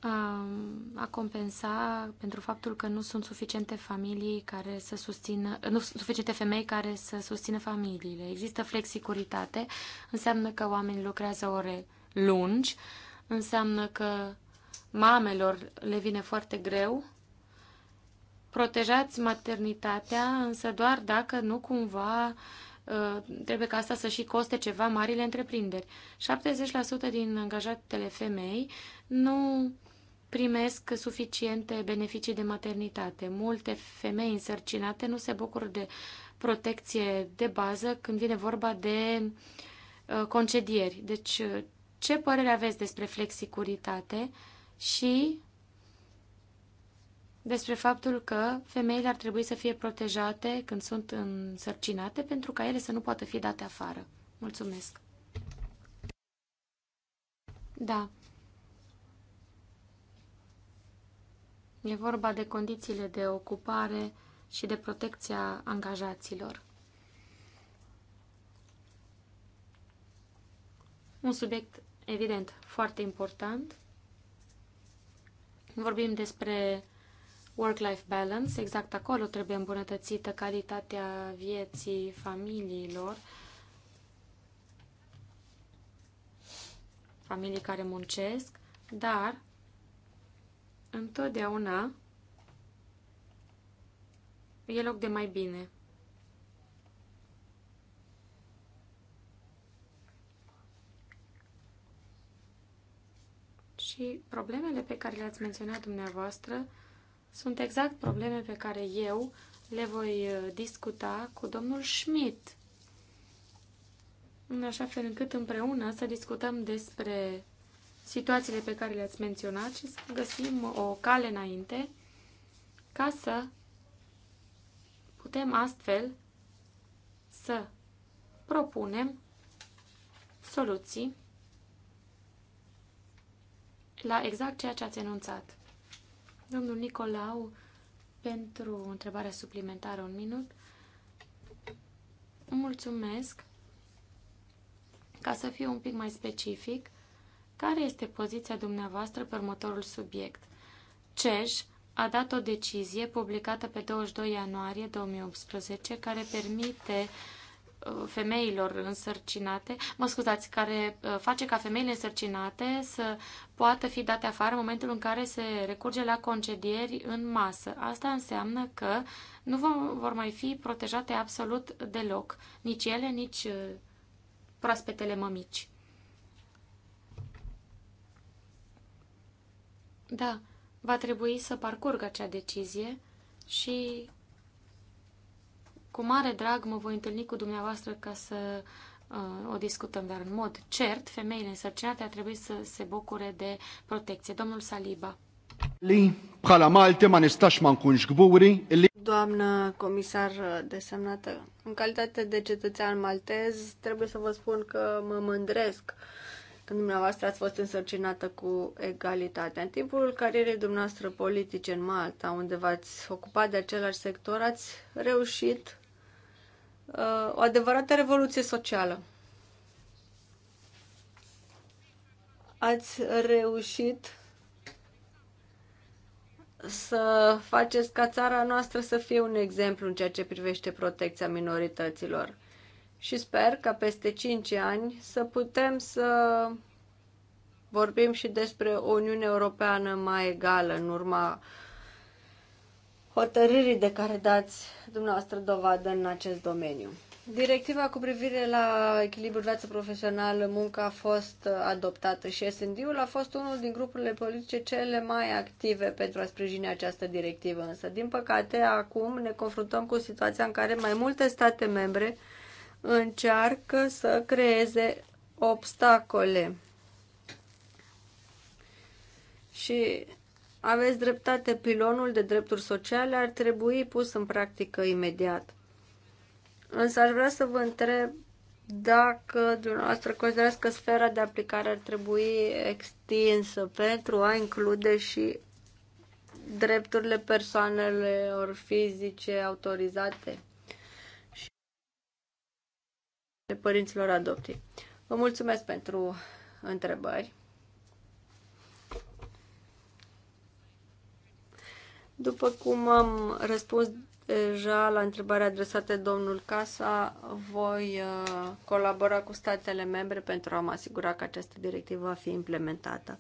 um, a compensa pentru faptul că nu sunt suficiente familii care să susțină, nu sunt suficiente femei care să susțină familiile. Există flexicuritate, înseamnă că oamenii lucrează ore lungi, înseamnă că mamelor le vine foarte greu protejați maternitatea, însă doar dacă nu cumva uh, trebuie ca asta să și coste ceva marile întreprinderi. 70% din angajatele femei nu primesc suficiente beneficii de maternitate. Multe femei însărcinate nu se bucură de protecție de bază când vine vorba de uh, concedieri. Deci, uh, ce părere aveți despre flexicuritate și despre faptul că femeile ar trebui să fie protejate când sunt însărcinate pentru ca ele să nu poată fi date afară. Mulțumesc! Da. E vorba de condițiile de ocupare și de protecția angajaților. Un subiect, evident, foarte important. Vorbim despre work-life balance, exact acolo trebuie îmbunătățită calitatea vieții familiilor, familii care muncesc, dar întotdeauna e loc de mai bine. Și problemele pe care le-ați menționat dumneavoastră sunt exact probleme pe care eu le voi uh, discuta cu domnul Schmidt, în așa fel încât împreună să discutăm despre situațiile pe care le-ați menționat și să găsim o cale înainte ca să putem astfel să propunem soluții la exact ceea ce ați enunțat. Domnul Nicolau, pentru întrebarea suplimentară, un minut. Mulțumesc. Ca să fiu un pic mai specific, care este poziția dumneavoastră pe următorul subiect? CEJ a dat o decizie publicată pe 22 ianuarie 2018 care permite uh, Uh, femeilor însărcinate, mă scuzați, care uh, face ca femeile însărcinate să poată fi date afară în momentul în care se recurge la concedieri în masă. Asta înseamnă că nu vor mai fi protejate absolut deloc, nici ele, nici uh, proaspetele mămici. Da, va trebui să parcurg acea decizie și cu mare drag mă voi întâlni cu dumneavoastră ca să uh, o discutăm, dar în mod cert, femeile însărcinate ar trebui să se bucure de protecție. Domnul Saliba. Li, Doamnă comisar desemnată, în calitate de cetățean maltez, trebuie să vă spun că mă mândresc când dumneavoastră ați fost însărcinată cu egalitate. În timpul carierei dumneavoastră politice în Malta, unde v-ați ocupat de același sector, ați reușit Uh, o adevărată revoluție socială. Ați reușit să faceți ca țara noastră să fie un exemplu în ceea ce privește protecția minorităților. Și sper ca peste 5 ani să putem să vorbim și despre o Uniune Europeană mai egală în urma hotărârii de care dați dumneavoastră dovadă în acest domeniu. Directiva cu privire la echilibrul viață profesională, muncă a fost uh, adoptată și SND-ul a fost unul din grupurile politice cele mai active pentru a sprijini această directivă. Însă, din păcate, acum ne confruntăm cu situația în care mai multe state membre încearcă să creeze obstacole. Și aveți dreptate, pilonul de drepturi sociale ar trebui pus în practică imediat. Însă aș vrea să vă întreb dacă dumneavoastră considerați că sfera de aplicare ar trebui extinsă pentru a include și drepturile persoanelor fizice autorizate și părinților adoptii. Vă mulțumesc pentru întrebări. După cum am răspuns deja la întrebarea adresată domnul Casa, voi uh, colabora cu statele membre pentru a mă asigura că această directivă va fi implementată.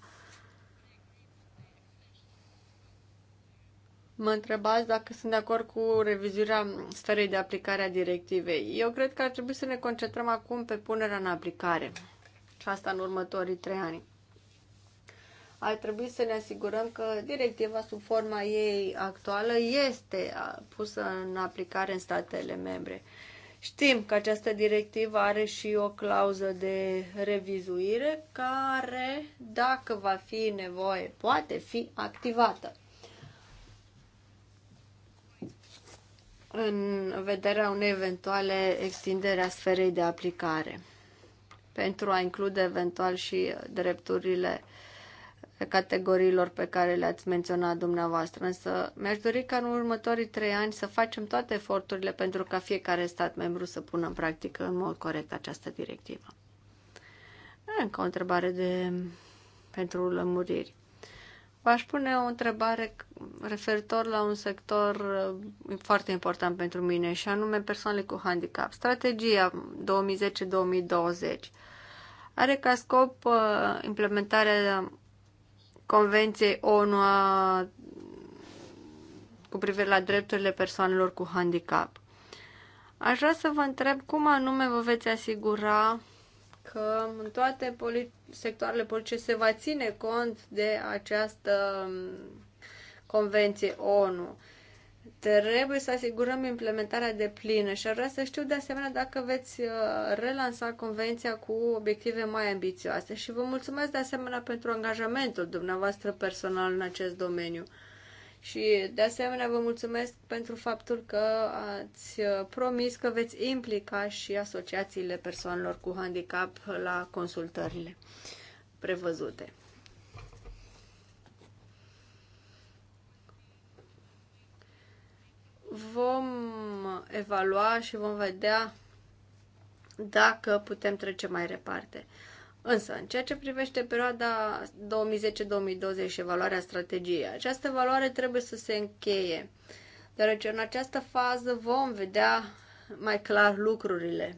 Mă întrebați dacă sunt de acord cu revizuirea sferei de aplicare a directivei. Eu cred că ar trebui să ne concentrăm acum pe punerea în aplicare. Și asta în următorii trei ani ar trebui să ne asigurăm că directiva sub forma ei actuală este pusă în aplicare în statele membre. Știm că această directivă are și o clauză de revizuire care, dacă va fi nevoie, poate fi activată. în vederea unei eventuale extindere a sferei de aplicare pentru a include eventual și drepturile categoriilor pe care le-ați menționat dumneavoastră, însă mi-aș dori ca în următorii trei ani să facem toate eforturile pentru ca fiecare stat membru să pună în practică în mod corect această directivă. Încă o întrebare de... pentru lămuriri. V-aș pune o întrebare referitor la un sector uh, foarte important pentru mine și anume persoanele cu handicap. Strategia 2010-2020 are ca scop uh, implementarea Convenției ONU a... cu privire la drepturile persoanelor cu handicap. Aș vrea să vă întreb cum anume vă veți asigura că în toate polit- sectoarele politice se va ține cont de această um, convenție ONU. Trebuie să asigurăm implementarea de plină și ar vrea să știu de asemenea dacă veți uh, relansa convenția cu obiective mai ambițioase și vă mulțumesc de asemenea pentru angajamentul dumneavoastră personal în acest domeniu. Și de asemenea vă mulțumesc pentru faptul că ați uh, promis că veți implica și asociațiile persoanelor cu handicap la consultările prevăzute. vom evalua și vom vedea dacă putem trece mai departe. Însă, în ceea ce privește perioada 2010-2020 și evaluarea strategiei, această evaluare trebuie să se încheie, deoarece în această fază vom vedea mai clar lucrurile.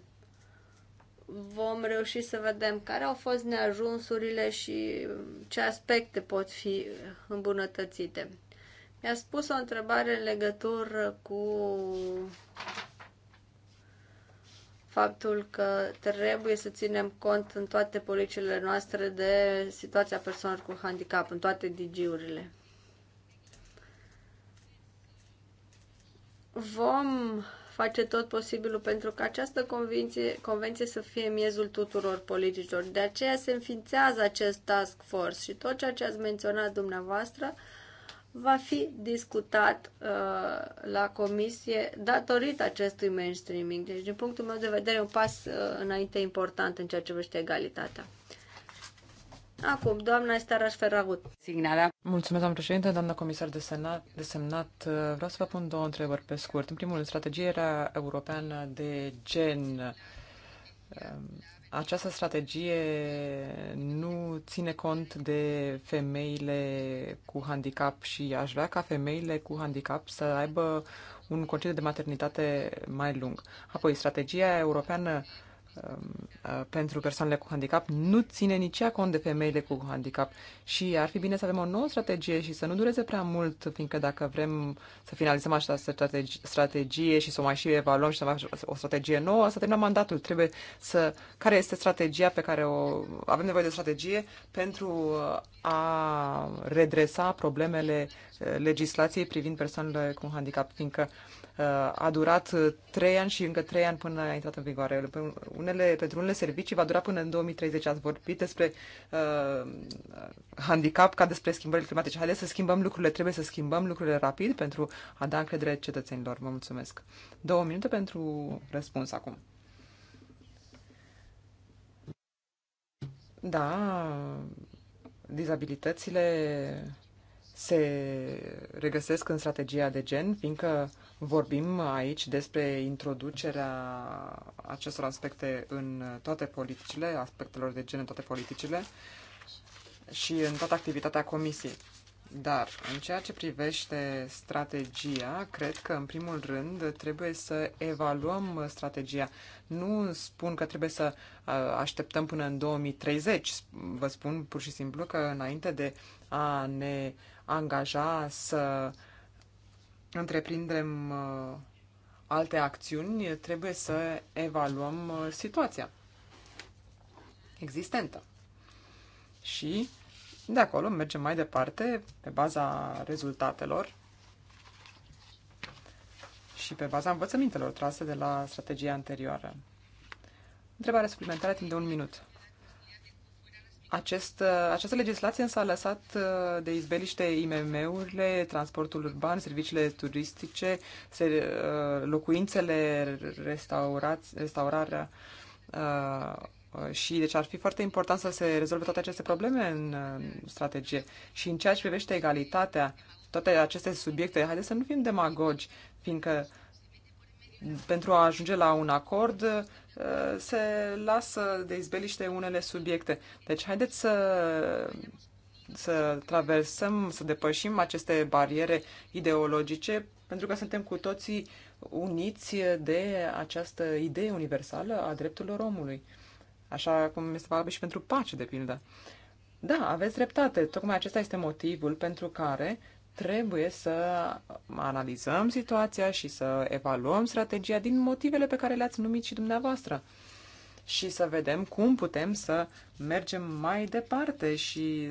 Vom reuși să vedem care au fost neajunsurile și ce aspecte pot fi îmbunătățite i a spus o întrebare în legătură cu faptul că trebuie să ținem cont în toate policiile noastre de situația persoanelor cu handicap, în toate DG-urile. Vom face tot posibilul pentru ca această convenție, convenție să fie miezul tuturor politicilor. De aceea se înființează acest task force și tot ceea ce ați menționat dumneavoastră uh, va fi discutat uh, la comisie datorită acestui mainstreaming. Deci, din punctul meu de vedere, un pas uh, înainte important în ceea ce privește egalitatea. Acum, doamna Estaraș Ferragut. Signala. Mulțumesc, doamnă președinte, doamna comisar de semnat. Vreau să vă pun două întrebări pe scurt. În primul rând, strategia europeană de gen um, această strategie nu ține cont de femeile cu handicap și aș vrea ca femeile cu handicap să aibă un concediu de maternitate mai lung. Apoi, strategia europeană Um, uh, pentru persoanele cu handicap nu ține nici ea cont de femeile cu handicap și ar fi bine să avem o nouă strategie și să nu dureze prea mult, fiindcă dacă vrem să finalizăm această strategie, și să o mai și evaluăm și să mai o strategie nouă, să terminăm mandatul. Trebuie să... Care este strategia pe care o... Avem nevoie de strategie pentru uh, a redresa problemele uh, legislației privind persoanele cu handicap, fiindcă uh, a durat uh, trei ani și încă trei ani până a intrat în vigoare. Unele, pentru unele servicii va dura până în 2030. Ați vorbit despre uh, handicap ca despre schimbările climatice. Haideți să schimbăm lucrurile. Trebuie să schimbăm lucrurile rapid pentru a da încredere cetățenilor. Vă mulțumesc. Două minute pentru răspuns acum. Da, dizabilitățile se regăsesc în strategia de gen, fiindcă vorbim aici despre introducerea acestor aspecte în toate politicile, aspectelor de gen în toate politicile și în toată activitatea comisiei. Dar, în ceea ce privește strategia, cred că, în primul rând, trebuie să evaluăm strategia. Nu spun că trebuie să uh, așteptăm până în 2030. Vă spun pur și simplu că, înainte de a ne uh, angaja să întreprindem uh, alte acțiuni, trebuie să evaluăm uh, situația existentă. Și de acolo mergem mai departe pe baza rezultatelor și pe baza învățămintelor trase de la strategia anterioară. Întrebare suplimentară timp de un minut. Acest, această legislație însă a lăsat uh, de izbeliște IMM-urile, transportul urban, serviciile turistice, uh, locuințele, restaurarea uh, și deci ar fi foarte important să se rezolve toate aceste probleme în strategie. Și în ceea ce privește egalitatea, toate aceste subiecte, haideți să nu fim demagogi, fiindcă pentru a ajunge la un acord Eh, se lasă de izbeliște unele subiecte. Deci haideți să să traversăm, să depășim aceste bariere ideologice, pentru că suntem cu toții uniți de această idee universală a drepturilor omului. Așa cum este valabil și pentru pace, de pildă. Da, aveți dreptate. Tocmai acesta este motivul pentru care Trebuie să analizăm situația și să evaluăm strategia din motivele pe care le-ați numit și dumneavoastră și să vedem cum putem să mergem mai departe și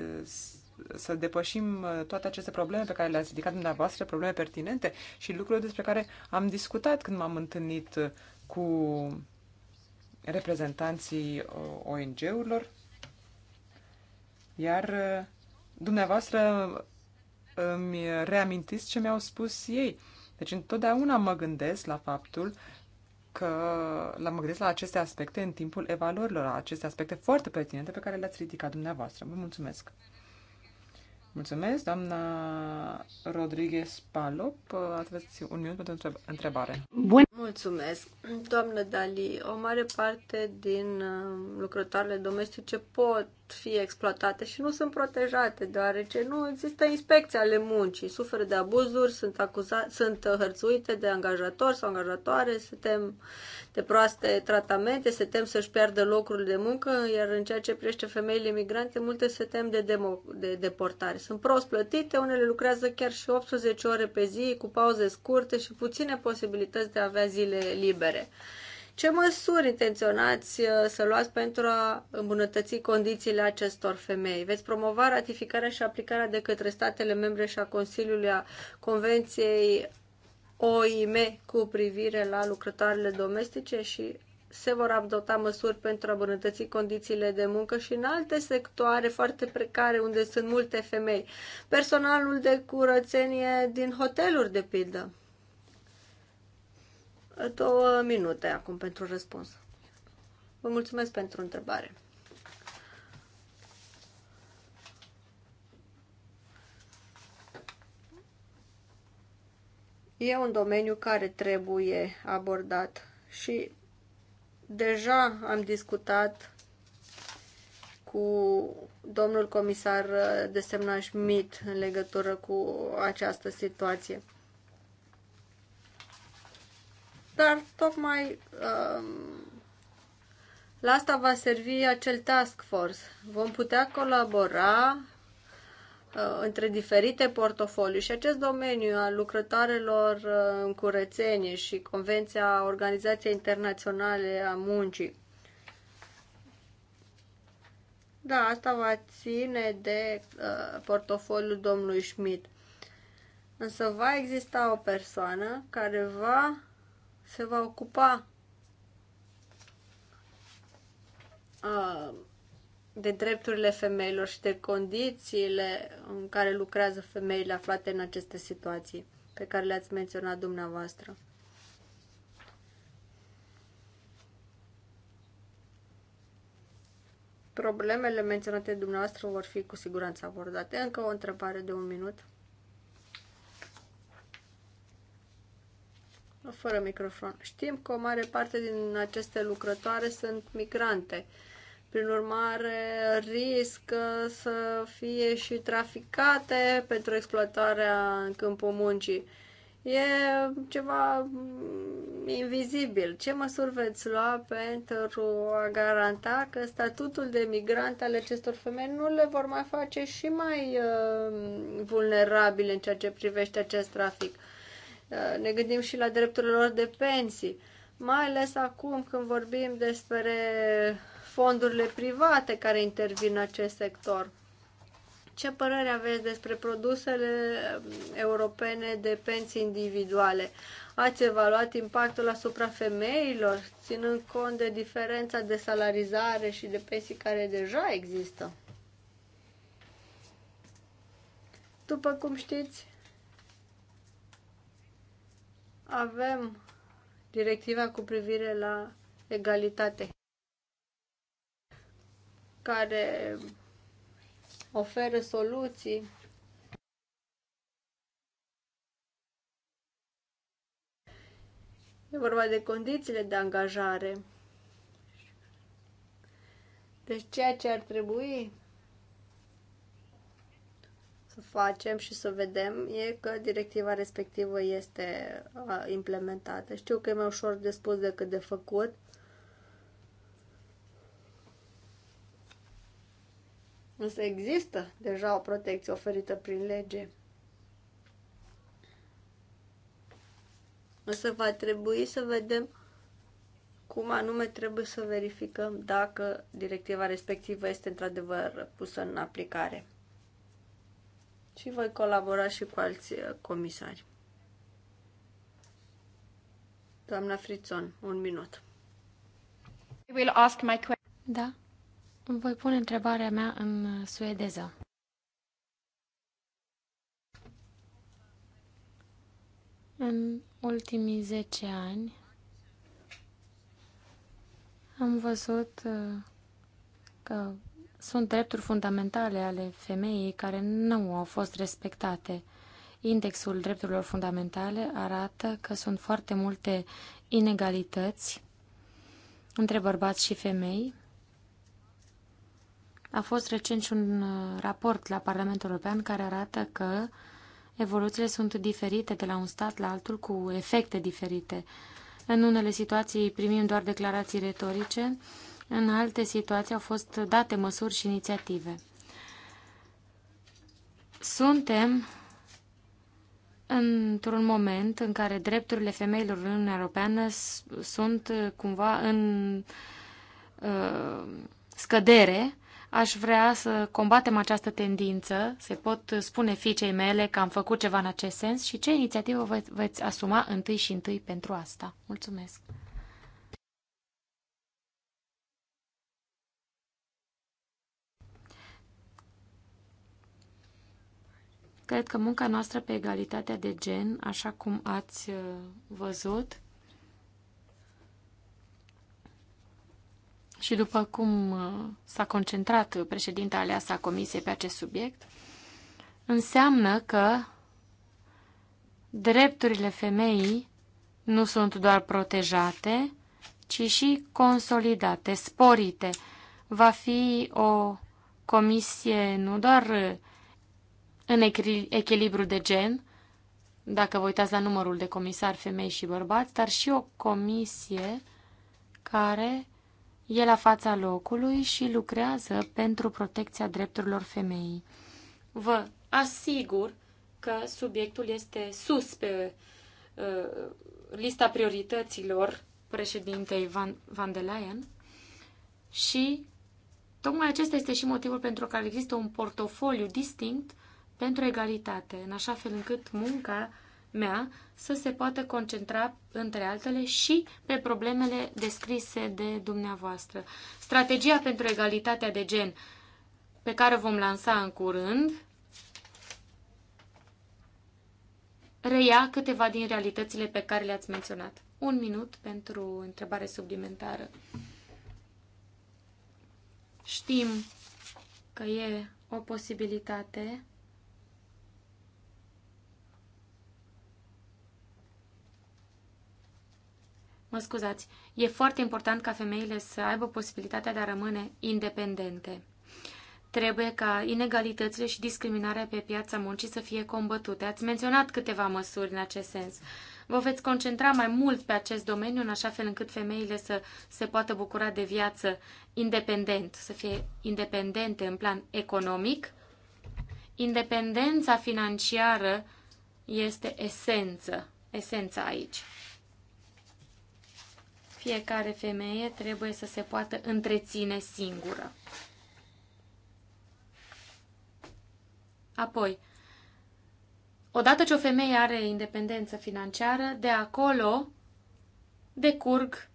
să depășim toate aceste probleme pe care le-ați ridicat dumneavoastră, probleme pertinente și lucruri despre care am discutat când m-am întâlnit cu reprezentanții ONG-urilor. Iar uh, dumneavoastră îmi reamintiți ce mi-au spus ei. Deci întotdeauna mă gândesc la faptul că la mă gândesc la aceste aspecte în timpul evaluărilor, la aceste aspecte foarte pertinente pe care le-ați ridicat dumneavoastră. Vă mulțumesc! Mulțumesc, doamna Rodriguez Palop. Aveți un minut pentru întrebare. Bun. Mulțumesc, doamnă Dali. O mare parte din uh, lucrătoarele domestice pot fi exploatate și nu sunt protejate, deoarece nu există inspecții ale muncii, suferă de abuzuri, sunt, acuza- sunt hărțuite de angajatori sau angajatoare, se tem de proaste tratamente, se tem să-și piardă locul de muncă, iar în ceea ce privește femeile migrante, multe se tem de, demo- de deportare. Sunt prost plătite, unele lucrează chiar și 18 ore pe zi, cu pauze scurte și puține posibilități de a avea zile libere. Ce măsuri intenționați uh, să luați pentru a îmbunătăți condițiile acestor femei? Veți promova ratificarea și aplicarea de către statele membre și a Consiliului a Convenției OIM cu privire la lucrătoarele domestice și se vor adopta măsuri pentru a îmbunătăți condițiile de muncă și în alte sectoare foarte precare unde sunt multe femei. Personalul de curățenie din hoteluri, de pildă. Două minute acum pentru răspuns. Vă mulțumesc pentru întrebare. E un domeniu care trebuie abordat și deja am discutat cu domnul comisar de desemnat Mit în legătură cu această situație. Dar tocmai um, la asta va servi acel task force. Vom putea colabora uh, între diferite portofolii și acest domeniu al lucrătoarelor uh, în curățenie și Convenția Organizației Internaționale a Muncii. Da, asta va ține de uh, portofoliul domnului Schmidt. Însă va exista o persoană care va se va ocupa uh, de drepturile femeilor și de condițiile în care lucrează femeile aflate în aceste situații pe care le-ați menționat dumneavoastră. Problemele menționate dumneavoastră vor fi cu siguranță abordate. Încă o întrebare de un minut. Fără microfon. Știm că o mare parte din aceste lucrătoare sunt migrante. Prin urmare, riscă să fie și traficate pentru exploatarea în câmpul muncii. E ceva mm, invizibil. Ce măsuri veți lua pentru a garanta că statutul de migrant al acestor femei nu le vor mai face și mai uh, vulnerabile în ceea ce privește acest trafic? Eh, ne gândim și la drepturile lor de pensii, mai ales acum când vorbim despre fondurile private care intervin în acest sector. Ce părere aveți despre produsele mm, europene de pensii individuale? Ați evaluat impactul asupra femeilor, ținând cont de diferența de salarizare și de pensii care deja există? După cum știți, avem directiva cu privire la egalitate care oferă soluții E vorba de condițiile de angajare. Deci ceea ce ar trebui să facem și să vedem e că directiva respectivă este implementată. Știu că e mai ușor de spus decât de făcut. Însă există deja o protecție oferită prin lege. Însă va trebui să vedem cum anume trebuie să verificăm dacă directiva respectivă este într-adevăr pusă în aplicare și voi colabora și cu alți uh, comisari. Doamna Frițon, un minut. Will ask my da, voi pune întrebarea mea în uh, suedeză. În ultimii 10 ani am văzut uh, că sunt drepturi fundamentale ale femeii care nu au fost respectate. Indexul drepturilor fundamentale arată că sunt foarte multe inegalități între bărbați și femei. A fost recent și un uh, raport la Parlamentul European care arată că evoluțiile sunt diferite de la un stat la altul cu efecte diferite. În unele situații primim doar declarații retorice, în alte situații au fost date măsuri și inițiative. Suntem într-un moment în care drepturile femeilor în Uniunea Europeană sunt cumva în uh, scădere, aș vrea să combatem această tendință, se pot spune fiicei mele că am făcut ceva în acest sens și ce inițiativă veți asuma întâi și întâi pentru asta. Mulțumesc! Cred că munca noastră pe egalitatea de gen, așa cum ați uh, văzut, și după cum uh, s-a concentrat președinta aleasă a Comisiei pe acest subiect, înseamnă că drepturile femeii nu sunt doar protejate, ci și consolidate, sporite. Va fi o comisie nu doar în echilibru de gen, dacă vă uitați la numărul de comisari femei și bărbați, dar și o comisie care e la fața locului și lucrează pentru protecția drepturilor femeii. Vă asigur că subiectul este sus pe uh, lista priorităților președintei Van, Van de Leyen și tocmai acesta este și motivul pentru care există un portofoliu distinct pentru egalitate, în așa fel încât munca mea să se poată concentra, între altele, și pe problemele descrise de dumneavoastră. Strategia pentru egalitatea de gen pe care o vom lansa în curând reia câteva din realitățile pe care le-ați menționat. Un minut pentru întrebare suplimentară. Știm că e o posibilitate Mă scuzați, e foarte important ca femeile să aibă posibilitatea de a rămâne independente. Trebuie ca inegalitățile și discriminarea pe piața muncii să fie combătute. Ați menționat câteva măsuri în acest sens. Vă veți concentra mai mult pe acest domeniu, în așa fel încât femeile să se poată bucura de viață independent, să fie independente în plan economic. Independența financiară este esență, esența aici. Fiecare femeie trebuie să se poată întreține singură. Apoi, odată ce o femeie are independență financiară, de acolo decurg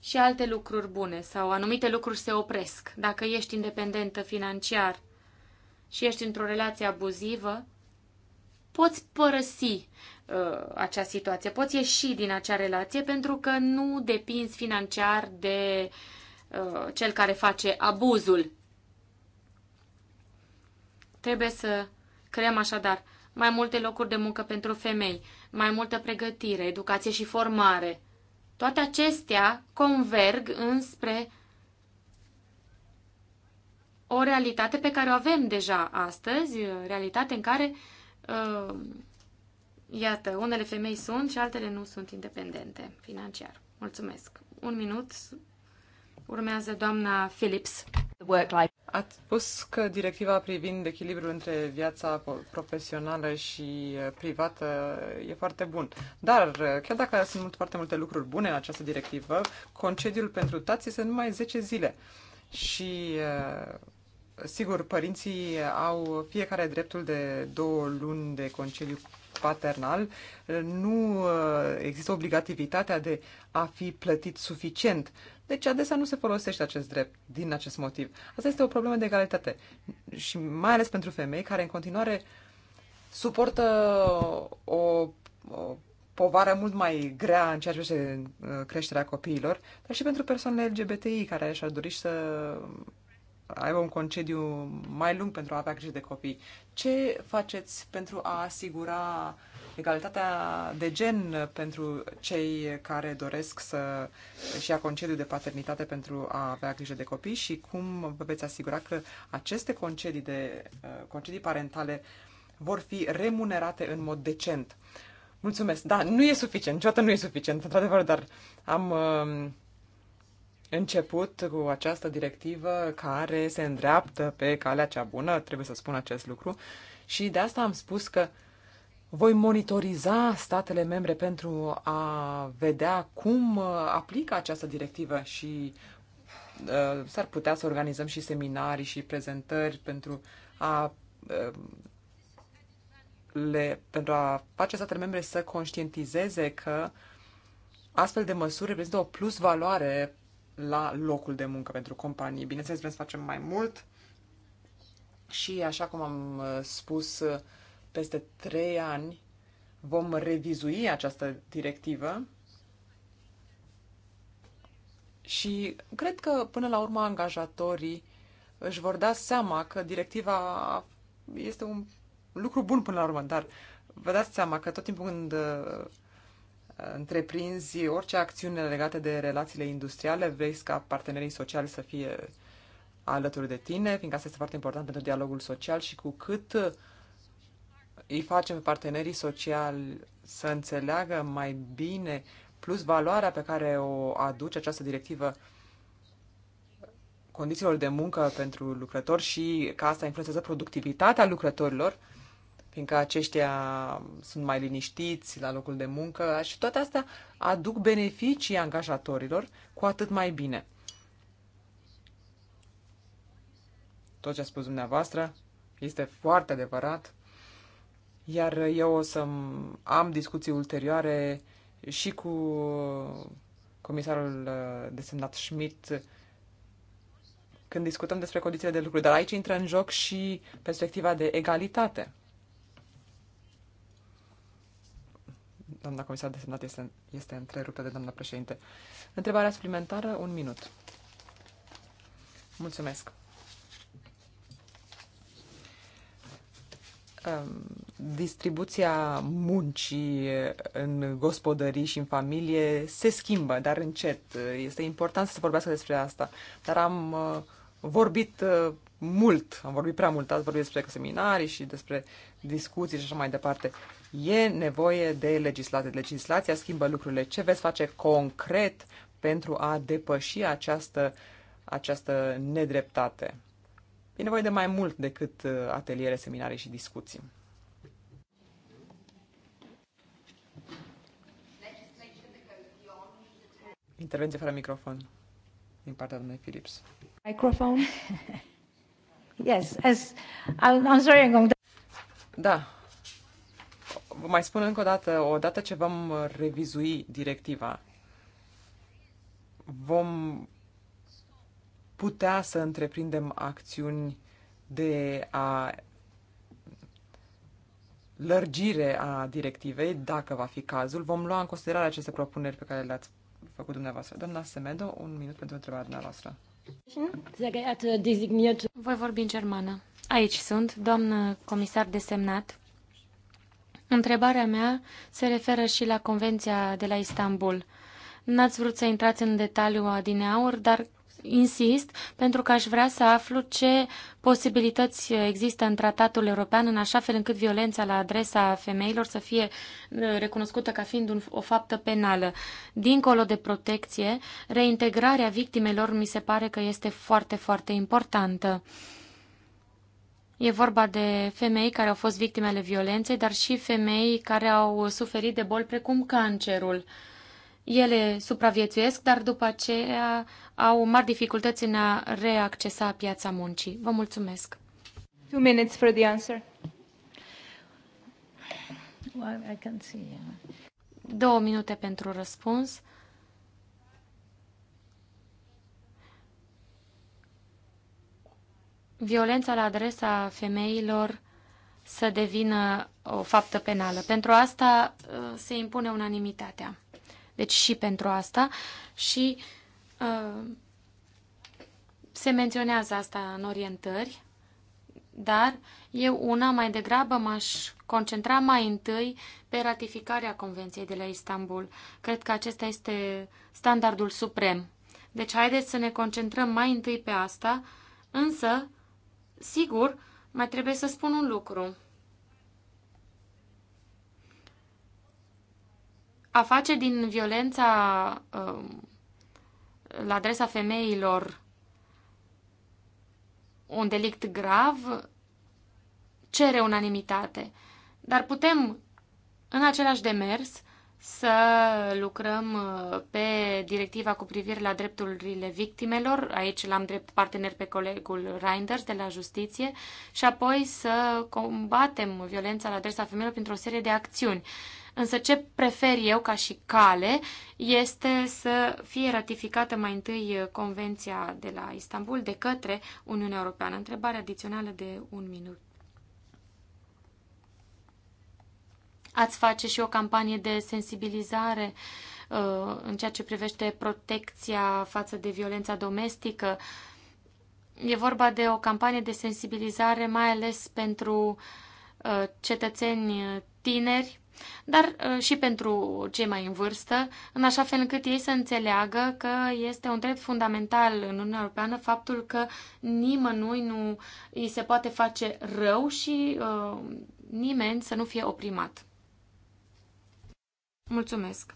și alte lucruri bune sau anumite lucruri se opresc. Dacă ești independentă financiar și ești într-o relație abuzivă, poți părăsi Uh, acea situație. Poți ieși din acea relație pentru că nu depinzi financiar de uh, cel care face abuzul. Trebuie să creăm așadar mai multe locuri de muncă pentru femei, mai multă pregătire, educație și formare. Toate acestea converg înspre o realitate pe care o avem deja astăzi, realitate în care uh, Iată, unele femei sunt și altele nu sunt independente financiar. Mulțumesc. Un minut. Urmează doamna Phillips. Ați spus că directiva privind echilibrul între viața profesională și uh, privată e foarte bun. Dar, uh, chiar dacă sunt mult, foarte multe lucruri bune în această directivă, concediul pentru tați este numai 10 zile. Și uh, sigur, părinții au fiecare dreptul de două luni de concediu paternal, nu uh, există obligativitatea de a fi plătit suficient. Deci adesea nu se folosește acest drept din acest motiv. Asta este o problemă de egalitate și mai ales pentru femei care în continuare suportă o, o povară mult mai grea în ceea ce privește uh, creșterea copiilor, dar și pentru persoanele LGBTI care și-ar dori să aibă un concediu mai lung pentru a avea grijă de copii. Ce faceți pentru a asigura egalitatea de gen pentru cei care doresc să și ia concediu de paternitate pentru a avea grijă de copii și cum vă veți asigura că aceste concedii, de, uh, concedii parentale vor fi remunerate în mod decent? Mulțumesc. Da, nu e suficient, niciodată nu e suficient, într-adevăr, dar am uh, început cu această directivă care se îndreaptă pe calea cea bună, trebuie să spun acest lucru, și de asta am spus că voi monitoriza statele membre pentru a vedea cum uh, aplică această directivă și uh, s-ar putea să organizăm și seminarii și prezentări pentru a uh, le, pentru a face statele membre să conștientizeze că astfel de măsuri reprezintă o plus valoare la locul de muncă pentru companii. Bineînțeles, vrem să facem mai mult și, așa cum am uh, spus, uh, peste trei ani vom revizui această directivă și cred că, până la urmă, angajatorii își vor da seama că directiva este un lucru bun până la urmă, dar vă dați seama că tot timpul când uh, întreprinzi orice acțiune legată de relațiile industriale, vrei ca partenerii sociali să fie alături de tine, fiindcă asta este foarte important pentru dialogul social și cu cât îi facem partenerii sociali să înțeleagă mai bine plus valoarea pe care o aduce această directivă condițiilor de muncă pentru lucrători și că asta influențează productivitatea lucrătorilor, fiindcă aceștia sunt mai liniștiți la locul de muncă și toate astea aduc beneficii angajatorilor cu atât mai bine. Tot ce a spus dumneavoastră este foarte adevărat, iar eu o să am discuții ulterioare și cu comisarul uh, desemnat Schmidt când discutăm despre condițiile de lucru, dar aici intră în joc și perspectiva de egalitate. Doamna comisar senat este, este întreruptă de doamna președinte. Întrebarea suplimentară, un minut. Mulțumesc. distribuția muncii în gospodării și în familie se schimbă, dar încet. Este important să se vorbească despre asta. Dar am uh, vorbit uh, mult, am vorbit prea mult, ați vorbit despre seminarii și despre discuții și așa mai departe. E nevoie de legislație. Legislația schimbă lucrurile. Ce veți face concret pentru a depăși această, această nedreptate? E nevoie de mai mult decât uh, ateliere, seminare și discuții. Intervenție fără microfon din partea domnului Philips. Microfon? yes, as I'm, I'm sorry, I'm going da. Vă mai spun încă o dată, odată ce vom revizui directiva, vom putea să întreprindem acțiuni de a lărgire a directivei, dacă va fi cazul. Vom lua în considerare aceste propuneri pe care le-ați făcut dumneavoastră. Doamna Semedo, un minut pentru întrebarea dumneavoastră. Voi vorbi în germană. Aici sunt, doamnă comisar desemnat. Întrebarea mea se referă și la Convenția de la Istanbul. N-ați vrut să intrați în detaliu adineaur, dar insist pentru că aș vrea să aflu ce posibilități există în tratatul european în așa fel încât violența la adresa femeilor să fie uh, recunoscută ca fiind un, o faptă penală. Dincolo de protecție, reintegrarea victimelor mi se pare că este foarte, foarte importantă. E vorba de femei care au fost victimele violenței, dar și femei care au suferit de boli precum cancerul ele supraviețuiesc, dar după aceea au mari dificultăți în a reaccesa piața muncii. Vă mulțumesc. Two minutes for the answer. Well, I can see. Două minute pentru răspuns. Violența la adresa femeilor să devină o faptă penală. Pentru asta uh, se impune unanimitatea deci și pentru asta și uh, se menționează asta în orientări, dar eu una mai degrabă m-aș concentra mai întâi pe ratificarea Convenției de la Istanbul. Cred că acesta este standardul suprem. Deci haideți să ne concentrăm mai întâi pe asta, însă, sigur, mai trebuie să spun un lucru. a face din violența um, la adresa femeilor un delict grav cere unanimitate. Dar putem, în același demers, să lucrăm uh, pe directiva cu privire la drepturile victimelor, aici l-am drept partener pe colegul Reinders de la Justiție, și apoi să combatem violența la adresa femeilor printr-o serie de acțiuni. Însă ce prefer eu ca și cale este să fie ratificată mai întâi Convenția de la Istanbul de către Uniunea Europeană. Întrebare adițională de un minut. Ați face și o campanie de sensibilizare uh, în ceea ce privește protecția față de violența domestică. E vorba de o campanie de sensibilizare mai ales pentru uh, Uh, cetățeni uh, tineri, dar uh, și pentru cei mai în vârstă, în așa fel încât ei să înțeleagă că este un drept fundamental în Uniunea Europeană faptul că nimănui nu îi se poate face rău și uh, nimeni să nu fie oprimat. Mulțumesc!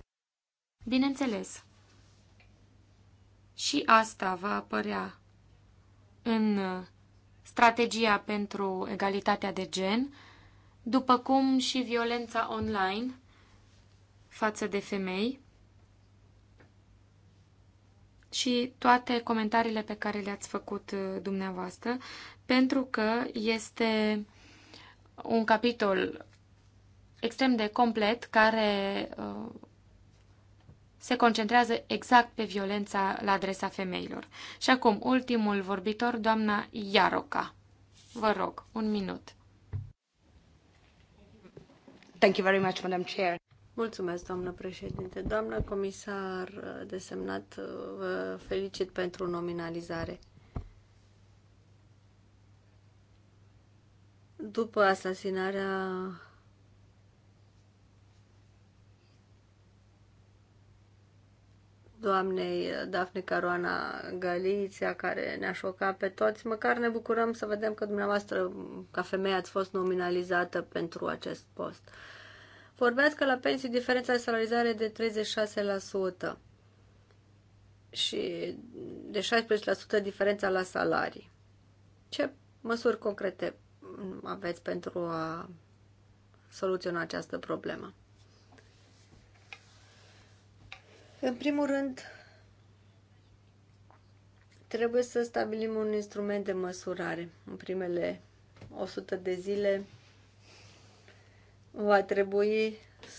Bineînțeles, și asta va apărea în strategia pentru egalitatea de gen, după cum și violența online față de femei și toate comentariile pe care le-ați făcut uh, dumneavoastră, pentru că este un capitol extrem de complet care uh, se concentrează exact pe violența la adresa femeilor. Și acum, ultimul vorbitor, doamna Iaroca. Vă rog, un minut. Thank you very much, Madam Chair. Mulțumesc, doamnă președinte. Doamnă comisar uh, desemnat, uh, vă felicit pentru nominalizare. După asasinarea doamnei Dafne Caruana Galiția, care ne-a șocat pe toți. Măcar ne bucurăm să vedem că dumneavoastră, ca femeie, ați fost nominalizată pentru acest post. Vorbeați că la pensii diferența de salarizare de 36% și de 16% diferența la salarii. Ce măsuri concrete aveți pentru a soluționa această problemă? În primul rând, trebuie să stabilim un instrument de măsurare. În primele 100 de zile va trebui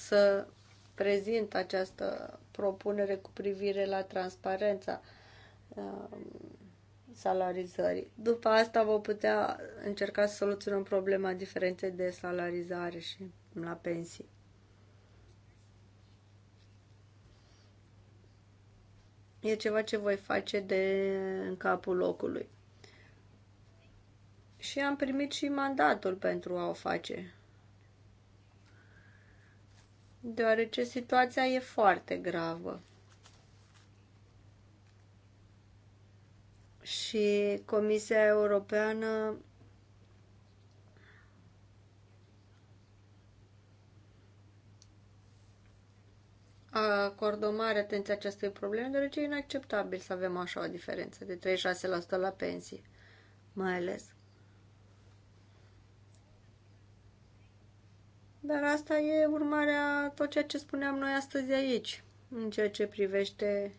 să prezint această propunere cu privire la transparența um, salarizării. După asta vă putea încerca să soluționăm problema diferenței de salarizare și la pensii. E ceva ce voi face de în capul locului. Și am primit și mandatul pentru a o face. Deoarece situația e foarte gravă. Și Comisia Europeană acord o mare atenție acestui probleme, deoarece e inacceptabil să avem așa o diferență de 36% la pensie, mai ales. Dar asta e urmarea tot ceea ce spuneam noi astăzi aici, în ceea ce privește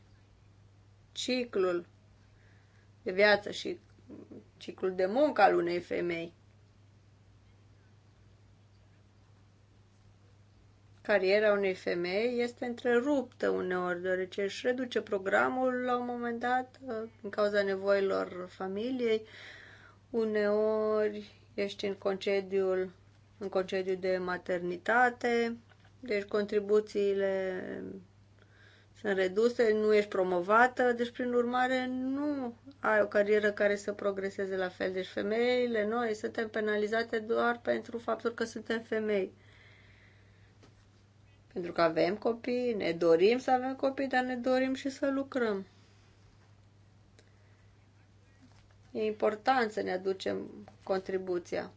ciclul de viață și ciclul de muncă al unei femei. cariera unei femei este întreruptă uneori, deoarece își reduce programul la un moment dat uh, din cauza nevoilor familiei. Uneori ești în concediul în concediu de maternitate, deci contribuțiile sunt reduse, nu ești promovată, deci prin urmare nu ai o carieră care să progreseze la fel. Deci femeile, noi suntem penalizate doar pentru faptul că suntem femei. Pentru că avem copii, ne dorim să avem copii, dar ne dorim și să lucrăm. E important să ne aducem contribuția.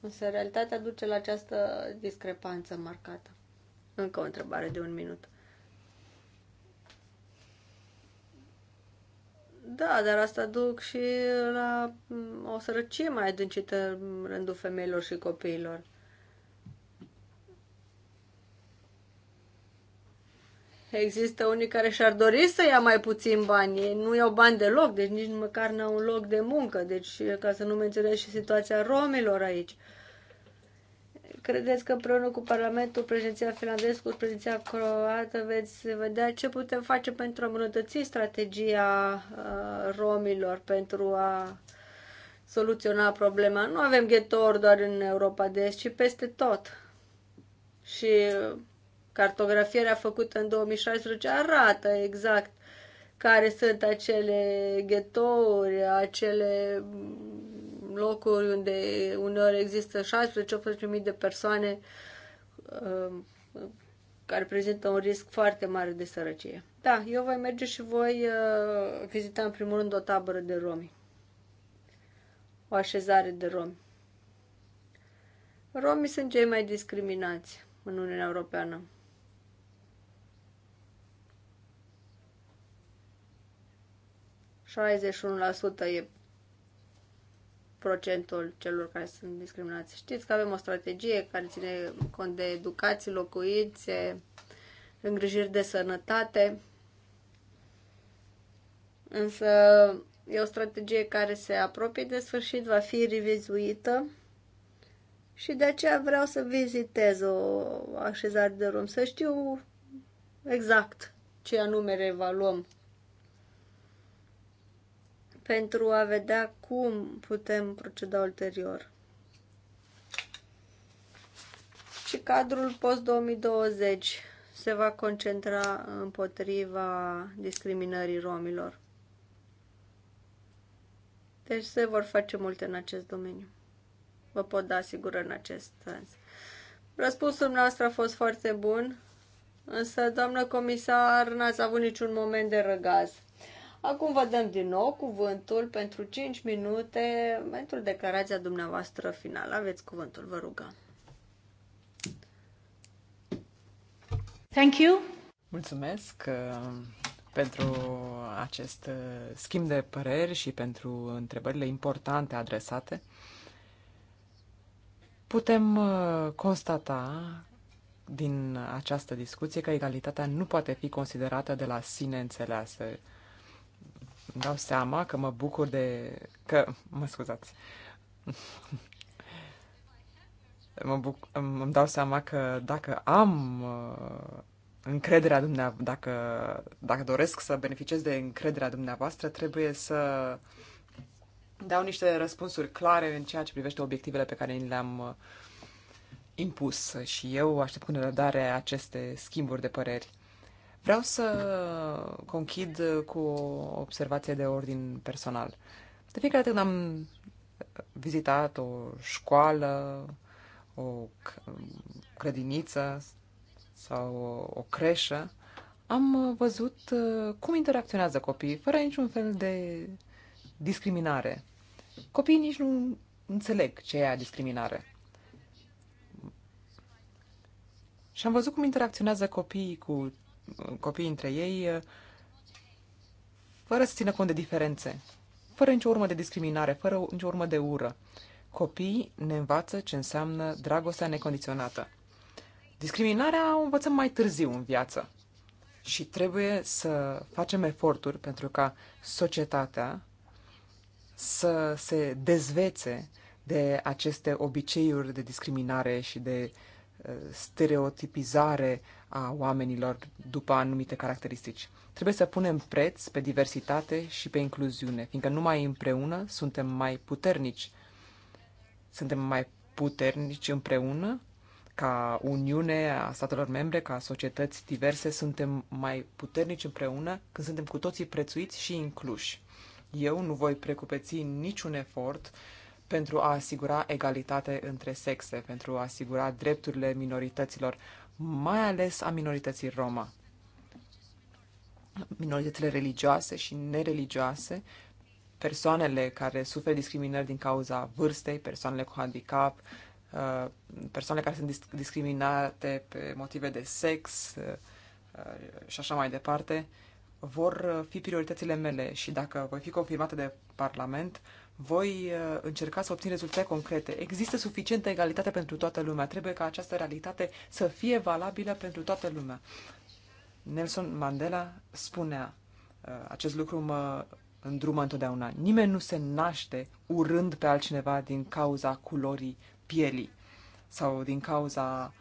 Însă realitatea duce la această discrepanță marcată. Încă o întrebare de un minut. Da, dar asta duc și la mm, o sărăcie mai adâncită în rândul femeilor și copiilor. Există unii care și-ar dori să ia mai puțin bani, ei nu iau bani deloc, deci nici măcar n-au un loc de muncă, deci ca să nu menționez și situația romilor aici. Credeți că împreună cu Parlamentul, președinția finlandeză, cu președinția croată, veți vedea ce putem face pentru a îmbunătăți strategia uh, romilor, pentru a soluționa problema. Nu avem ghetouri doar în Europa de Est, ci peste tot. Și cartografierea făcută în 2016 arată exact care sunt acele ghetouri, acele locuri unde uneori există 16-18.000 de persoane um, care prezintă un risc foarte mare de sărăcie. Da, eu voi merge și voi uh, vizita în primul rând o tabără de romi. O așezare de romi. Romii sunt cei mai discriminați în Uniunea Europeană. 61% e procentul celor care sunt discriminați. Știți că avem o strategie care ține cont de educație, locuințe, îngrijiri de sănătate, însă e o strategie care se apropie de sfârșit, va fi revizuită și de aceea vreau să vizitez o așezare de rom, să știu exact ce anume evaluăm pentru a vedea cum putem proceda ulterior. Și cadrul post-2020 se va concentra împotriva discriminării romilor. Deci se vor face multe în acest domeniu. Vă pot da asigură în acest sens. Răspunsul nostru a fost foarte bun, însă, doamnă comisar, n-ați avut niciun moment de răgaz. Acum vă dăm din nou cuvântul pentru 5 minute pentru declarația dumneavoastră finală. Aveți cuvântul, vă rugăm. Thank you. Mulțumesc uh, pentru acest uh, schimb de păreri și pentru întrebările importante adresate. Putem uh, constata din această discuție că egalitatea nu poate fi considerată de la sine înțeleasă îmi dau seama că mă bucur de... că... mă scuzați. mă buc... îmi dau seama că dacă am uh, încrederea dumneavoastră, dacă, dacă doresc să beneficiez de încrederea dumneavoastră, trebuie să dau niște răspunsuri clare în ceea ce privește obiectivele pe care ni le-am uh, impus și eu aștept cu nerăbdare aceste schimburi de păreri. Vreau să conchid cu o observație de ordin personal. De fiecare dată când am vizitat o școală, o grădiniță sau o creșă, am văzut cum interacționează copiii, fără niciun fel de discriminare. Copiii nici nu înțeleg ce e discriminare. Și am văzut cum interacționează copiii cu copiii între ei uh, fără să țină cont de diferențe, fără nicio urmă de discriminare, fără nicio urmă de ură. Copiii ne învață ce înseamnă dragostea necondiționată. Discriminarea o învățăm mai târziu în viață și trebuie să facem eforturi pentru ca societatea să se dezvețe de aceste obiceiuri de discriminare și de uh, stereotipizare a oamenilor după anumite caracteristici. Trebuie să punem preț pe diversitate și pe incluziune, fiindcă numai împreună suntem mai puternici. Suntem mai puternici împreună, ca Uniune a statelor membre, ca societăți diverse, suntem mai puternici împreună când suntem cu toții prețuiți și incluși. Eu nu voi precupeți niciun efort pentru a asigura egalitate între sexe, pentru a asigura drepturile minorităților, mai ales a minorității Roma. Minoritățile religioase și nereligioase, persoanele care suferă discriminări din cauza vârstei, persoanele cu handicap, uh, persoanele care sunt discriminate pe motive de sex uh, și așa mai departe, vor fi prioritățile mele și dacă voi fi confirmată de Parlament, voi uh, încerca să obțin rezultate concrete. Există suficientă egalitate pentru toată lumea. Trebuie ca această realitate să fie valabilă pentru toată lumea. Nelson Mandela spunea, uh, acest lucru mă îndrumă întotdeauna, nimeni nu se naște urând pe altcineva din cauza culorii pielii sau din cauza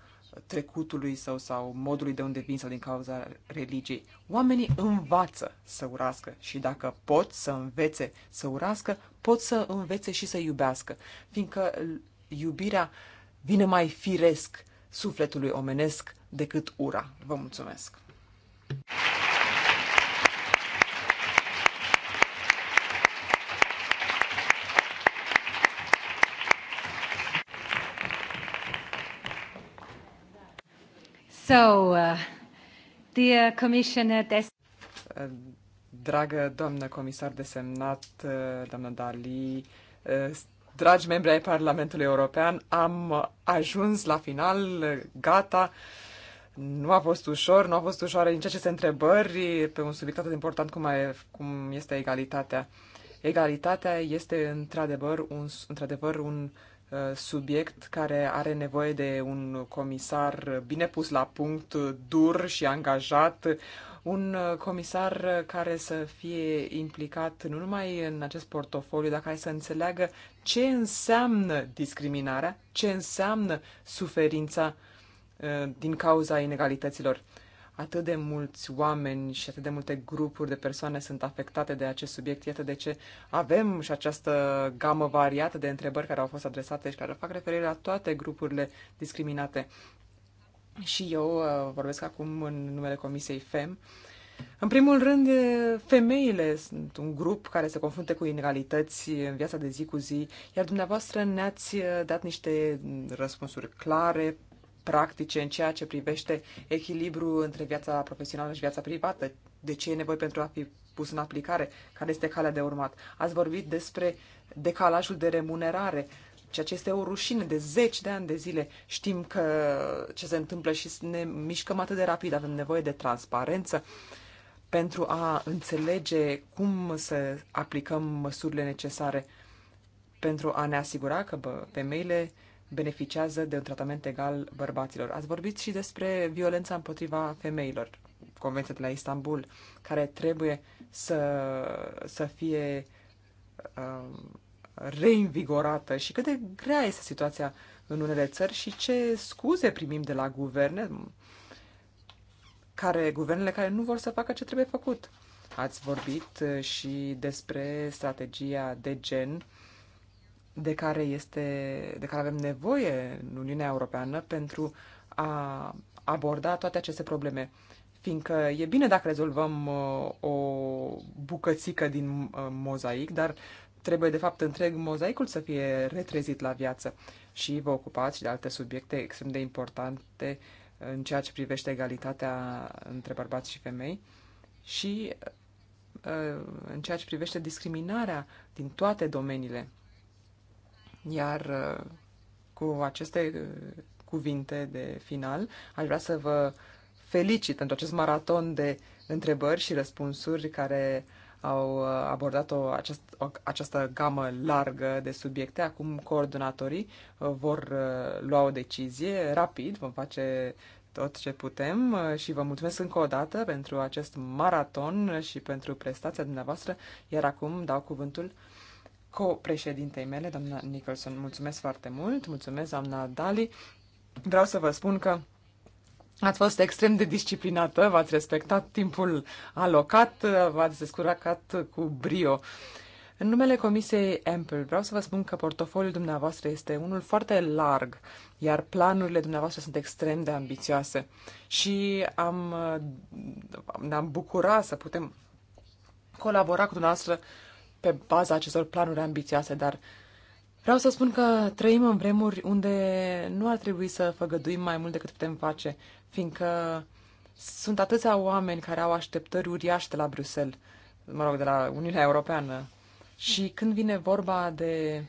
trecutului sau, sau modului de unde vin sau din cauza religiei. Oamenii învață să urască și dacă pot să învețe să urască, pot să învețe și să iubească, fiindcă iubirea vine mai firesc sufletului omenesc decât ura. Vă mulțumesc! So, uh, dear Commissioner Des... Dragă doamnă comisar desemnat, uh, doamnă Dali, uh, dragi membri ai Parlamentului European, am ajuns la final, gata. Nu a fost ușor, nu a fost ușoară în ceea ce se întrebări pe un subiect atât de important cum, ai, cum este egalitatea. Egalitatea este într-adevăr un, într-adevăr un uh, Uh, subiect care are nevoie de un comisar bine pus la punct, dur și angajat, un uh, comisar care să fie implicat nu numai în acest portofoliu, dar care să înțeleagă ce înseamnă discriminarea, ce înseamnă suferința uh, din cauza inegalităților atât de mulți oameni și atât de multe grupuri de persoane sunt afectate de acest subiect. Iată de ce avem și această gamă variată de întrebări care au fost adresate și care fac referire la toate grupurile discriminate. Și eu uh, vorbesc acum în numele Comisiei FEM. În primul rând, femeile sunt un grup care se confruntă cu inegalități în viața de zi cu zi, iar dumneavoastră ne-ați uh, dat niște mm, răspunsuri clare, practice în ceea ce privește echilibru între viața profesională și viața privată, de ce e nevoie pentru a fi pus în aplicare, care este calea de urmat. Ați vorbit despre decalajul de remunerare, ceea ce este o rușine de zeci de ani de zile. Știm că ce se întâmplă și ne mișcăm atât de rapid, avem nevoie de transparență pentru a înțelege cum să aplicăm măsurile necesare pentru a ne asigura că bă, femeile beneficiază de un tratament egal bărbaților. Ați vorbit și despre violența împotriva femeilor, Convenția de la Istanbul, care trebuie să, să fie um, reinvigorată și cât de grea este situația în unele țări și ce scuze primim de la guverne, care, guvernele care nu vor să facă ce trebuie făcut. Ați vorbit uh, și despre strategia de gen de care, este, de care avem nevoie în Uniunea Europeană pentru a aborda toate aceste probleme. Fiindcă e bine dacă rezolvăm uh, o bucățică din uh, mozaic, dar trebuie de fapt întreg mozaicul să fie retrezit la viață. Și vă ocupați de alte subiecte extrem de importante uh, în ceea ce privește egalitatea între bărbați și femei și în ceea ce privește discriminarea din toate domeniile iar uh, cu aceste uh, cuvinte de final, aș vrea să vă felicit pentru acest maraton de întrebări și răspunsuri care au uh, abordat o, aceast, o, această gamă largă de subiecte. Acum coordonatorii vor lua o decizie rapid, vom face tot ce putem și vă mulțumesc încă o dată pentru acest maraton și pentru prestația dumneavoastră, iar acum dau cuvântul co-președintei mele, doamna Nicholson. Mulțumesc foarte mult, mulțumesc, doamna Dali. Vreau să vă spun că Ați fost extrem de disciplinată, v-ați respectat timpul alocat, v-ați descurcat cu brio. În numele Comisiei Ample vreau să vă spun că portofoliul dumneavoastră este unul foarte larg, iar planurile dumneavoastră sunt extrem de ambițioase și am, ne-am bucurat să putem colabora cu dumneavoastră pe baza acestor planuri ambițioase, dar vreau să spun că trăim în vremuri unde nu ar trebui să făgăduim mai mult decât putem face, fiindcă sunt atâția oameni care au așteptări uriașe de la Bruxelles, mă rog, de la Uniunea Europeană. Și când vine vorba de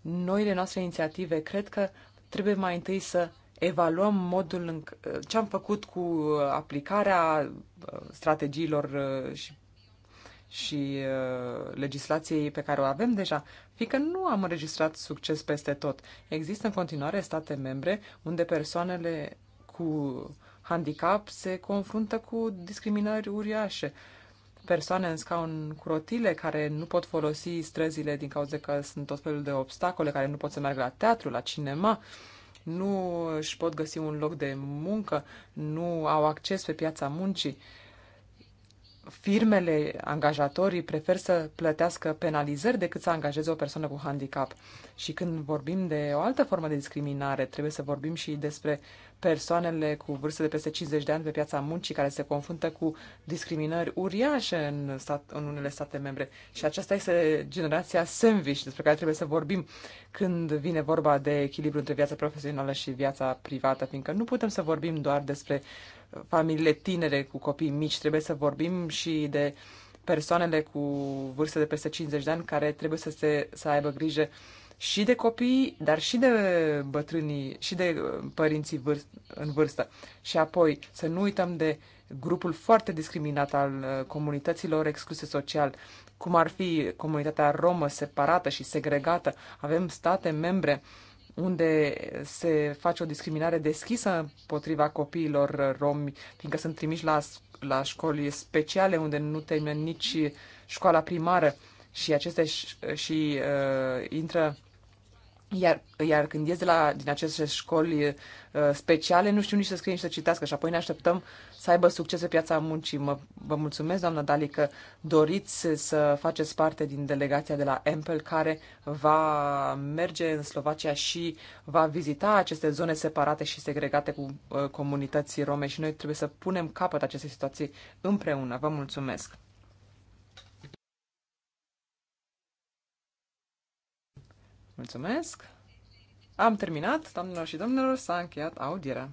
noile noastre inițiative, cred că trebuie mai întâi să evaluăm modul în ce am făcut cu aplicarea uh, strategiilor uh, și și uh, legislației pe care o avem deja, fiindcă nu am înregistrat succes peste tot. Există în continuare state membre unde persoanele cu handicap se confruntă cu discriminări uriașe. Persoane în scaun cu rotile care nu pot folosi străzile din cauza că sunt tot felul de obstacole, care nu pot să meargă la teatru, la cinema, nu își pot găsi un loc de muncă, nu au acces pe piața muncii firmele, angajatorii prefer să plătească penalizări decât să angajeze o persoană cu handicap. Și când vorbim de o altă formă de discriminare, trebuie să vorbim și despre persoanele cu vârste de peste 50 de ani pe piața muncii care se confruntă cu discriminări uriașe în, stat, în unele state membre. Și aceasta este generația sandwich despre care trebuie să vorbim când vine vorba de echilibru între viața profesională și viața privată, fiindcă nu putem să vorbim doar despre uh, familiile tinere cu copii mici, trebuie să vorbim și de persoanele cu vârste de peste 50 de ani care trebuie să, se, să aibă grijă și de copii, dar și de bătrânii, și de uh, părinții vârst, în vârstă. Și apoi să nu uităm de grupul foarte discriminat al uh, comunităților excluse social, cum ar fi comunitatea romă separată și segregată. Avem state membre uh, unde se face o discriminare deschisă împotriva copiilor romi, fiindcă sunt trimiși la, la școli speciale unde nu termină nici școala primară și aceste și uh, intră iar, iar când ies de la, din aceste școli uh, speciale, nu știu nici să scrie, nici să citească și apoi ne așteptăm să aibă succes pe piața muncii. Mă, vă mulțumesc, doamna Dali, că doriți să faceți parte din delegația de la Empel, care va merge în Slovacia și va vizita aceste zone separate și segregate cu uh, comunității rome și noi trebuie să punem capăt acestei situații împreună. Vă mulțumesc! Mulțumesc! Am terminat, doamnelor și domnilor, s-a încheiat audierea.